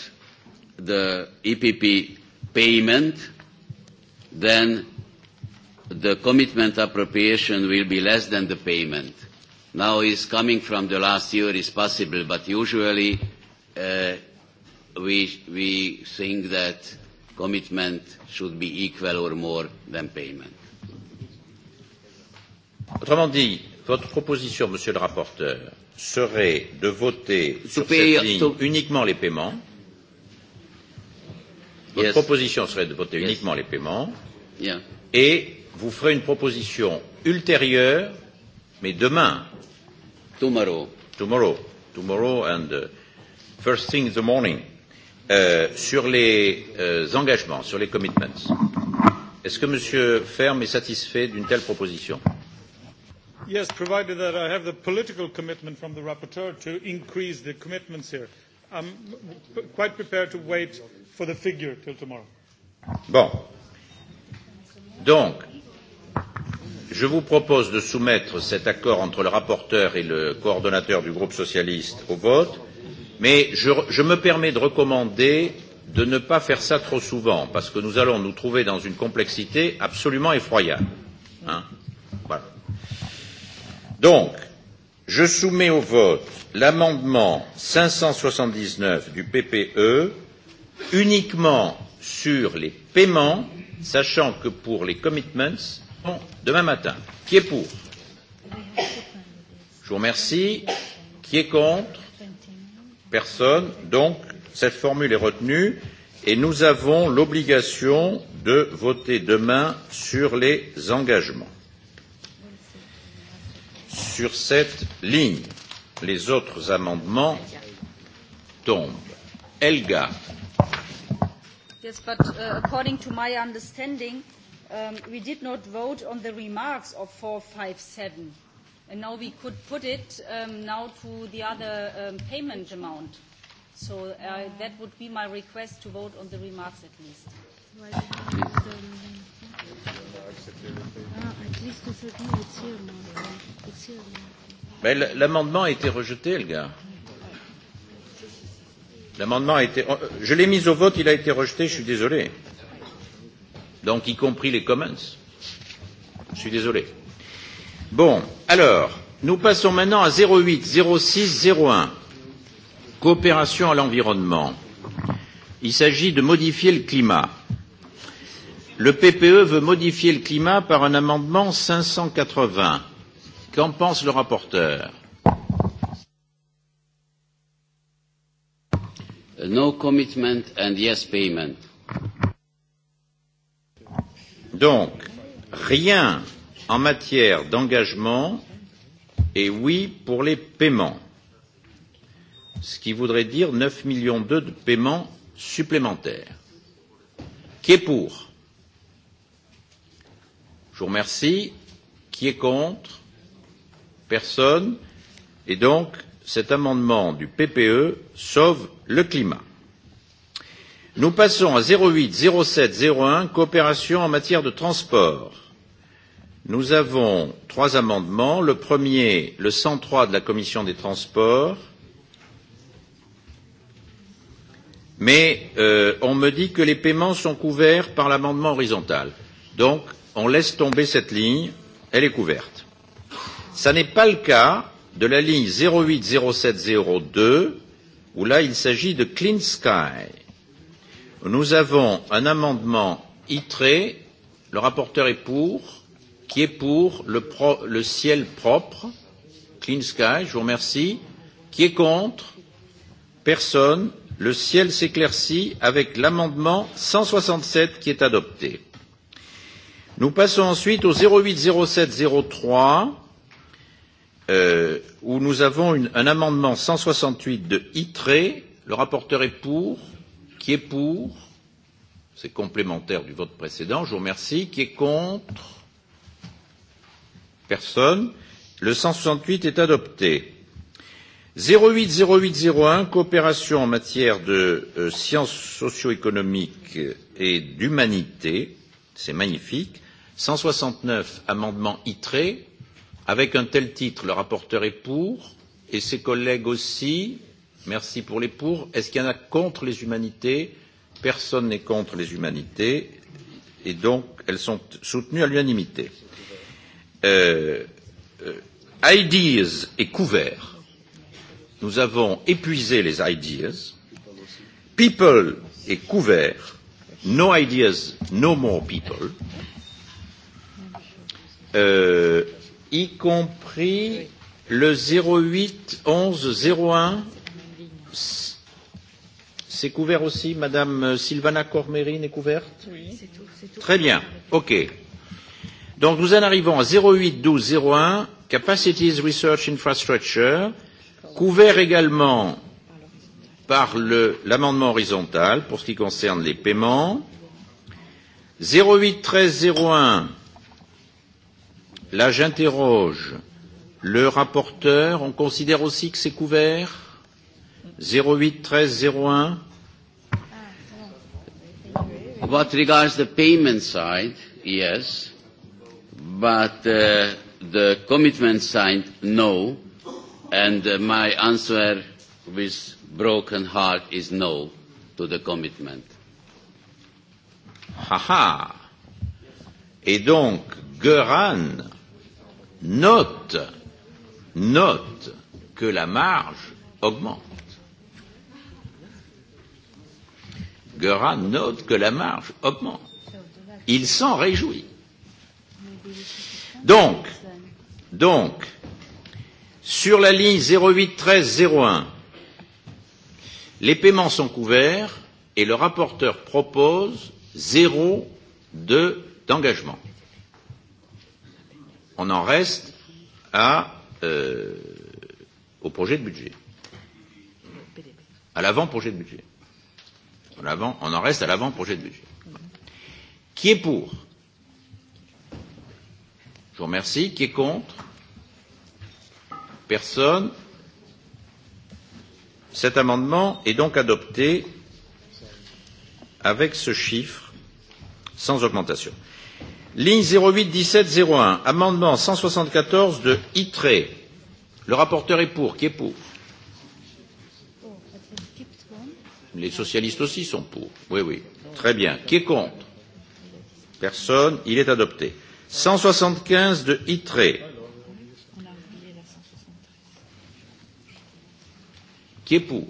the EPP payment, then the commitment appropriation will be less than the payment. Now is coming from the last year is possible, but usually uh, we, we think that commitment should be equal or more than payment. Autrement dit, votre proposition, monsieur le rapporteur, serait de voter sur cette ligne uniquement les paiements. Votre yes. proposition serait de voter yes. uniquement les paiements. Yeah. Et vous ferez une proposition ultérieure, mais demain. Tomorrow. Tomorrow. Tomorrow and uh, first thing in the morning. Euh, sur les euh, engagements, sur les commitments. Est-ce que M. Ferme est satisfait d'une telle proposition Yes, provided that I have the political commitment from the rapporteur to increase the commitments here. I'm quite prepared to wait for the figure till tomorrow. Bon. Donc, je vous propose de soumettre cet accord entre le rapporteur et le coordonnateur du groupe socialiste au vote, mais je, je me permets de recommander de ne pas faire ça trop souvent, parce que nous allons nous trouver dans une complexité absolument effroyable. Hein Donc, je soumets au vote l'amendement cinq cent soixante dix neuf du PPE uniquement sur les paiements, sachant que pour les commitments, demain matin. Qui est pour Je vous remercie. Qui est contre Personne. Donc, cette formule est retenue et nous avons l'obligation de voter demain sur les engagements sur cette ligne. Les autres amendements tombent. Elga. Yes, but uh, according to my understanding, um, we did not vote on the remarks of 457. And now we could put it um, now to the other um, payment amount. So uh, that would be my request to vote on the remarks at least. Well, Mais l'amendement a été rejeté, le gars. L'amendement a été. Euh, je l'ai mis au vote, il a été rejeté, je suis désolé. Donc, y compris les Commons. Je suis désolé. Bon, alors, nous passons maintenant à 08, 06, 01. Coopération à l'environnement. Il s'agit de modifier le climat. Le PPE veut modifier le climat par un amendement cinq cent quatre-vingts. Qu'en pense le rapporteur No commitment and yes payment. Donc, rien en matière d'engagement et oui pour les paiements, ce qui voudrait dire neuf millions d'euros de paiements supplémentaires. Qui est pour je vous remercie. Qui est contre Personne. Et donc, cet amendement du PPE sauve le climat. Nous passons à 08 07 01, coopération en matière de transport. Nous avons trois amendements. Le premier, le 103 de la Commission des transports. Mais euh, on me dit que les paiements sont couverts par l'amendement horizontal. Donc, on laisse tomber cette ligne, elle est couverte. Ce n'est pas le cas de la ligne 080702, où là il s'agit de Clean Sky. Nous avons un amendement ITRE, le rapporteur est pour, qui est pour le, pro, le ciel propre, Clean Sky, je vous remercie, qui est contre, personne, le ciel s'éclaircit avec l'amendement 167 qui est adopté. Nous passons ensuite au 080703, euh, où nous avons une, un amendement 168 de ITRE. Le rapporteur est pour. Qui est pour C'est complémentaire du vote précédent. Je vous remercie. Qui est contre Personne. Le 168 est adopté. 080801, coopération en matière de euh, sciences socio-économiques et d'humanité. C'est magnifique cent soixante neuf amendements ITRE. Avec un tel titre, le rapporteur est pour et ses collègues aussi. Merci pour les pour. Est-ce qu'il y en a contre les humanités Personne n'est contre les humanités et donc elles sont soutenues à l'unanimité. Euh, euh, ideas est couvert. Nous avons épuisé les ideas. People est couvert. No ideas, no more people euh, y compris le 08 11 01. C'est couvert aussi, Madame Sylvana Cormérine est couverte Oui. Très bien, ok. Donc nous en arrivons à 08 12 01, Capacities Research Infrastructure, couvert également par l'amendement horizontal pour ce qui concerne les paiements. 08 13 01, Là, j'interroge le rapporteur. On considère aussi que c'est couvert 08 13 01. What regards the payment side, yes, but uh, the commitment side, no, and uh, my answer with broken heart is no to the commitment. ha! Et donc, Göran note, note que la marge augmente. Guerra note que la marge augmente. Il s'en réjouit. Donc, donc, sur la ligne 081301, les paiements sont couverts et le rapporteur propose zéro de d'engagement on en reste à, euh, au projet de budget, à l'avant-projet de budget. On, avant, on en reste à l'avant-projet de budget. Qui est pour Je vous remercie. Qui est contre Personne. Cet amendement est donc adopté avec ce chiffre sans augmentation. Ligne zéro huit dix sept zéro un, amendement cent soixante quatorze de ITRE. Le rapporteur est pour. Qui est pour Les socialistes aussi sont pour. Oui, oui. Très bien. Qui est contre Personne. Il est adopté. Cent soixante quinze de ITRE. Qui est pour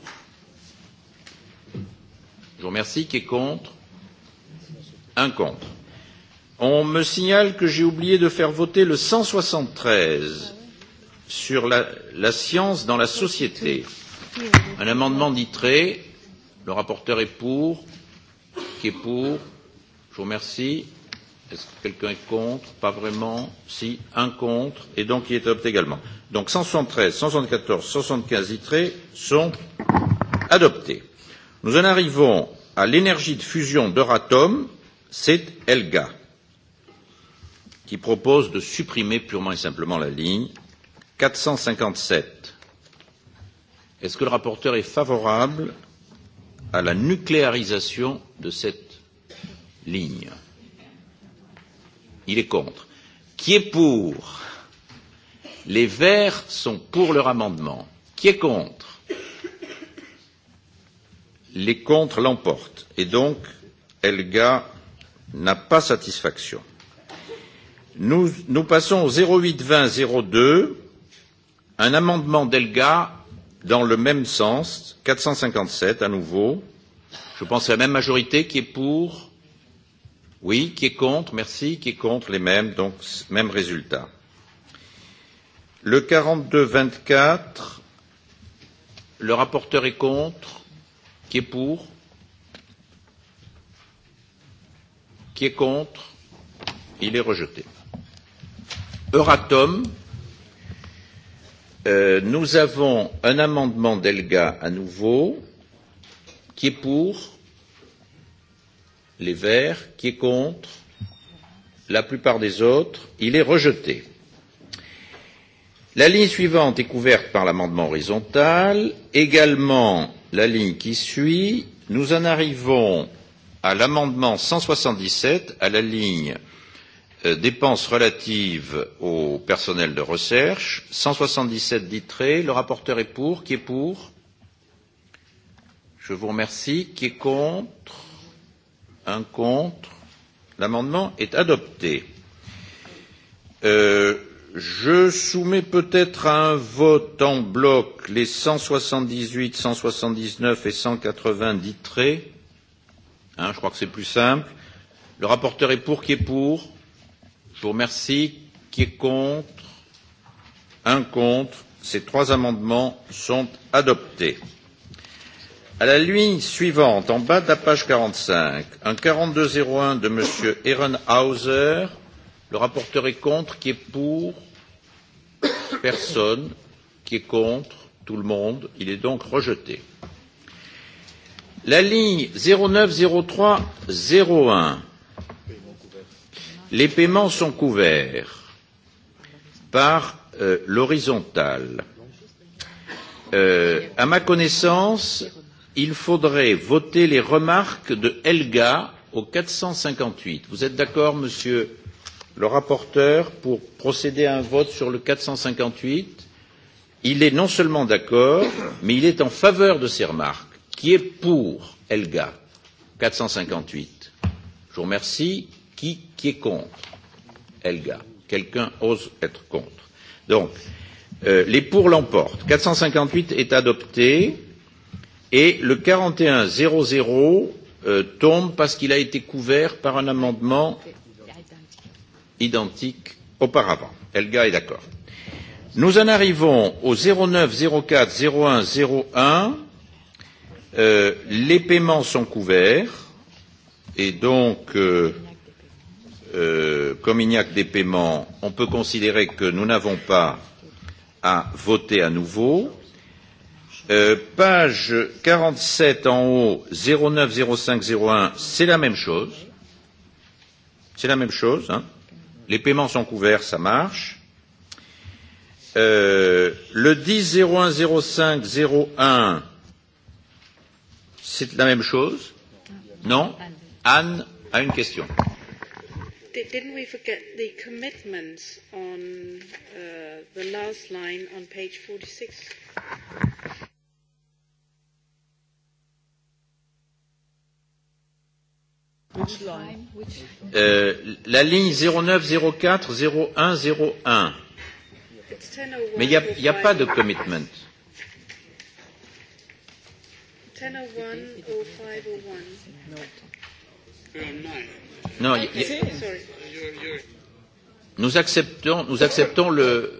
Je vous remercie. Qui est contre Un contre. On me signale que j'ai oublié de faire voter le cent soixante treize sur la, la, science dans la société. Un amendement d'ITRE. Le rapporteur est pour. Qui est pour Je vous remercie. Est-ce que quelqu'un est contre Pas vraiment. Si, un contre. Et donc, il est adopté également. Donc, 173, 174, 175 ITRE sont adoptés. Nous en arrivons à l'énergie de fusion d'Euratom. C'est ELGA qui propose de supprimer purement et simplement la ligne quatre cent cinquante sept. Est-ce que le rapporteur est favorable à la nucléarisation de cette ligne Il est contre. Qui est pour Les Verts sont pour leur amendement. Qui est contre Les contre l'emportent. Et donc, Elga n'a pas satisfaction. Nous, nous passons au deux, un amendement d'Elga dans le même sens, 457 à nouveau. Je pense à la même majorité qui est pour. Oui, qui est contre, merci, qui est contre, les mêmes, donc même résultat. Le 42-24, le rapporteur est contre, qui est pour, qui est contre, il est rejeté. Euratom, euh, nous avons un amendement d'Elga à nouveau qui est pour les Verts, qui est contre la plupart des autres. Il est rejeté. La ligne suivante est couverte par l'amendement horizontal. Également, la ligne qui suit, nous en arrivons à l'amendement cent soixante dix sept, à la ligne Euh, dépenses relatives au personnel de recherche, cent soixante dix sept litrés, le rapporteur est pour, qui est pour Je vous remercie. Qui est contre Un contre. L'amendement est adopté. Euh, je soumets peut-être à un vote en bloc les cent soixante dix huit, cent soixante dix neuf et cent quatre-vingts litrés. Hein, je crois que c'est plus simple. Le rapporteur est pour, qui est pour je vous remercie. Qui est contre Un contre. Ces trois amendements sont adoptés. À la ligne suivante, en bas de la page quarante cinq, un quarante deux zéro un de M. Ehrenhauser. Le rapporteur est contre. Qui est pour Personne. Qui est contre Tout le monde. Il est donc rejeté. La ligne zéro zéro neuf trois un les paiements sont couverts par euh, l'horizontale. Euh, à ma connaissance, il faudrait voter les remarques de Helga au quatre cent cinquante huit. Vous êtes d'accord, monsieur le rapporteur, pour procéder à un vote sur le quatre cent cinquante huit? Il est non seulement d'accord, mais il est en faveur de ces remarques. Qui est pour Helga 458 cinquante huit? Je vous remercie. Qui, qui est contre Elga. Quelqu'un ose être contre. Donc, euh, les pour l'emportent. 458 est adopté et le 4100 euh, tombe parce qu'il a été couvert par un amendement identique auparavant. Elga est d'accord. Nous en arrivons au 09, 04, 01, 01. Euh, les paiements sont couverts et donc euh, Euh, comme il n'y a que des paiements, on peut considérer que nous n'avons pas à voter à nouveau. Euh, page 47 en haut, 090501, c'est la même chose. C'est la même chose. Hein. Les paiements sont couverts, ça marche. Euh, le zéro cinq zéro un, c'est la même chose Non Anne a une question did, didn't we forget the commitments on uh, the last line on page 46? Which line? Which... Euh, la ligne 0904 0101. Mais il n'y a, a pas de oh commitment. 1001 Non, ah, y, y, nous acceptons, nous acceptons le,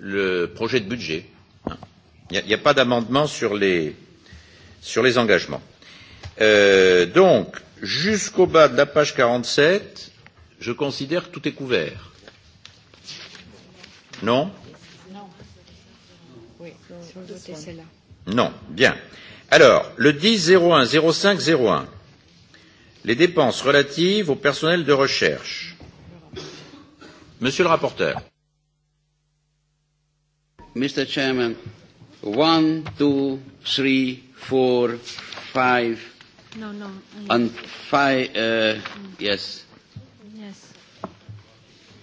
le projet de budget. Il n'y a, a, pas d'amendement sur les, sur les engagements. Euh, donc, jusqu'au bas de la page 47, je considère que tout est couvert. Non Non. Bien. Alors, le 10 01 05 01 les dépenses relatives au personnel de recherche. Monsieur le rapporteur. Mr. Chairman, one, two, three, four, five, no, no, no. and five, uh, yes. yes.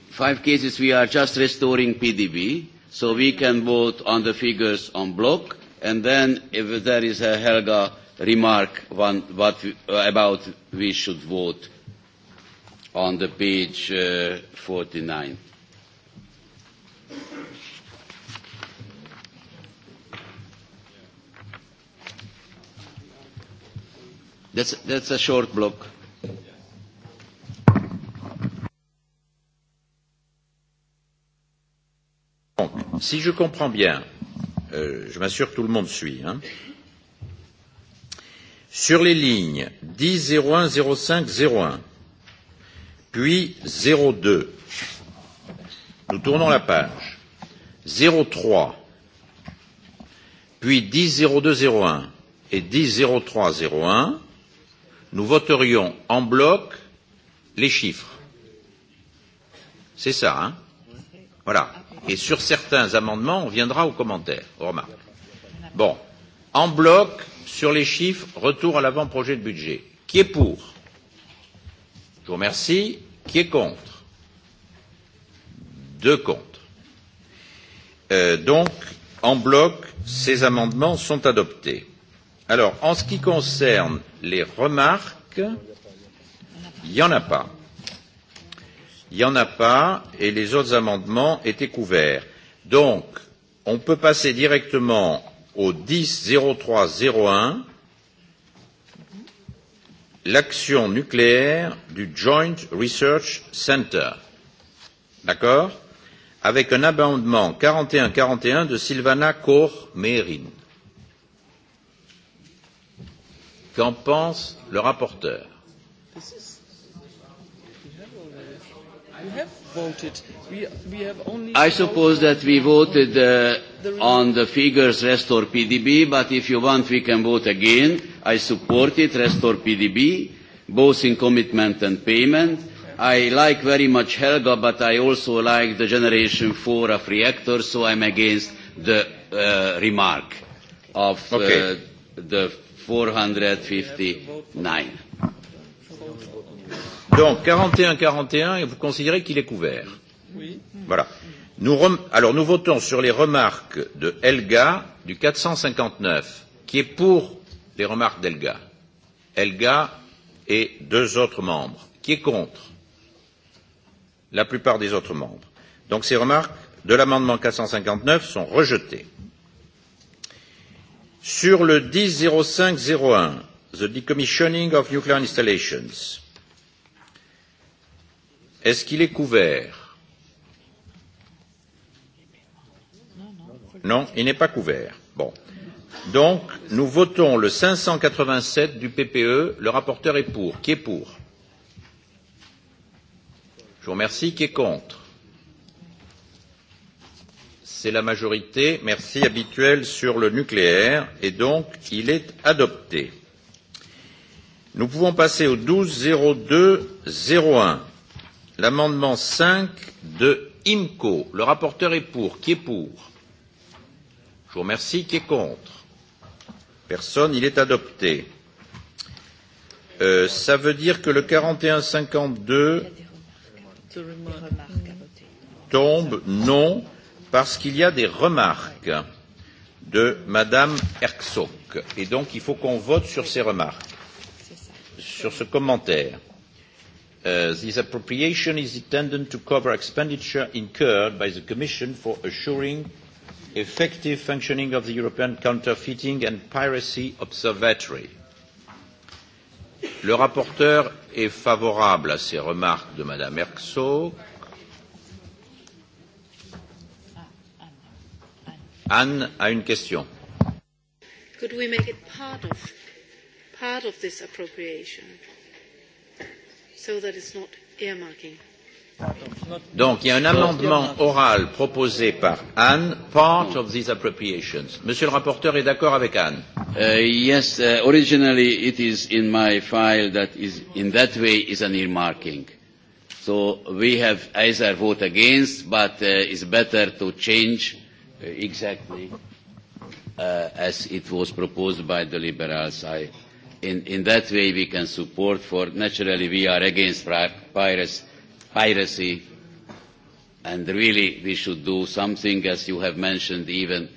Five cases we are just restoring PDB, so we can vote on the figures on block, and then if there is a Helga remark one, what, we, uh, about we should vote on the page uh, 49. That's, that's a short block. Si je comprends bien, euh, je m'assure que tout le monde suit, hein, euh, sur les lignes dix zéro un zéro cinq zéro un puis zéro deux nous tournons la page zéro trois puis dix zéro deux zéro un et dix zéro trois zéro un nous voterions en bloc les chiffres. C'est ça, hein Voilà. Et sur certains amendements, on viendra aux commentaires, aux remarques. Bon, en bloc Sur les chiffres, retour à l'avant-projet de budget. Qui est pour Je vous remercie. Qui est contre Deux contre. Euh, donc, en bloc, ces amendements sont adoptés. Alors, en ce qui concerne les remarques, il n'y en a pas. Il n'y en a pas et les autres amendements étaient couverts. Donc, on peut passer directement au dix trois zéro un l'action nucléaire du Joint Research Center, d'accord, avec un amendement 41-41 de Sylvana Koch-Merin. Qu'en pense le rapporteur? I suppose that we voted uh, on the figures Restore PDB, but if you want, we can vote again. I support it, Restore PDB, both in commitment and payment. I like very much Helga, but I also like the Generation 4 of reactors, so I'm against the uh, remark of okay. uh, the 459. Donc 41-41, vous considérez qu'il est couvert. Oui. Voilà. Nous rem... Alors nous votons sur les remarques de Helga du 459, qui est pour les remarques d'Helga. Helga et deux autres membres. Qui est contre La plupart des autres membres. Donc ces remarques de l'amendement 459 sont rejetées. Sur le 10 05 01, the decommissioning of nuclear installations. Est-ce qu'il est couvert Non, il n'est pas couvert. Bon. Donc, nous votons le 587 du PPE. Le rapporteur est pour. Qui est pour Je vous remercie. Qui est contre C'est la majorité, merci, habituelle sur le nucléaire, et donc il est adopté. Nous pouvons passer au douze zéro deux zéro un. L'amendement cinq de IMCO. Le rapporteur est pour. Qui est pour Je vous remercie. Qui est contre Personne. Il est adopté. Euh, ça veut dire que le quarante et un cinquante deux tombe Non, parce qu'il y a des remarques de Madame Herzog. Et donc, il faut qu'on vote sur ces remarques sur ce commentaire. Uh, this appropriation is intended to cover expenditure incurred by the Commission for assuring effective functioning of the European Counterfeiting and Piracy Observatory. Le rapporteur est favorable à ces remarques de Madame Erxo. Anne a une question. Could we make it part of part of this appropriation so that it's not earmarking. Donc il y a un amendement oral proposé par Anne, part of these appropriations. Monsieur le rapporteur est d'accord avec Anne uh, Yes, uh, originally it is in my file that is in that way is an earmarking. So we have either vote against, but uh, it's better to change uh, exactly uh, as it was proposed by the Liberals. I in, in that way we can support for, naturally we are against piracy, and really we should do something, as you have mentioned, even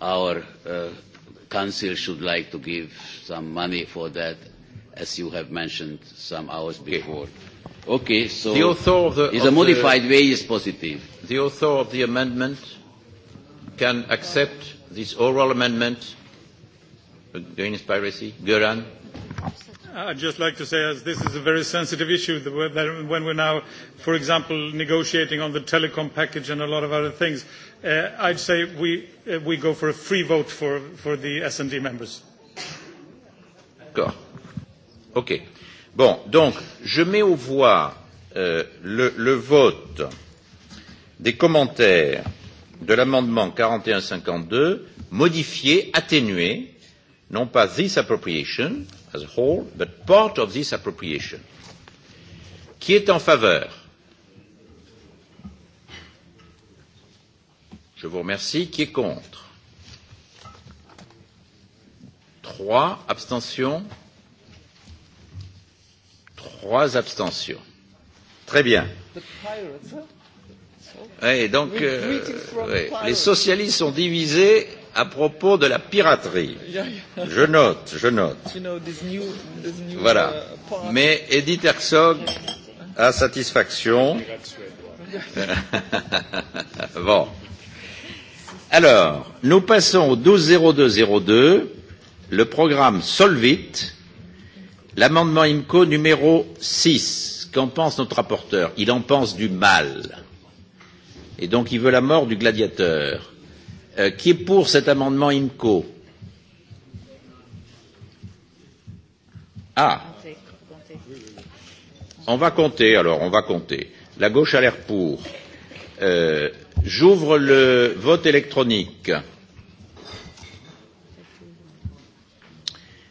our uh, council should like to give some money for that, as you have mentioned some hours before. Okay, so the author of the, is of a modified the, way is positive. The author of the amendment can accept this oral amendment Danish piracy? Göran? I'd just like to say, as this is a very sensitive issue, that we're, that when we're now, for example, negotiating on the telecom package and a lot of other things, uh, I'd say we, uh, we go for a free vote for, for the S&D members. OK. Bon, donc, je mets aux voix euh, le, le vote des commentaires de l'amendement quarante et un cinquante deux modifié atténué Non pas this appropriation as a whole, but part of this appropriation. Qui est en faveur Je vous remercie. Qui est contre Trois abstentions. Trois abstentions. Très bien. Et donc, euh, ouais, les socialistes sont divisés à propos de la piraterie. Je note, je note. Voilà. Uh, Mais Edith Herzog a satisfaction. bon. Alors, nous passons au 120202, le programme Solvit, l'amendement IMCO numéro 6. Qu'en pense notre rapporteur Il en pense du mal. Et donc, il veut la mort du gladiateur. Euh, qui est pour cet amendement IMCO Ah On va compter alors, on va compter. La gauche a l'air pour. Euh, J'ouvre le vote électronique.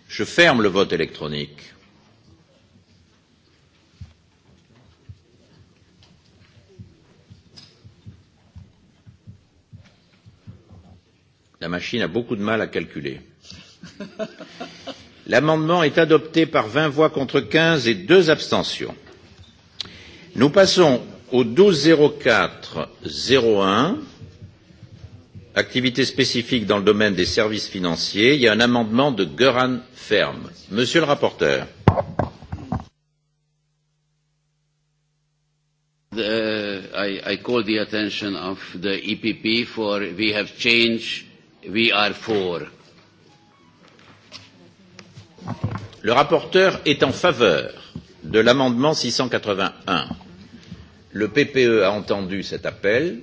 Je ferme le vote électronique. La machine a beaucoup de mal à calculer. L'amendement est adopté par 20 voix contre 15 et deux abstentions. Nous passons au 120401, activité spécifique dans le domaine des services financiers. Il y a un amendement de Göran Ferm. Monsieur le rapporteur. The, uh, I, I call the attention of the EPP for we have changed we are for. Le rapporteur est en faveur de l'amendement 681. Le PPE a entendu cet appel.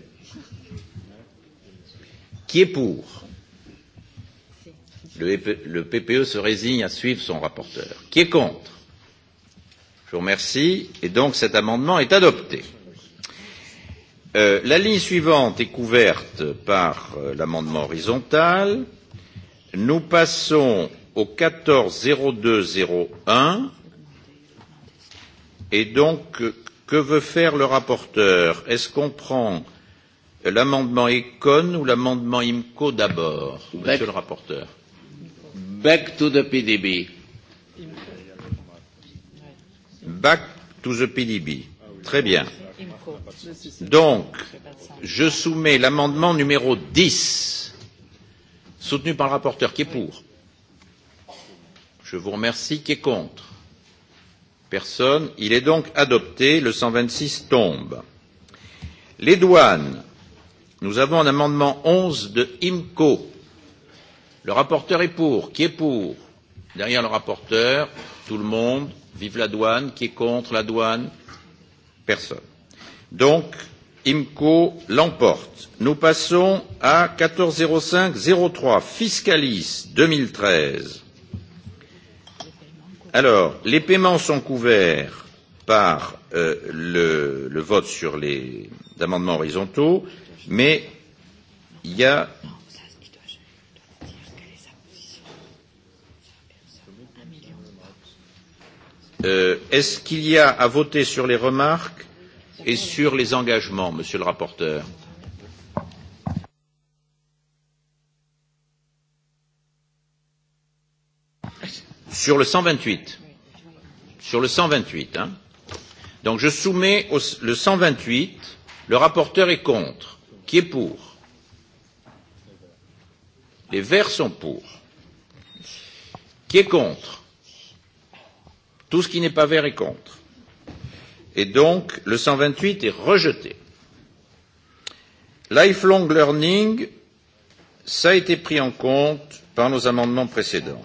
Qui est pour le, e, le PPE se résigne à suivre son rapporteur. Qui est contre Je vous remercie. Et donc cet amendement est adopté. Euh, la ligne suivante est couverte par euh, l'amendement horizontal. Nous passons au 140201. Et donc, euh, que veut faire le rapporteur Est-ce qu'on prend l'amendement Econ ou l'amendement IMCO d'abord, monsieur le rapporteur Back to the PDB. Back to the PDB. Très bien. Donc, je soumets l'amendement numéro 10, soutenu par le rapporteur, qui est pour. Je vous remercie, qui est contre. Personne. Il est donc adopté. Le 126 tombe. Les douanes. Nous avons un amendement 11 de IMCO. Le rapporteur est pour. Qui est pour Derrière le rapporteur, tout le monde. Vive la douane. Qui est contre la douane Personne. Donc, IMCO l'emporte. Nous passons à 140503, Fiscalis 2013. Alors, les paiements sont couverts par euh, le, le vote sur les amendements horizontaux, mais il y a Euh, est-ce qu'il y a à voter sur les remarques et sur les engagements, Monsieur le rapporteur Sur le 128. Sur le 128. Hein. Donc je soumets au, le 128. Le rapporteur est contre. Qui est pour Les verts sont pour. Qui est contre Tout ce qui n'est pas vert est contre. Et donc, le 128 est rejeté. Lifelong learning, ça a été pris en compte par nos amendements précédents.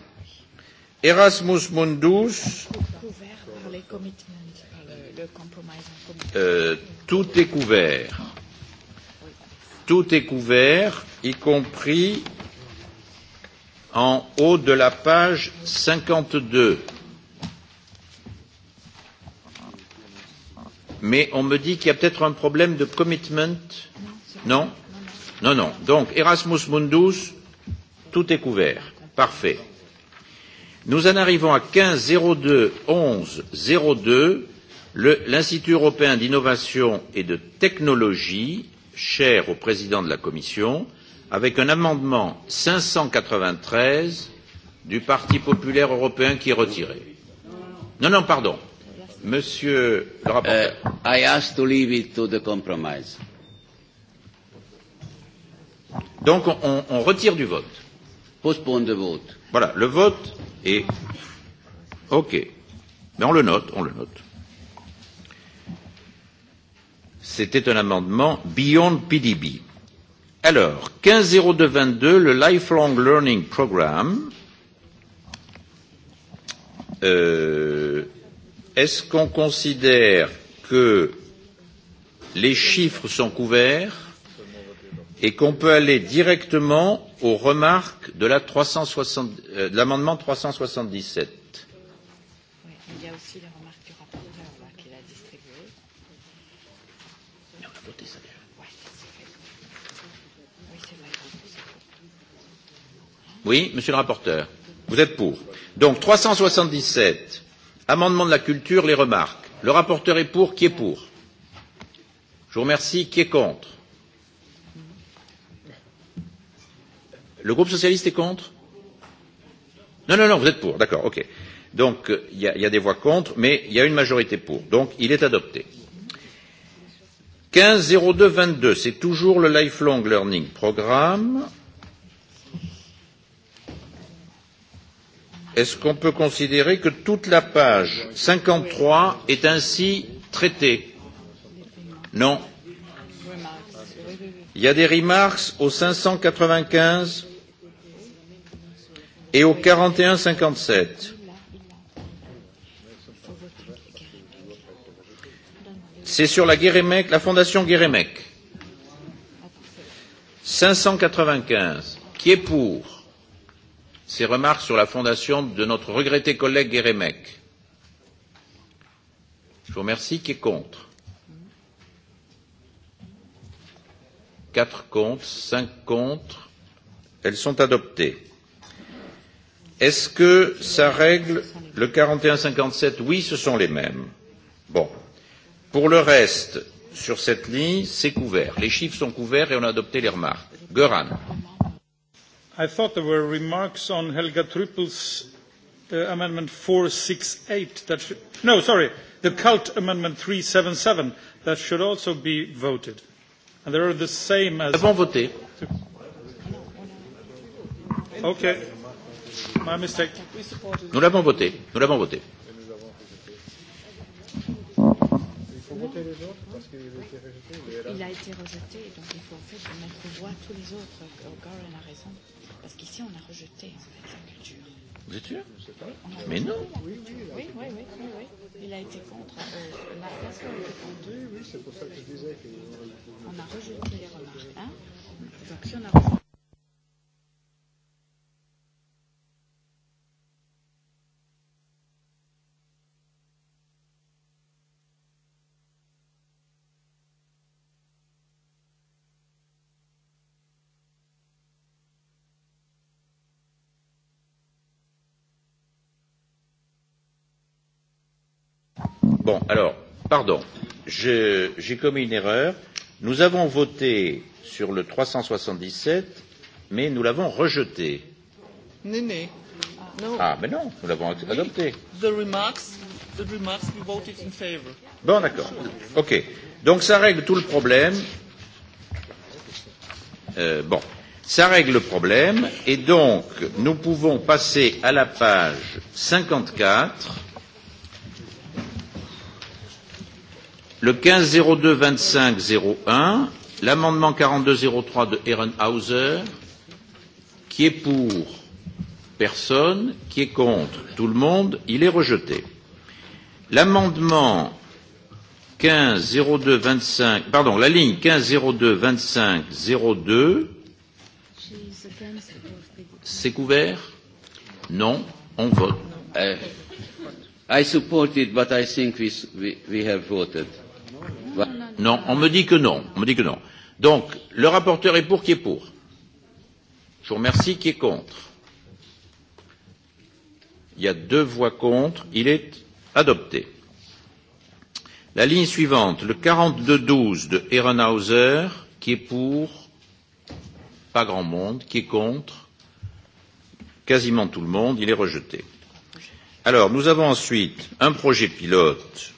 Erasmus Mundus, euh, tout est couvert. Tout est couvert, y compris en haut de la page 52. mais on me dit qu'il y a peut-être un problème de commitment. Non Non, non. Donc, Erasmus Mundus, tout est couvert. Parfait. Nous en arrivons à 15 02 11 02, l'Institut européen d'innovation et de technologie, cher au président de la Commission, avec un amendement 593 du Parti populaire européen qui est retiré. Non, non, pardon. Monsieur le rapporteur. Uh, I asked to leave it to the compromise. Donc on, on, on retire du vote. Postpone the vote. Voilà, le vote est OK. Mais on le note, on le note. C'était un amendement Beyond PDB. Alors, 150222, le Lifelong Learning Programme. Euh, est-ce qu'on considère que les chiffres sont couverts et qu'on peut aller directement aux remarques de euh, l'amendement la 377 Oui, monsieur le rapporteur, vous êtes pour. Donc 377, Amendement de la culture, les remarques. Le rapporteur est pour, qui est pour Je vous remercie, qui est contre Le groupe socialiste est contre Non, non, non, vous êtes pour, d'accord, ok. Donc, il y, a, y a des voix contre, mais il y a une majorité pour. Donc, il est adopté. 15.02.22, c'est toujours le Lifelong Learning Programme. est-ce qu'on peut considérer que toute la page cinquante trois est ainsi traitée Non. Il y a des remarques au cinq cent quatre-vingt-quinze et au quarante et un cinquante sept. C'est sur la, Guérémec, la fondation Guérémec. 595. Qui est pour ses remarques sur la fondation de notre regretté collègue Guérémec. Je vous remercie. Qui est contre Quatre contre, cinq contre. Elles sont adoptées. Est-ce que ça règle le 41-57 Oui, ce sont les mêmes. Bon. Pour le reste, sur cette ligne, c'est couvert. Les chiffres sont couverts et on a adopté les remarques. Goran. I thought there were remarks on Helga Truppel's uh, amendment 468. That should no, sorry, the cult amendment 377 that should also be voted. And they are the same as. the voté. Okay. My mistake. Nous l'avons voté. Nous l'avons voté. Il a été rejeté, donc il faut en fait mettre tous les autres. a raison. Parce qu'ici, on a rejeté, en fait, la culture. Vous êtes sûr Mais non Oui, oui, oui, oui, oui, oui. Il a été contre. Euh, la façon dont... Oui, oui, c'est pour ça que je disais qu'on euh, a rejeté les remarques. Hein Donc, si on a rejeté Bon, alors, pardon, j'ai commis une erreur. Nous avons voté sur le 377, mais nous l'avons rejeté. Ah, non, No. Ah, mais non, nous l'avons adopté. The remarks, the remarks we voted in favor. Bon, d'accord. OK. Donc ça règle tout le problème. Euh, bon. Ça règle le problème et donc nous pouvons passer à la page 54 le quinze zéro deux vingt cinq zéro un, l'amendement quarante deux zéro trois de Ehrenhauser, qui est pour personne, qui est contre tout le monde, il est rejeté. L'amendement quinze zéro deux vingt cinq pardon, la ligne quinze zéro deux vingt cinq zéro deux c'est couvert? Non, on vote. I support it, but I think we, we, we have voted. Non, on me dit que non. On me dit que non. Donc, le rapporteur est pour, qui est pour Je vous remercie, qui est contre Il y a deux voix contre. Il est adopté. La ligne suivante, le 42-12 de Ehrenhauser, qui est pour Pas grand monde. Qui est contre Quasiment tout le monde. Il est rejeté. Alors, nous avons ensuite un projet pilote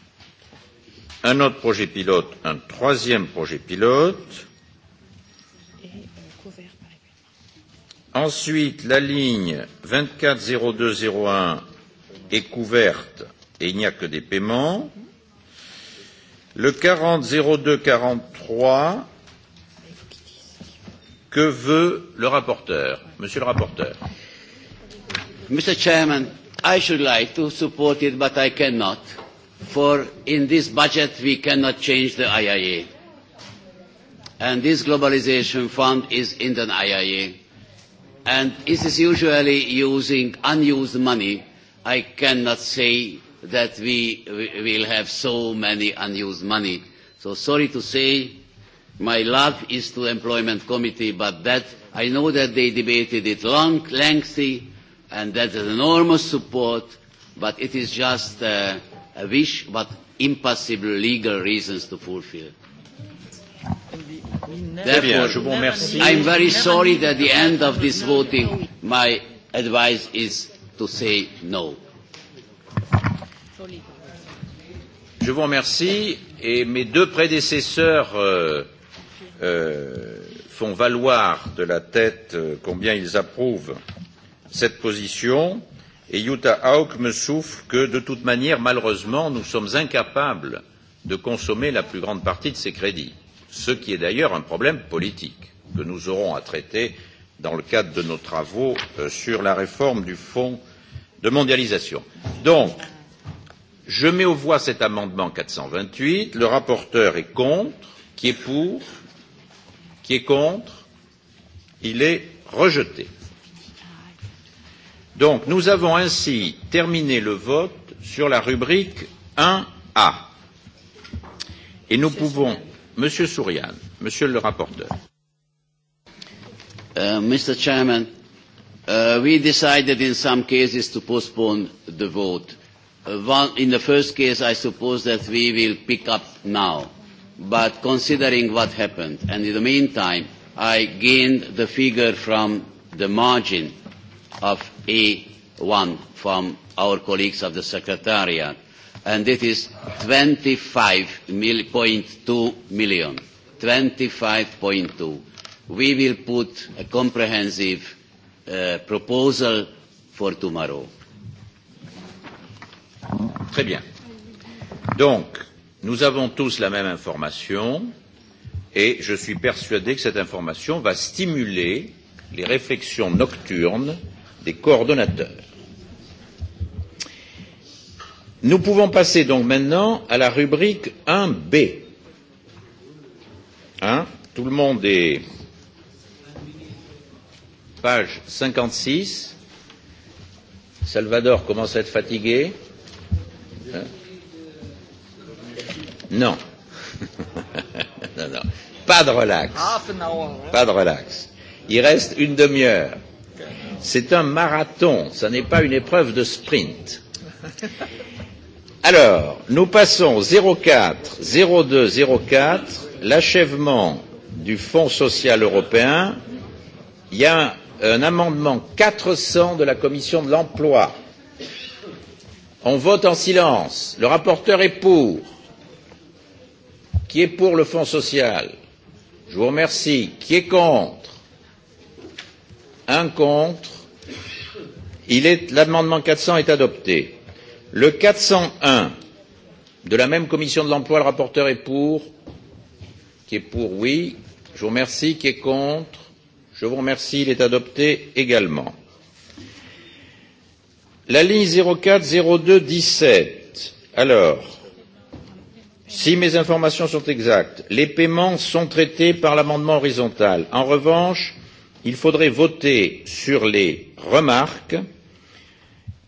un autre projet pilote, un troisième projet pilote. Ensuite, la ligne 240201 est couverte et il n'y a que des paiements. Le 400243, que veut le rapporteur Monsieur le rapporteur. Mr. Chairman, I should like to support it, but I cannot for in this budget we cannot change the IIA. And this globalization fund is in the IIA. And it is usually using unused money. I cannot say that we will have so many unused money. So sorry to say, my love is to the employment committee, but that I know that they debated it long, lengthy, and that is enormous support, but it is just uh, a uh, wish but impossible legal reasons to fulfill. Therefore, I'm very sorry that at the end of this voting my advice is to say no. Je vous remercie et mes deux prédécesseurs euh, euh, font valoir de la tête euh, combien ils approuvent cette position et Jutta Haug me souffle que, de toute manière, malheureusement, nous sommes incapables de consommer la plus grande partie de ces crédits, ce qui est d'ailleurs un problème politique que nous aurons à traiter dans le cadre de nos travaux euh, sur la réforme du Fonds de mondialisation. Donc, je mets aux voix cet amendement quatre cent vingt huit, le rapporteur est contre, qui est pour, qui est contre, il est rejeté. Donc, nous avons ainsi terminé le vote sur la rubrique 1A. Et nous Monsieur pouvons, Sourian. Monsieur Souriane, Monsieur le rapporteur. Uh, Mr. Chairman, uh, we decided in some cases to postpone the vote. Uh, one, in the first case, I suppose that we will pick up now. But considering what happened, and in the meantime, I gained the figure from the margin of E1 from our colleagues of the Secretariat, and it is 25.2 million. 25.2. We will put a comprehensive uh, proposal for tomorrow. Très bien. Donc, nous avons tous la même information et je suis persuadé que cette information va stimuler les réflexions nocturnes des coordonnateurs. Nous pouvons passer donc maintenant à la rubrique 1B. Hein Tout le monde est page 56. Salvador commence à être fatigué. Hein non. non, non. Pas de relax. Pas de relax. Il reste une demi-heure. C'est un marathon, ce n'est pas une épreuve de sprint. Alors, nous passons 04, 02, 04, l'achèvement du Fonds social européen. Il y a un, un amendement 400 de la Commission de l'emploi. On vote en silence. Le rapporteur est pour. Qui est pour le Fonds social Je vous remercie. Qui est contre un contre. L'amendement quatre cents est adopté. Le quatre cent un de la même commission de l'emploi, le rapporteur est pour, qui est pour, oui. Je vous remercie, qui est contre. Je vous remercie, il est adopté également. La ligne zéro quatre zéro deux dix sept. Alors, si mes informations sont exactes, les paiements sont traités par l'amendement horizontal. En revanche, il faudrait voter sur les remarques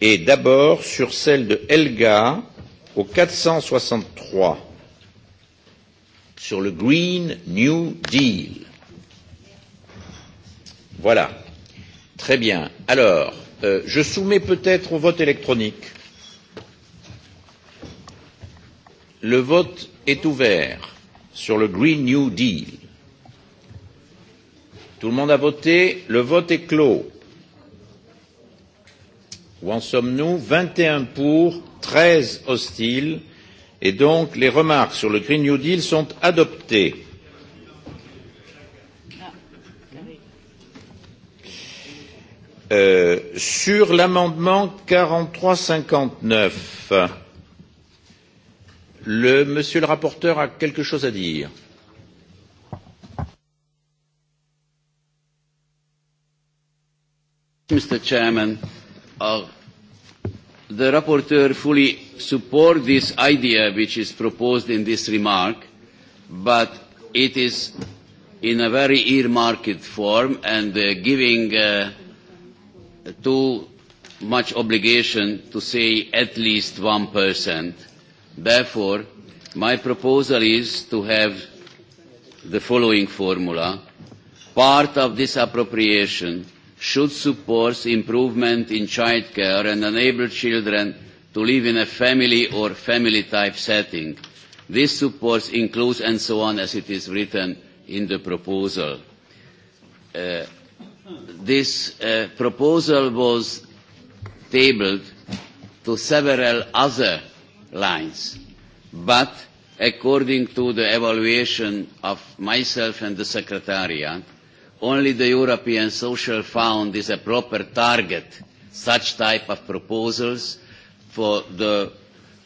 et d'abord sur celle de Helga au quatre cent soixante trois sur le Green New Deal. Voilà. Très bien. Alors, euh, je soumets peut-être au vote électronique. Le vote est ouvert sur le Green New Deal. Tout le monde a voté. Le vote est clos. Où en sommes-nous Vingt et un pour, treize hostiles. Et donc, les remarques sur le Green New Deal sont adoptées. Euh, sur l'amendement quarante trois cinquante neuf monsieur le rapporteur a quelque chose à dire. Mr. Chairman, uh, the rapporteur fully supports this idea which is proposed in this remark, but it is in a very earmarked form and uh, giving uh, too much obligation to say at least 1%. Therefore, my proposal is to have the following formula. Part of this appropriation – should support improvement in childcare and enable children to live in a family or family-type setting. This supports includes and so on as it is written in the proposal. Uh, this uh, proposal was tabled to several other lines, but according to the evaluation of myself and the Secretariat, only the European Social Fund is a proper target such type of proposals for the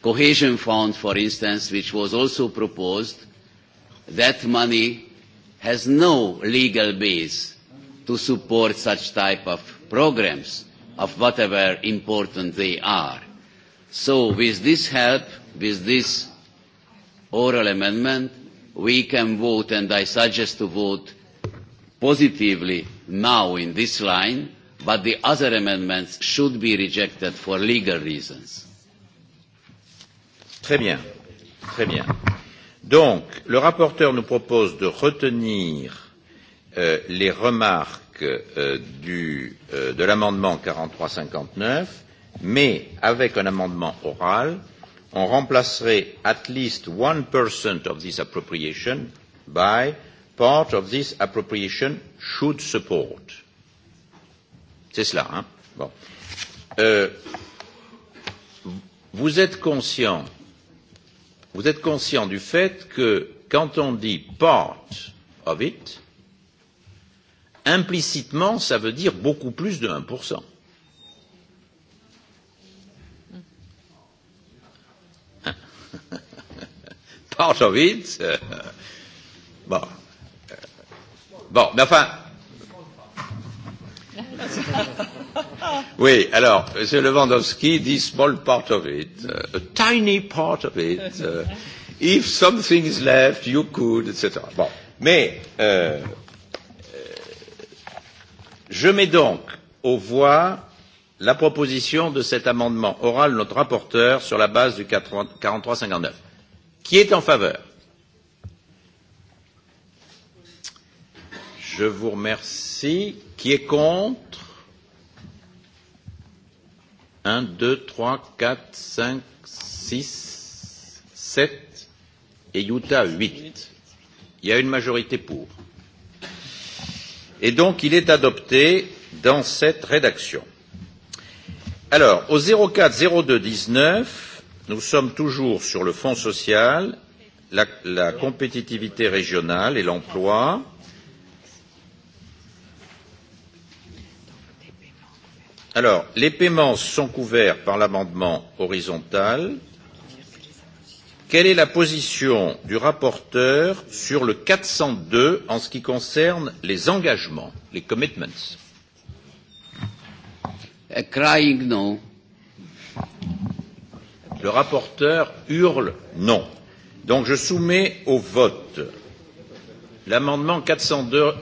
cohesion fund, for instance, which was also proposed, that money has no legal base to support such type of programs of whatever important they are. So with this help, with this oral amendment, we can vote, and I suggest to vote positively now in this line, but the other amendments should be rejected for legal reasons. Très bien. Très bien. Donc, le rapporteur nous propose de retenir euh, les remarques euh, du, euh, de l'amendement 4359, mais avec un amendement oral, on remplacerait at least one percent of this appropriation by part of this appropriation should support. C'est cela, hein bon. euh, vous êtes conscient, vous êtes conscient du fait que quand on dit part of it, implicitement, ça veut dire beaucoup plus de 1%. part of it, euh, bon, Bon, mais enfin. Oui, alors, M. Lewandowski dit small part of it, uh, a tiny part of it, uh, if something is left, you could, etc. Bon, mais euh, euh, je mets donc aux voix la proposition de cet amendement oral de notre rapporteur sur la base du 43-59. Qui est en faveur Je vous remercie. Qui est contre Un, deux, trois, quatre, cinq, six, sept et Utah huit. Il y a une majorité pour. Et donc il est adopté dans cette rédaction. Alors, au quatre deux dix neuf, nous sommes toujours sur le Fonds social, la, la compétitivité régionale et l'emploi. Euh, Alors, les paiements sont couverts par l'amendement horizontal. Quelle est la position du rapporteur sur le 402 en ce qui concerne les engagements, les commitments A euh, crying no. Le rapporteur hurle non. Donc je soumets au vote l'amendement 402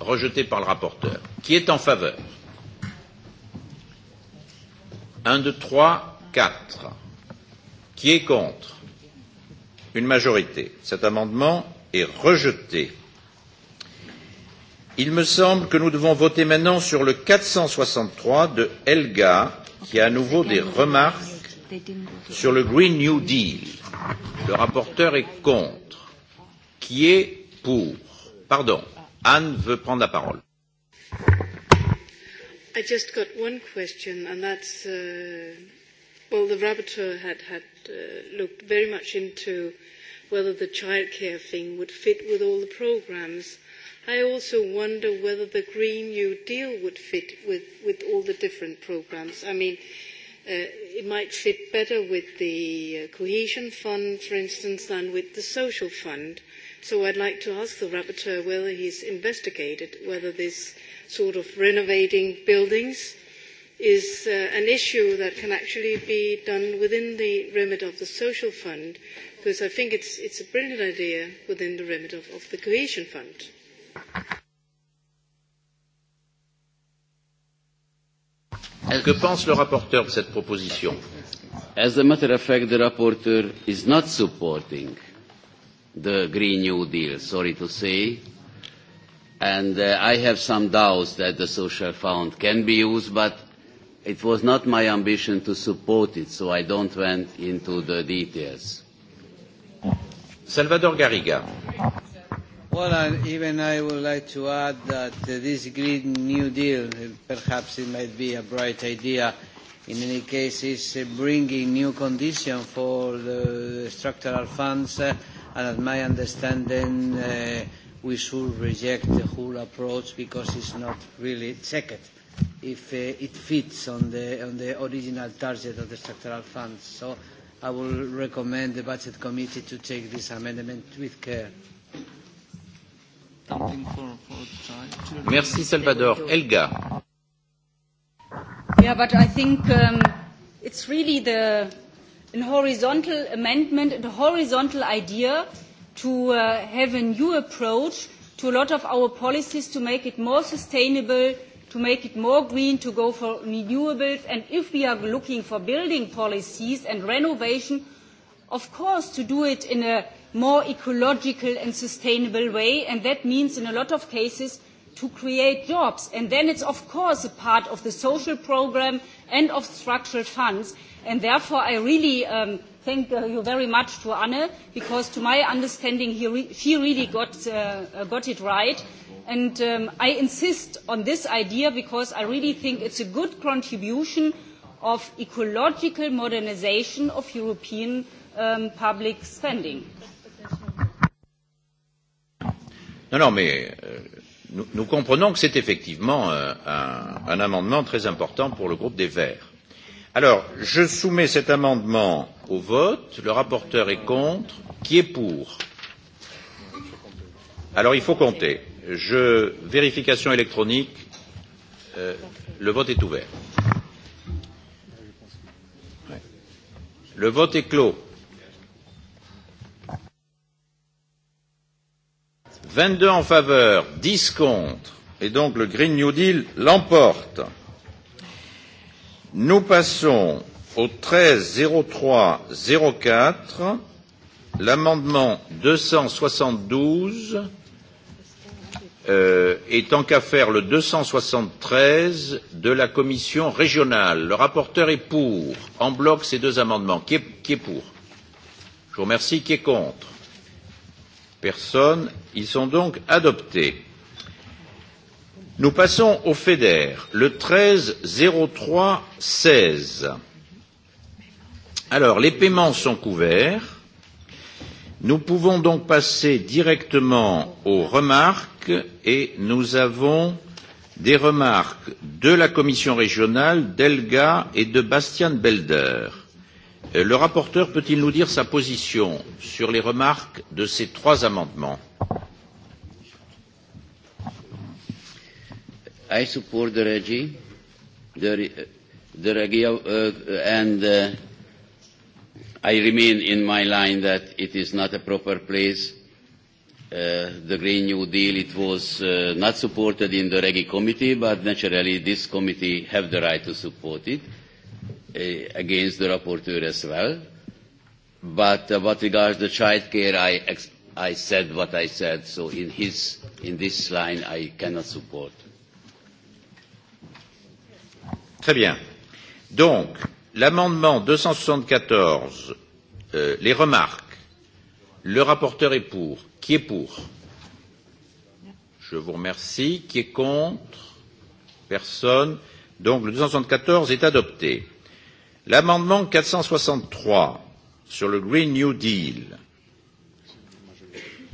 rejeté par le rapporteur. Qui est en faveur 1, 2, 3, 4. Qui est contre Une majorité. Cet amendement est rejeté. Il me semble que nous devons voter maintenant sur le 463 de Helga, qui a à nouveau des remarques sur le Green New Deal. Le rapporteur est contre. Qui est pour Pardon, Anne veut prendre la parole. I just got one question, and that's, uh, well, the rapporteur had, had uh, looked very much into whether the childcare thing would fit with all the programs. I also wonder whether the Green New Deal would fit with, with all the different programs. I mean, uh, it might fit better with the uh, cohesion fund, for instance, than with the social fund. So I'd like to ask the rapporteur whether he's investigated whether this sort of renovating buildings is uh, an issue that can actually be done within the remit of the social fund because I think it's, it's a brilliant idea within the remit of, of the cohesion fund. Que pense le rapporteur de cette proposition As a matter of fact, the rapporteur is not supporting the Green New Deal, sorry to say and uh, I have some doubts that the social fund can be used, but it was not my ambition to support it, so I don't went into the details. Salvador Garriga. Well, I, even I would like to add that uh, this Green New Deal, uh, perhaps it might be a bright idea, in any case is uh, bringing new conditions for the structural funds, uh, and at my understanding, uh, we should reject the whole approach because it's not really checked if uh, it fits on the, on the original target of the structural funds. So I will recommend the Budget Committee to take this amendment with care. Merci Salvador. Elga. Yeah, but I think um, it's really the, an horizontal amendment, a horizontal idea to uh, have a new approach to a lot of our policies to make it more sustainable, to make it more green, to go for renewables. And if we are looking for building policies and renovation, of course, to do it in a more ecological and sustainable way. And that means, in a lot of cases, to create jobs. And then it's, of course, a part of the social programme and of structural funds. And therefore, I really um, thank uh, you very much to Anne, because to my understanding, he re she really got, uh, uh, got it right. And um, I insist on this idea because I really think it's a good contribution of ecological modernization of European um, public spending. Non, non, mais euh, nous, nous comprenons que c'est effectivement euh, un, un amendement très important pour le groupe des Verts Alors, je soumets cet amendement au vote. Le rapporteur est contre. Qui est pour Alors, il faut compter. Je... Vérification électronique. Euh, le vote est ouvert. Le vote est clos. Vingt deux en faveur, dix contre, et donc le Green New Deal l'emporte. Nous passons au 13 03 04, l'amendement 272 euh, et tant qu'à faire le 273 de la commission régionale. Le rapporteur est pour, en bloc, ces deux amendements. Qui est, qui est pour Je vous remercie. Qui est contre Personne. Ils sont donc adoptés. Nous passons au FEDER, le 13 03 16. Alors, les paiements sont couverts. Nous pouvons donc passer directement aux remarques et nous avons des remarques de la commission régionale, d'Elga et de Bastian Belder. Euh, le rapporteur peut-il nous dire sa position sur les remarques de ces trois amendements? I support the regime, the, the regio, uh, and uh, I remain in my line that it is not a proper place. Uh, the Green New Deal, it was uh, not supported in the Regi committee, but naturally this committee have the right to support it uh, against the rapporteur as well. But uh, what regards the child care, I, ex I said what I said, so in, his, in this line I cannot support. Très bien. Donc, l'amendement deux cent soixante quatorze euh, les remarques. Le rapporteur est pour. Qui est pour Je vous remercie. Qui est contre Personne. Donc, le deux cent soixante quatorze est adopté. L'amendement quatre cent soixante trois sur le Green New Deal.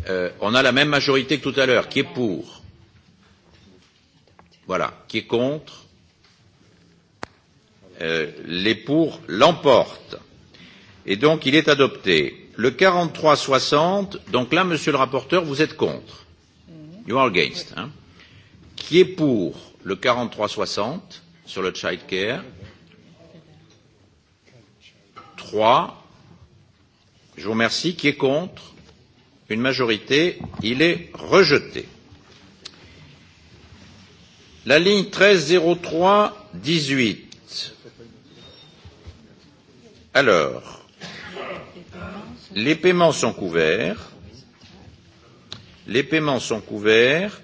Euh, on a la même majorité que tout à l'heure. Qui est pour Voilà. Qui est contre Euh, les pour l'emportent. Et donc, il est adopté. Le 43-60, donc là, monsieur le rapporteur, vous êtes contre. Mm-hmm. You are against. Hein. Qui est pour le 43-60 sur le child care 3. Je vous remercie. Qui est contre Une majorité. Il est rejeté. La ligne 13 03 18 Alors, les paiements sont couverts. Les paiements sont couverts.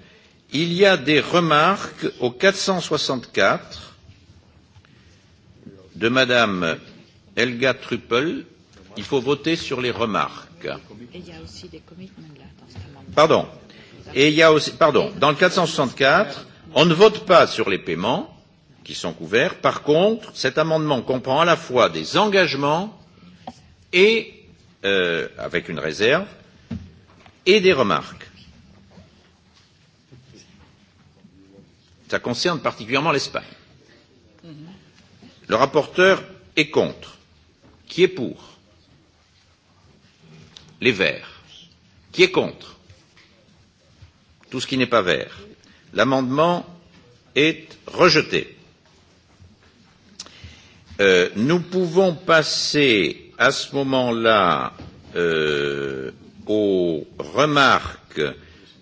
Il y a des remarques au 464 de Madame Helga Truppel. Il faut voter sur les remarques. Pardon. Et il y a aussi, pardon, dans le 464, on ne vote pas sur les paiements, qui sont couverts. Par contre, cet amendement comprend à la fois des engagements et, euh, avec une réserve, et des remarques. Ça concerne particulièrement l'Espagne. Le rapporteur est contre. Qui est pour Les Verts. Qui est contre Tout ce qui n'est pas vert. L'amendement est rejeté. Euh, nous pouvons passer à ce moment-là euh, aux remarques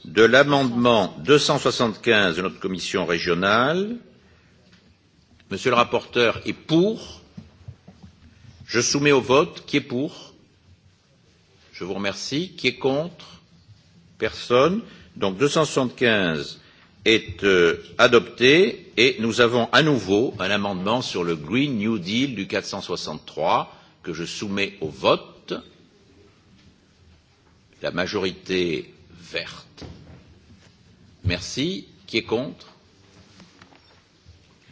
de l'amendement deux cent soixante quinze de notre commission régionale. Monsieur le rapporteur est pour. Je soumets au vote. Qui est pour Je vous remercie. Qui est contre Personne. Donc deux cent soixante quinze est euh, adopté et nous avons à nouveau un amendement sur le Green New Deal du 463 que je soumets au vote. La majorité verte. Merci. Qui est contre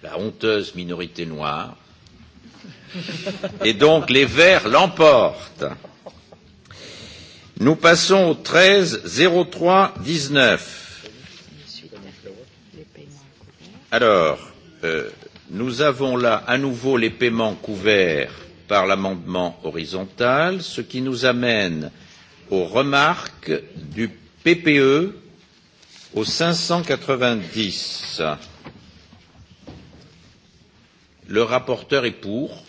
La honteuse minorité noire. Et donc les verts l'emportent. Nous passons au 13 03 19 Alors, euh, nous avons là à nouveau les paiements couverts par l'amendement horizontal, ce qui nous amène aux remarques du PPE au 590. Le rapporteur est pour.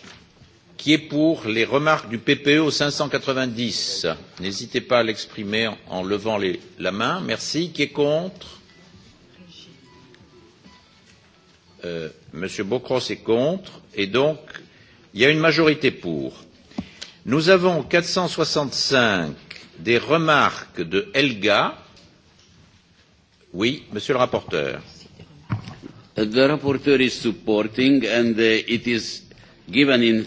Qui est pour les remarques du PPE au 590 N'hésitez pas à l'exprimer en levant les, la main. Merci. Qui est contre Euh, M. Bocros est contre, et donc il y a une majorité pour. Nous avons quatre cent soixante cinq des remarques de Helga. Oui, Monsieur le rapporteur. Uh, the rapporteur is supporting and uh, it is given in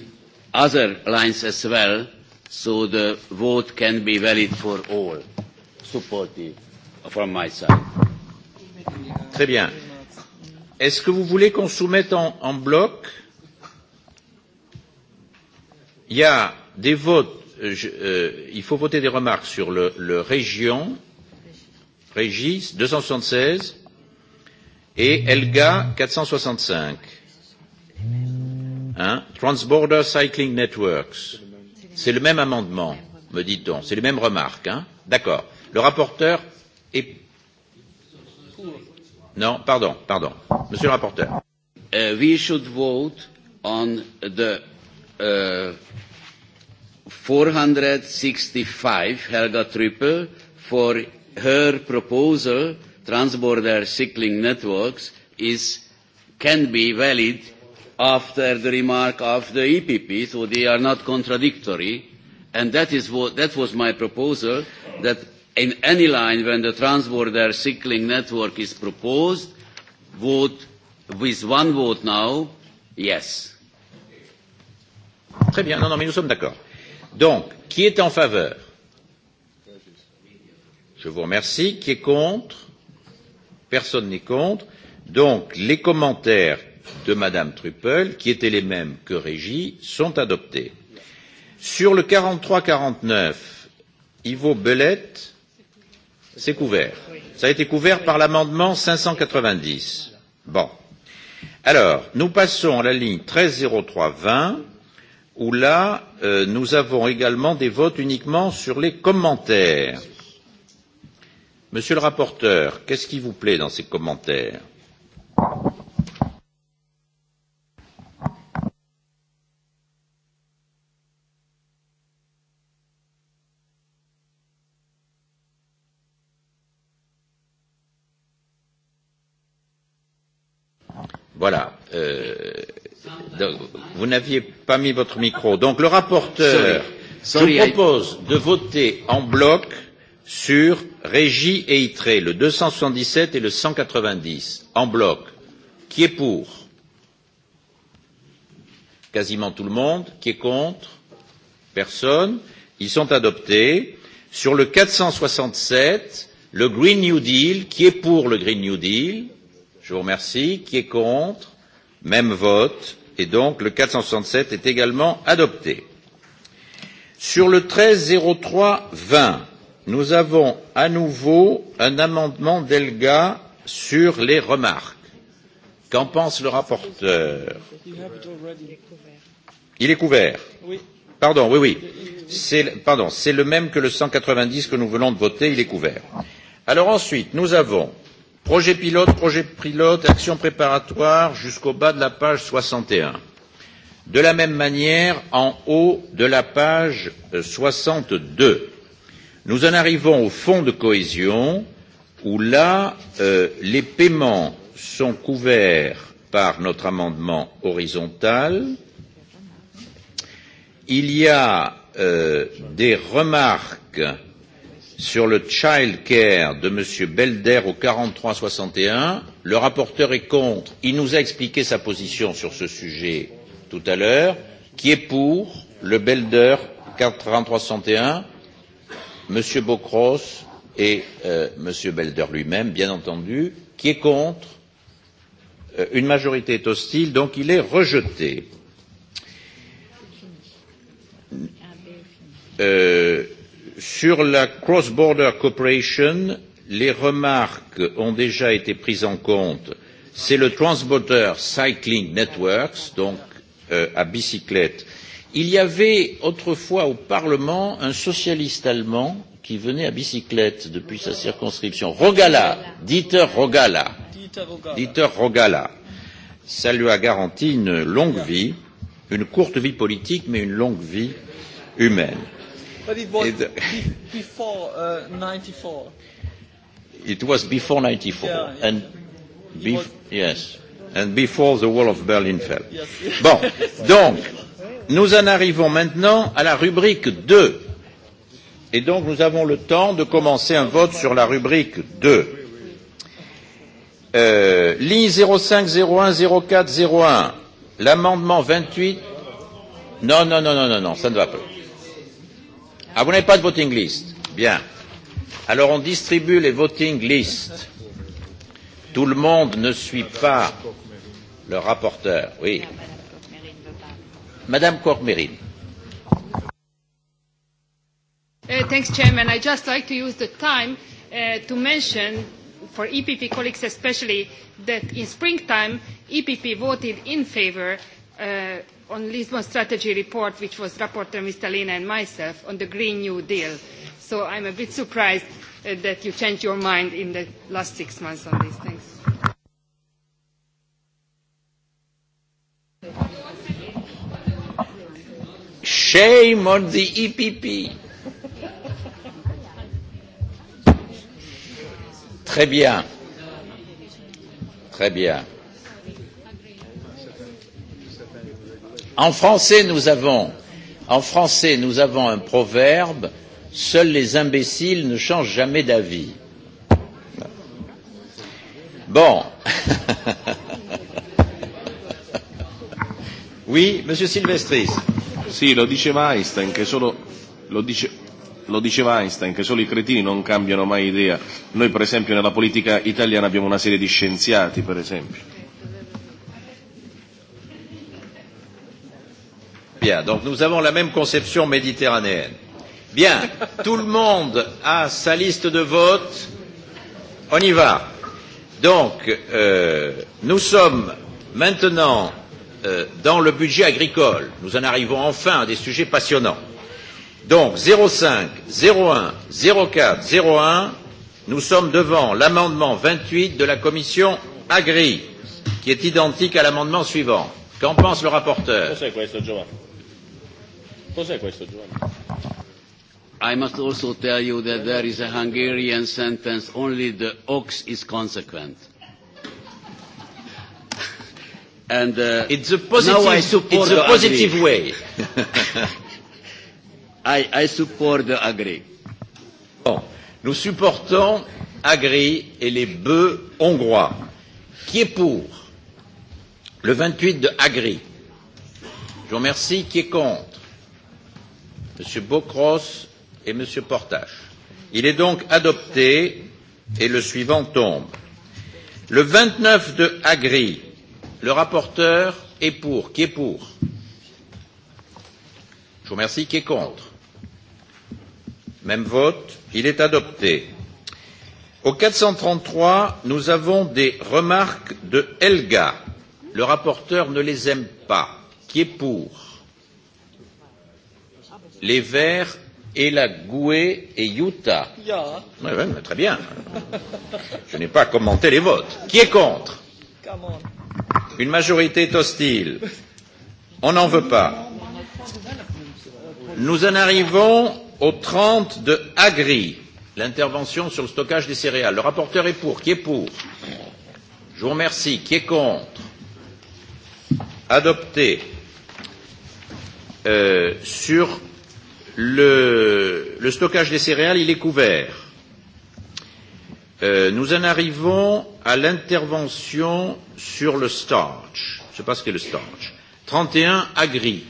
other lines as well, so the vote can be valid for all. Supportive from my side. Très bien. Est-ce que vous voulez qu'on soumette en, en bloc Il y a des votes. Euh, je, euh, il faut voter des remarques sur le, le région, Régis 276 et Elga 465. Hein Transborder Cycling Networks. C'est le même amendement, me dit-on. C'est les mêmes remarques. Hein D'accord. Le rapporteur est No, pardon, pardon. Monsieur le rapporteur. Uh, we should vote on the uh, 465 Helga Triple for her proposal transborder cycling networks is can be valid after the remark of the EPP, so they are not contradictory. And that, is what, that was my proposal, that in any line when the transborder cycling network is proposed, vote with one vote now, yes. Très bien, non, non, mais nous sommes d'accord. Donc, qui est en faveur Je vous remercie. Qui est contre Personne n'est contre. Donc, les commentaires de Madame Truppel, qui étaient les mêmes que Régie, sont adoptés. Sur le quarante trois quarante neuf, Ivo Belette C'est couvert. Ça a été couvert par l'amendement 590. Bon. Alors, nous passons à la ligne 130320, où là, euh, nous avons également des votes uniquement sur les commentaires. Monsieur le rapporteur, qu'est-ce qui vous plaît dans ces commentaires Voilà. Euh, donc, vous n'aviez pas mis votre micro. Donc le rapporteur Sorry. Sorry, je propose I... de voter en bloc sur Régie et Itré, le 277 et le 190, en bloc. Qui est pour Quasiment tout le monde. Qui est contre Personne. Ils sont adoptés. Sur le 467, le Green New Deal, qui est pour le Green New Deal je vous remercie. Qui est contre Même vote. Et donc le 467 est également adopté. Sur le 130320, nous avons à nouveau un amendement d'Elga sur les remarques. Qu'en pense le rapporteur Il est couvert. Pardon, oui, oui. Pardon, C'est le même que le 190 que nous venons de voter, il est couvert. Alors ensuite, nous avons Projet pilote, projet pilote, action préparatoire jusqu'au bas de la page 61. De la même manière, en haut de la page 62, euh, nous en arrivons au fonds de cohésion où là, euh, les paiements sont couverts par notre amendement horizontal. Il y a euh, des remarques euh, sur le child care de M. Belder au quarante trois soixante et un. Le rapporteur est contre. Il nous a expliqué sa position sur ce sujet tout à l'heure. Qui est pour le Belder quarante trois soixante et un M. Bocros et euh, M. Belder lui-même, bien entendu. Qui est contre euh, Une majorité est hostile, donc il est rejeté. Euh, Sur la cross-border cooperation, les remarques ont déjà été prises en compte. C'est le Transborder Cycling Networks, donc euh, à bicyclette. Il y avait autrefois au Parlement un socialiste allemand qui venait à bicyclette depuis sa circonscription. Rogala, Dieter Rogala. Dieter Rogala. Ça lui a garanti une longue vie, une courte vie politique, mais une longue vie humaine. But it was it, be, before uh, 94. It was before 94. Yeah, and yes. Bef was, yes. And before the wall of Berlin fell. Yes. Bon, donc, nous en arrivons maintenant à la rubrique 2. Et donc, nous avons le temps de commencer un vote sur la rubrique 2. Euh, ligne 0501 0401, l'amendement 28. Non, non, non, non, non, non, ça ne va pas. Ah, vous n'avez pas de voting list Bien. Alors on distribue les voting lists. Tout le monde ne suit pas le rapporteur. Oui. Madame Cormerine. Uh, thanks, Chairman. I just like to use the time uh, to mention, for EPP colleagues especially, that in springtime, EPP voted in favor uh, on Lisbon strategy report, which was rapporteur Mr. Lena and myself, on the Green New Deal. So I'm a bit surprised uh, that you changed your mind in the last six months on these things. Shame on the EPP. Très bien. Très bien. En français, nous avons, en français, nous avons un proverbe seuls les imbéciles ne changent jamais d'avis. Bon. oui, Monsieur Silvestris. Sì, lo diceva Einstein che solo lo dice, lo diceva Einstein che solo i cretini non cambiano mai idea. Noi per esempio nella politica italiana abbiamo una serie di scienziati, per esempio bien. Donc nous avons la même conception méditerranéenne. Bien, tout le monde a sa liste de vote. On y va. Donc, euh, nous sommes maintenant euh, dans le budget agricole. Nous en arrivons enfin à des sujets passionnants. Donc, 05, 01, 04, 01, nous sommes devant l'amendement 28 de la commission Agri, qui est identique à l'amendement suivant. Qu'en pense le rapporteur? Cos'è questo, I must also tell you that there is a Hungarian sentence, only the ox is consequent. And uh, it's a positive, now I support it's a positive way. I, I support the agri. Bon, nous supportons agri et les bœufs hongrois. Qui est pour le 28 de agri Je vous remercie. Qui est contre M. Bocros et M. Portache. Il est donc adopté et le suivant tombe. Le 29 de Agri, le rapporteur est pour. Qui est pour Je vous remercie. Qui est contre Même vote. Il est adopté. Au 433, nous avons des remarques de Helga. Le rapporteur ne les aime pas. Qui est pour les Verts et la Goué et Utah. Ja. Oui, oui, très bien. Je n'ai pas commenté les votes. Qui est contre Une majorité est hostile. On n'en veut pas. Nous en arrivons au 30 de Agri, l'intervention sur le stockage des céréales. Le rapporteur est pour. Qui est pour Je vous remercie. Qui est contre Adopté. Euh, sur le, le stockage des céréales, il est couvert. Euh, nous en arrivons à l'intervention sur le starch. Je ne sais pas ce qu'est le starch. 31 agri.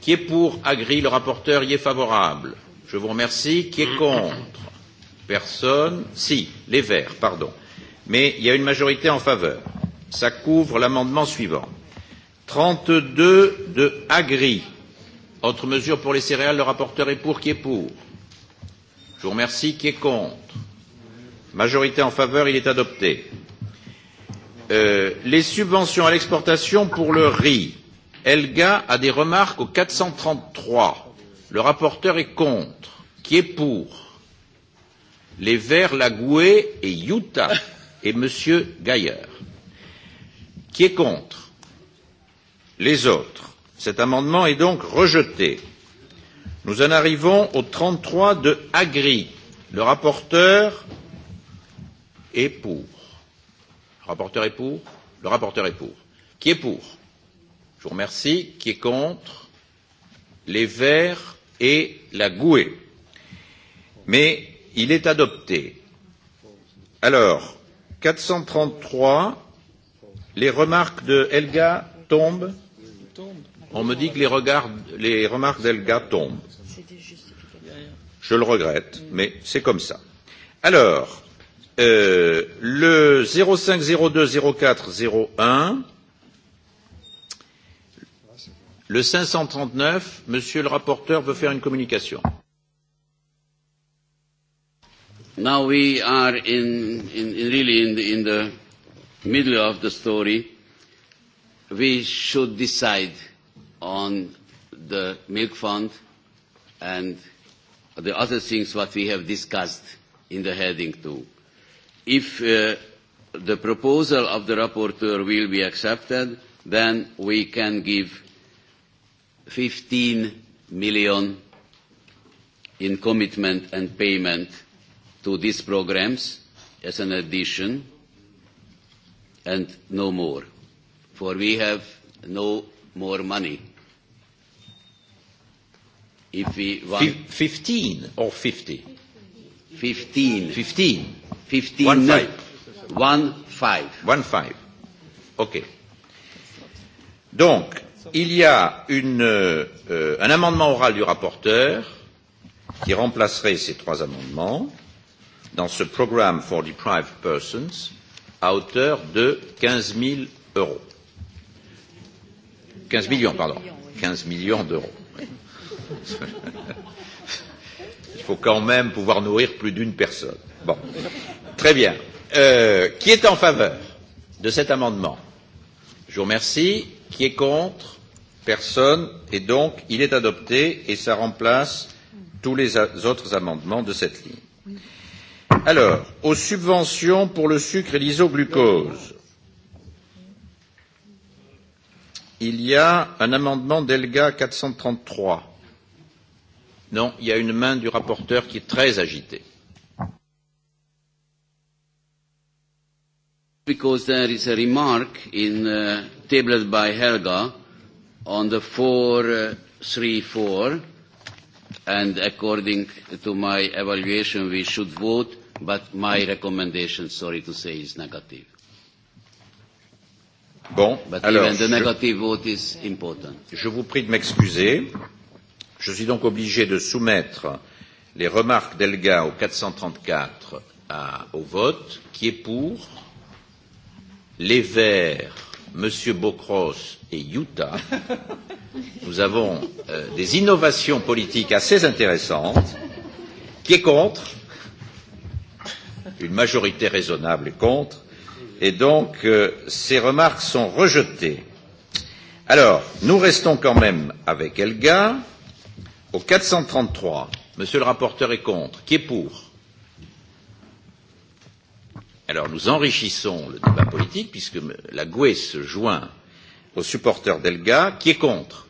Qui est pour agri Le rapporteur y est favorable. Je vous remercie. Qui est contre Personne. Si, les Verts, pardon. Mais il y a une majorité en faveur. Ça couvre l'amendement suivant. 32 de agri. Autre mesure pour les céréales, le rapporteur est pour, qui est pour Je vous remercie, qui est contre Majorité en faveur, il est adopté. Euh, les subventions à l'exportation pour le riz. Elga a des remarques au 433. Le rapporteur est contre. Qui est pour Les Verts, Lagoué et Utah et M. Gaillard. Qui est contre Les autres. Cet amendement est donc rejeté. Nous en arrivons au 33 de Agri. Le rapporteur est pour. Le rapporteur est pour Le rapporteur est pour. Qui est pour Je vous remercie. Qui est contre Les Verts et la Gouée. Mais il est adopté. Alors, 433, les remarques de Helga tombent on me dit que les, regards, les remarques d'Elga tombent. Je le regrette, mais c'est comme ça. Alors, euh, le 05 02 le 539, monsieur le rapporteur veut faire une communication. Now we are in, in, in really in the, in the middle of the story. We should decide on the milk fund and the other things what we have discussed in the heading two. If uh, the proposal of the rapporteur will be accepted, then we can give 15 million in commitment and payment to these programs as an addition and no more, for we have no more money If we want... 15 or 50 15 15 15 One no. five. One five. One five. OK. Donc, il y a une, euh, un amendement oral du rapporteur qui remplacerait ces trois amendements dans ce programme for deprived persons à hauteur de 15 000 euros. 15 millions, pardon. 15 millions d'euros. Il faut quand même pouvoir nourrir plus d'une personne. Bon. Très bien. Euh, qui est en faveur de cet amendement Je vous remercie. Qui est contre Personne. Et donc, il est adopté et ça remplace tous les autres amendements de cette ligne. Alors, aux subventions pour le sucre et l'isoglucose. Il y a un amendement d'Elga 433. Non, il y a une main du rapporteur qui est très agitée. Because there is a remark in uh, tabled by Helga on the 434 uh, and according to my evaluation we should vote but my recommendation sorry to say is negative. Bon, but alors, even the negative je, vote is important. Je vous prie de m'excuser. Je suis donc obligé de soumettre les remarques d'Elga au 434 à, au vote. Qui est pour Les Verts, M. Bocros et Utah. Nous avons euh, des innovations politiques assez intéressantes. Qui est contre Une majorité raisonnable est contre. Et donc, euh, ces remarques sont rejetées. Alors, nous restons quand même avec Elga trente 433, monsieur le rapporteur est contre. Qui est pour Alors nous enrichissons le débat politique puisque la GUE se joint aux supporters d'Elga. Qui est contre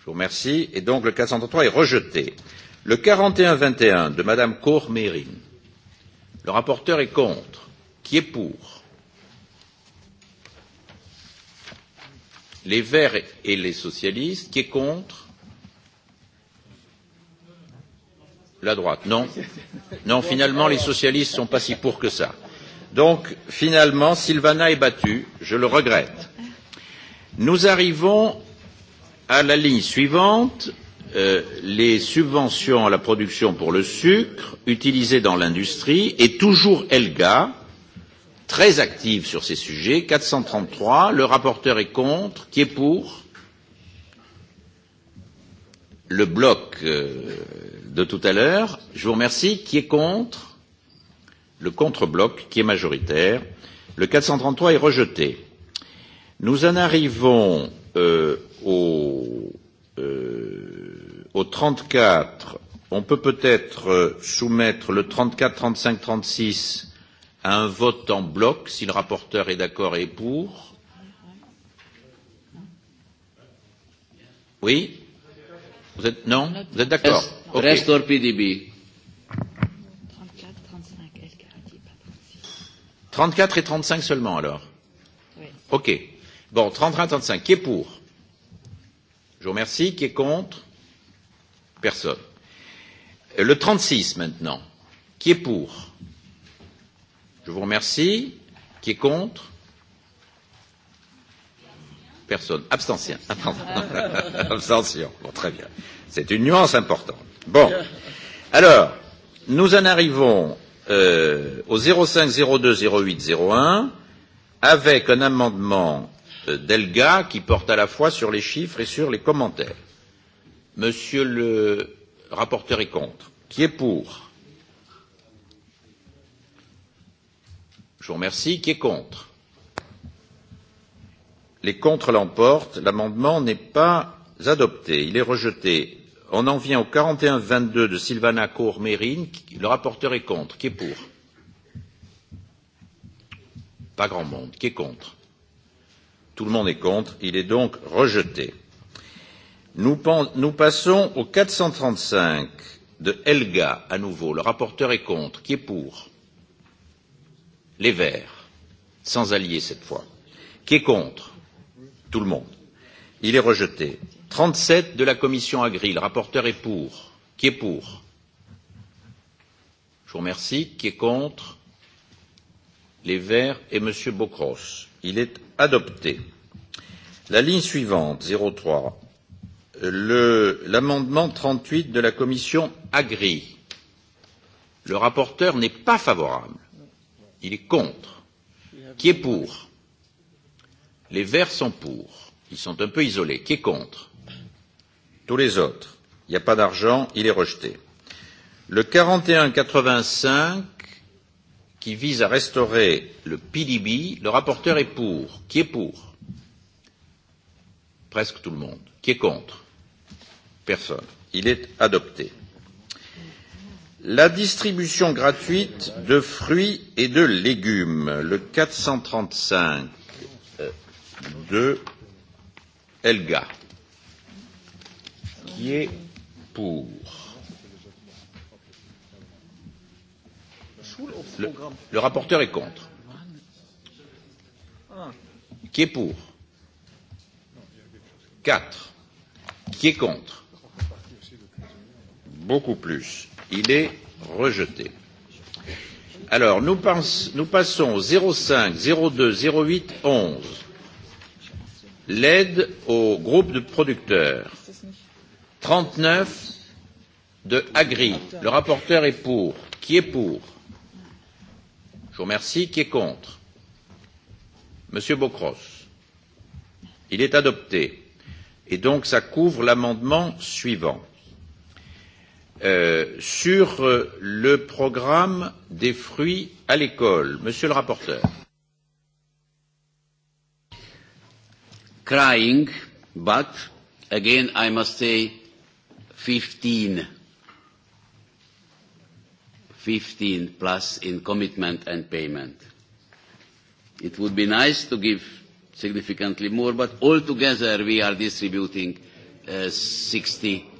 Je vous remercie. Et donc le 433 est rejeté. Le et un de madame Cour-Mérine. Le rapporteur est contre. Qui est pour Les Verts et les socialistes. Qui est contre la droite. Non, non, finalement, les socialistes ne sont pas si pour que ça. Donc, finalement, Silvana est battue. Je le regrette. Nous arrivons à la ligne suivante euh, les subventions à la production pour le sucre utilisé dans l'industrie et toujours Elga, très active sur ces sujets, 433, le rapporteur est contre, qui est pour Le bloc euh, de tout à l'heure. Je vous remercie. Qui est contre Le contre-bloc qui est majoritaire. Le 433 est rejeté. Nous en arrivons euh, au, euh, au 34. On peut peut-être euh, soumettre le 34, 35, 36 à un vote en bloc si le rapporteur est d'accord et pour. Oui Vous êtes, non Vous êtes d'accord okay. Restore PDB. 34 et 35 seulement alors oui. Ok. Bon, 33 et 35. Qui est pour Je vous remercie. Qui est contre Personne. Le 36 maintenant. Qui est pour Je vous remercie. Qui est contre Personne. Abstention. Abstention. Bon, très bien. C'est une nuance importante. Bon. Alors, nous en arrivons euh, au 05020801 avec un amendement euh, d'Elga qui porte à la fois sur les chiffres et sur les commentaires. Monsieur le rapporteur est contre. Qui est pour Je vous remercie. Qui est contre les contre l'emportent. L'amendement n'est pas adopté. Il est rejeté. On en vient au 41-22 de Sylvana Cour-Mérine. Le rapporteur est contre. Qui est pour Pas grand monde. Qui est contre Tout le monde est contre. Il est donc rejeté. Nous, nous passons au 435 de Helga à nouveau. Le rapporteur est contre. Qui est pour Les Verts. Sans alliés cette fois. Qui est contre Tout le monde. Il est rejeté. Trente sept de la commission Agri. Le rapporteur est pour. Qui est pour Je vous remercie. Qui est contre Les Verts et M. Bocros. Il est adopté. La ligne suivante, zéro trois. L'amendement trente huit de la commission Agri. Le rapporteur n'est pas favorable. Il est contre. Qui est pour Les verts sont pour. Ils sont un peu isolés. Qui est contre Tous les autres. Il n'y a pas d'argent, il est rejeté. Le quarante et un quatre-vingt-cinq, qui vise à restaurer le PDB, le rapporteur est pour. Qui est pour Presque tout le monde. Qui est contre Personne. Il est adopté. La distribution gratuite de fruits et de légumes, le 435 de Helga. Qui est pour le, le rapporteur est contre. Qui est pour Quatre. Qui est contre Beaucoup plus. Il est rejeté. Alors, nous, pense, nous passons au 05, 02, 08, 11 l'aide aux groupes de producteurs. Trente neuf de Agri. Le rapporteur est pour. Qui est pour Je vous remercie. Qui est contre Monsieur Bocros. Il est adopté. Et donc, ça couvre l'amendement suivant. Euh, sur euh, le programme des fruits à l'école, Monsieur le rapporteur. crying, but again I must say 15, 15 plus in commitment and payment. It would be nice to give significantly more, but altogether we are distributing uh, 60,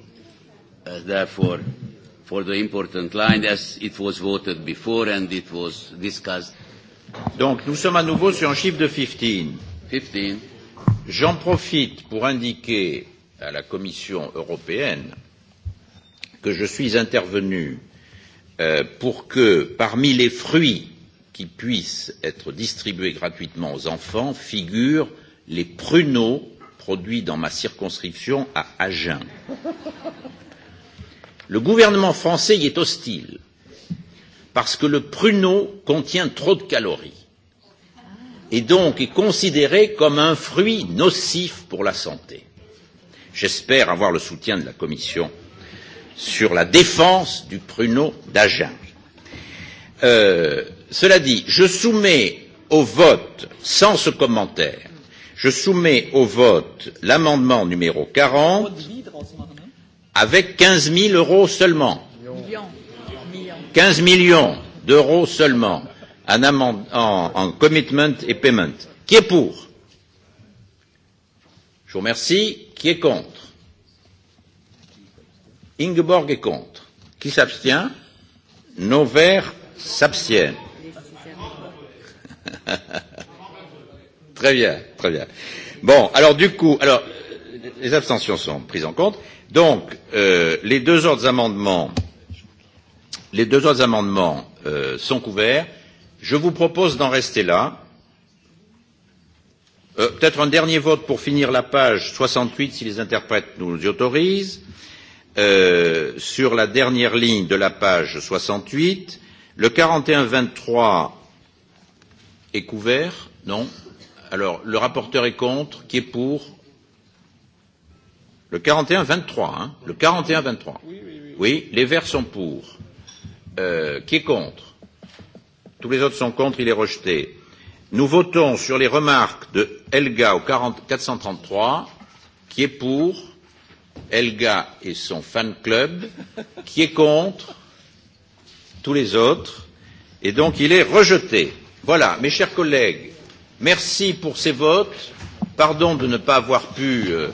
uh, therefore, for the important line as it was voted before and it was discussed. Donc nous sommes à nouveau sur un chiffre de 15. 15. J'en profite pour indiquer à la Commission européenne que je suis intervenu euh, pour que, parmi les fruits qui puissent être distribués gratuitement aux enfants, figurent les pruneaux produits dans ma circonscription à Agen. Le gouvernement français y est hostile parce que le pruneau contient trop de calories et donc est considéré comme un fruit nocif pour la santé. J'espère avoir le soutien de la Commission sur la défense du pruneau d'Agen. Euh, cela dit, je soumets au vote, sans ce commentaire, je soumets au vote l'amendement numéro 40 avec 15 000 euros seulement. 15 millions d'euros seulement en, amendement en, en commitment et payment. Qui est pour Je vous remercie. Qui est contre Ingeborg est contre. Qui s'abstient Nos verts s'abstiennent. très bien, très bien. Bon, alors du coup, alors les abstentions sont prises en compte. Donc, euh, les deux autres amendements, les deux autres amendements euh, sont couverts. Je vous propose d'en rester là. Euh, Peut-être un dernier vote pour finir la page 68, si les interprètes nous y autorisent. Euh, sur la dernière ligne de la page 68, le 41-23 est couvert Non Alors, le rapporteur est contre. Qui est pour Le 41-23, hein Le 41-23. Oui, oui, oui. oui, les verts sont pour. Euh, qui est contre Tous les autres sont contre, il est rejeté. Nous votons sur les remarques de Helga au 40, 433, qui est pour Elga et son fan club, qui est contre tous les autres, et donc il est rejeté. Voilà, mes chers collègues, merci pour ces votes. Pardon de ne pas avoir pu euh,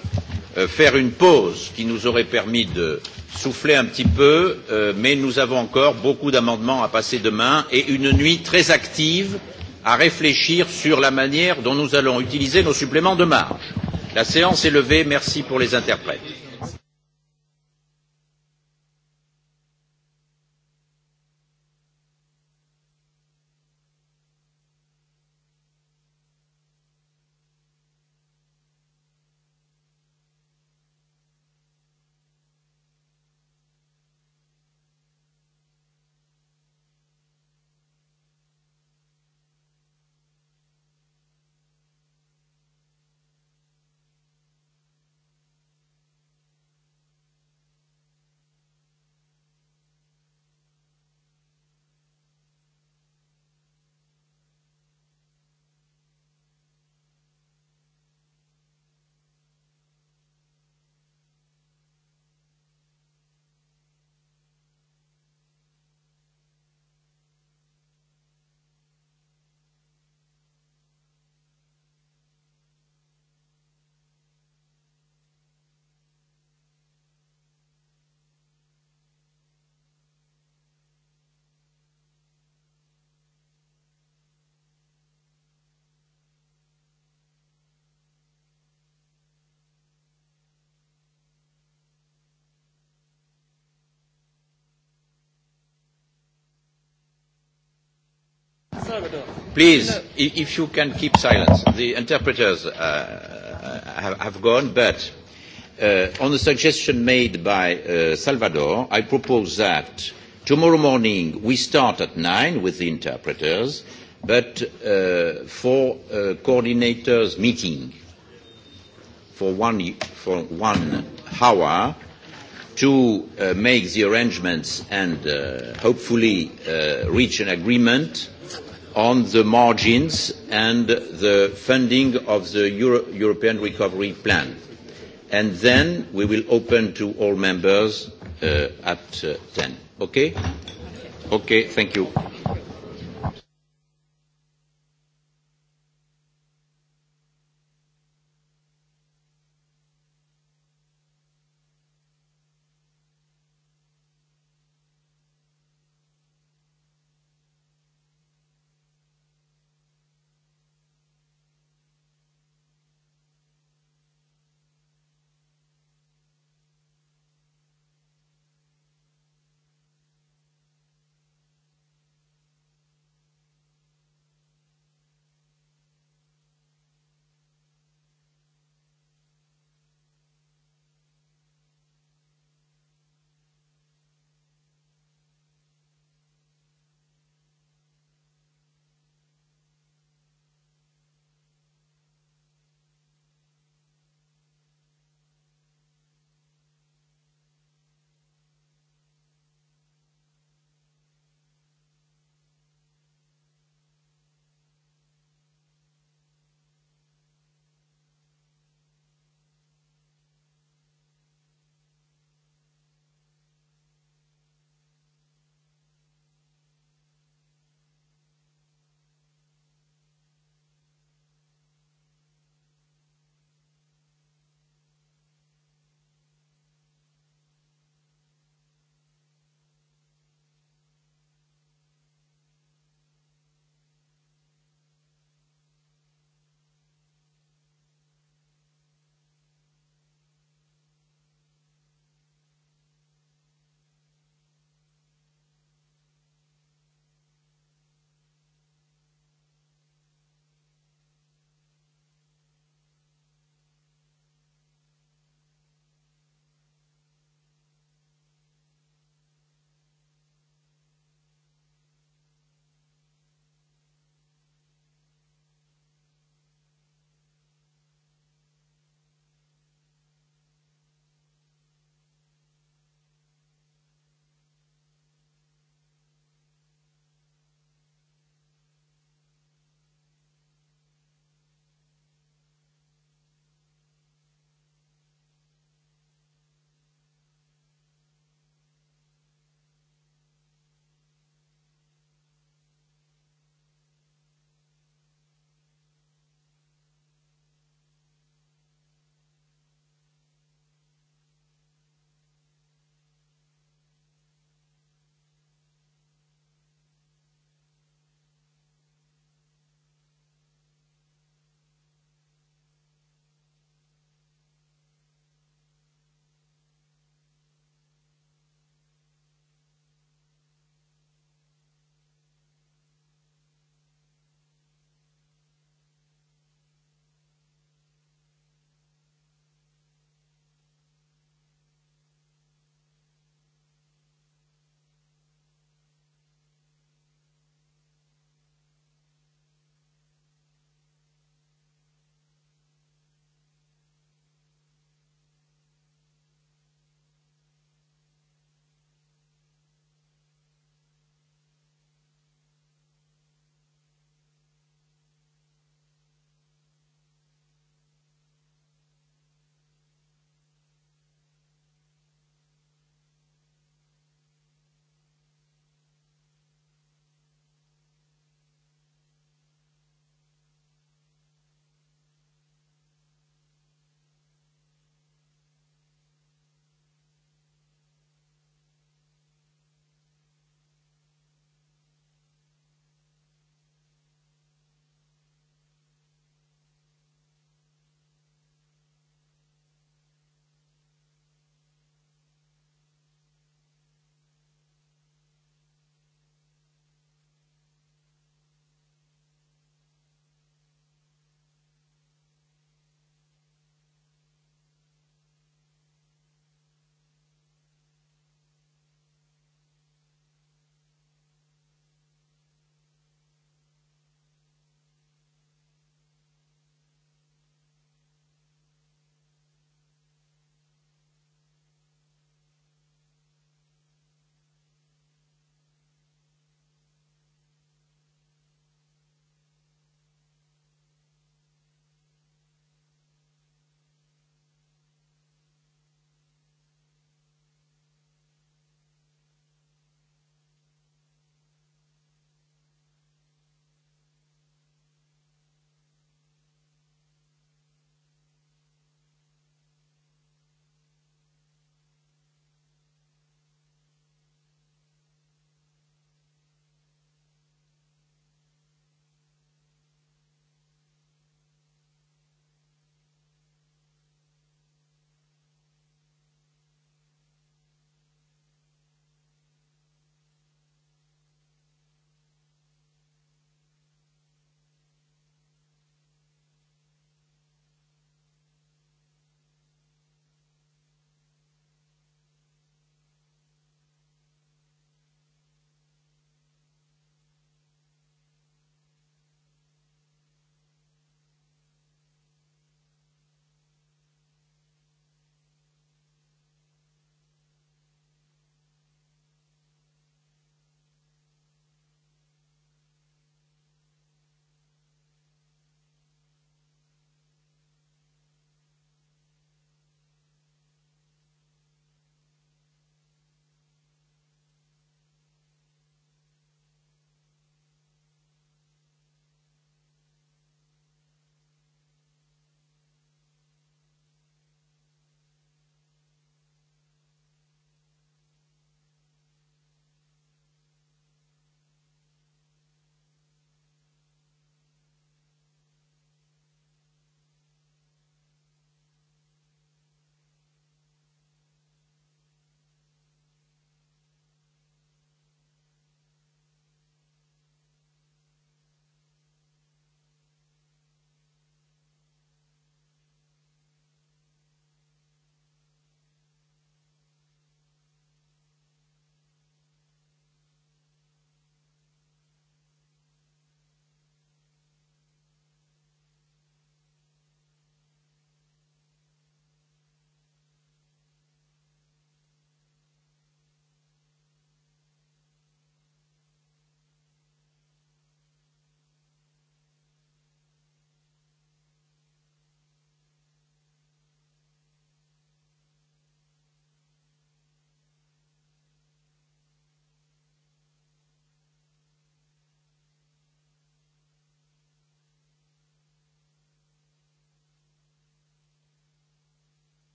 euh, faire une pause qui nous aurait permis de souffler un petit peu, euh, mais nous avons encore beaucoup d'amendements à passer demain et une nuit très active à réfléchir sur la manière dont nous allons utiliser nos suppléments de marge. La séance est levée. Merci pour les interprètes. Please, if you can keep silence. The interpreters uh, uh have, gone, but uh, on the suggestion made by uh, Salvador, I propose that tomorrow morning we start at nine with the interpreters, but uh, for a uh, coordinators meeting for one, for one hour to uh, make the arrangements and uh, hopefully uh, reach an agreement on the margins and the funding of the Euro European Recovery Plan. And then we will open to all members uh, at uh, 10. Okay? Okay, thank you.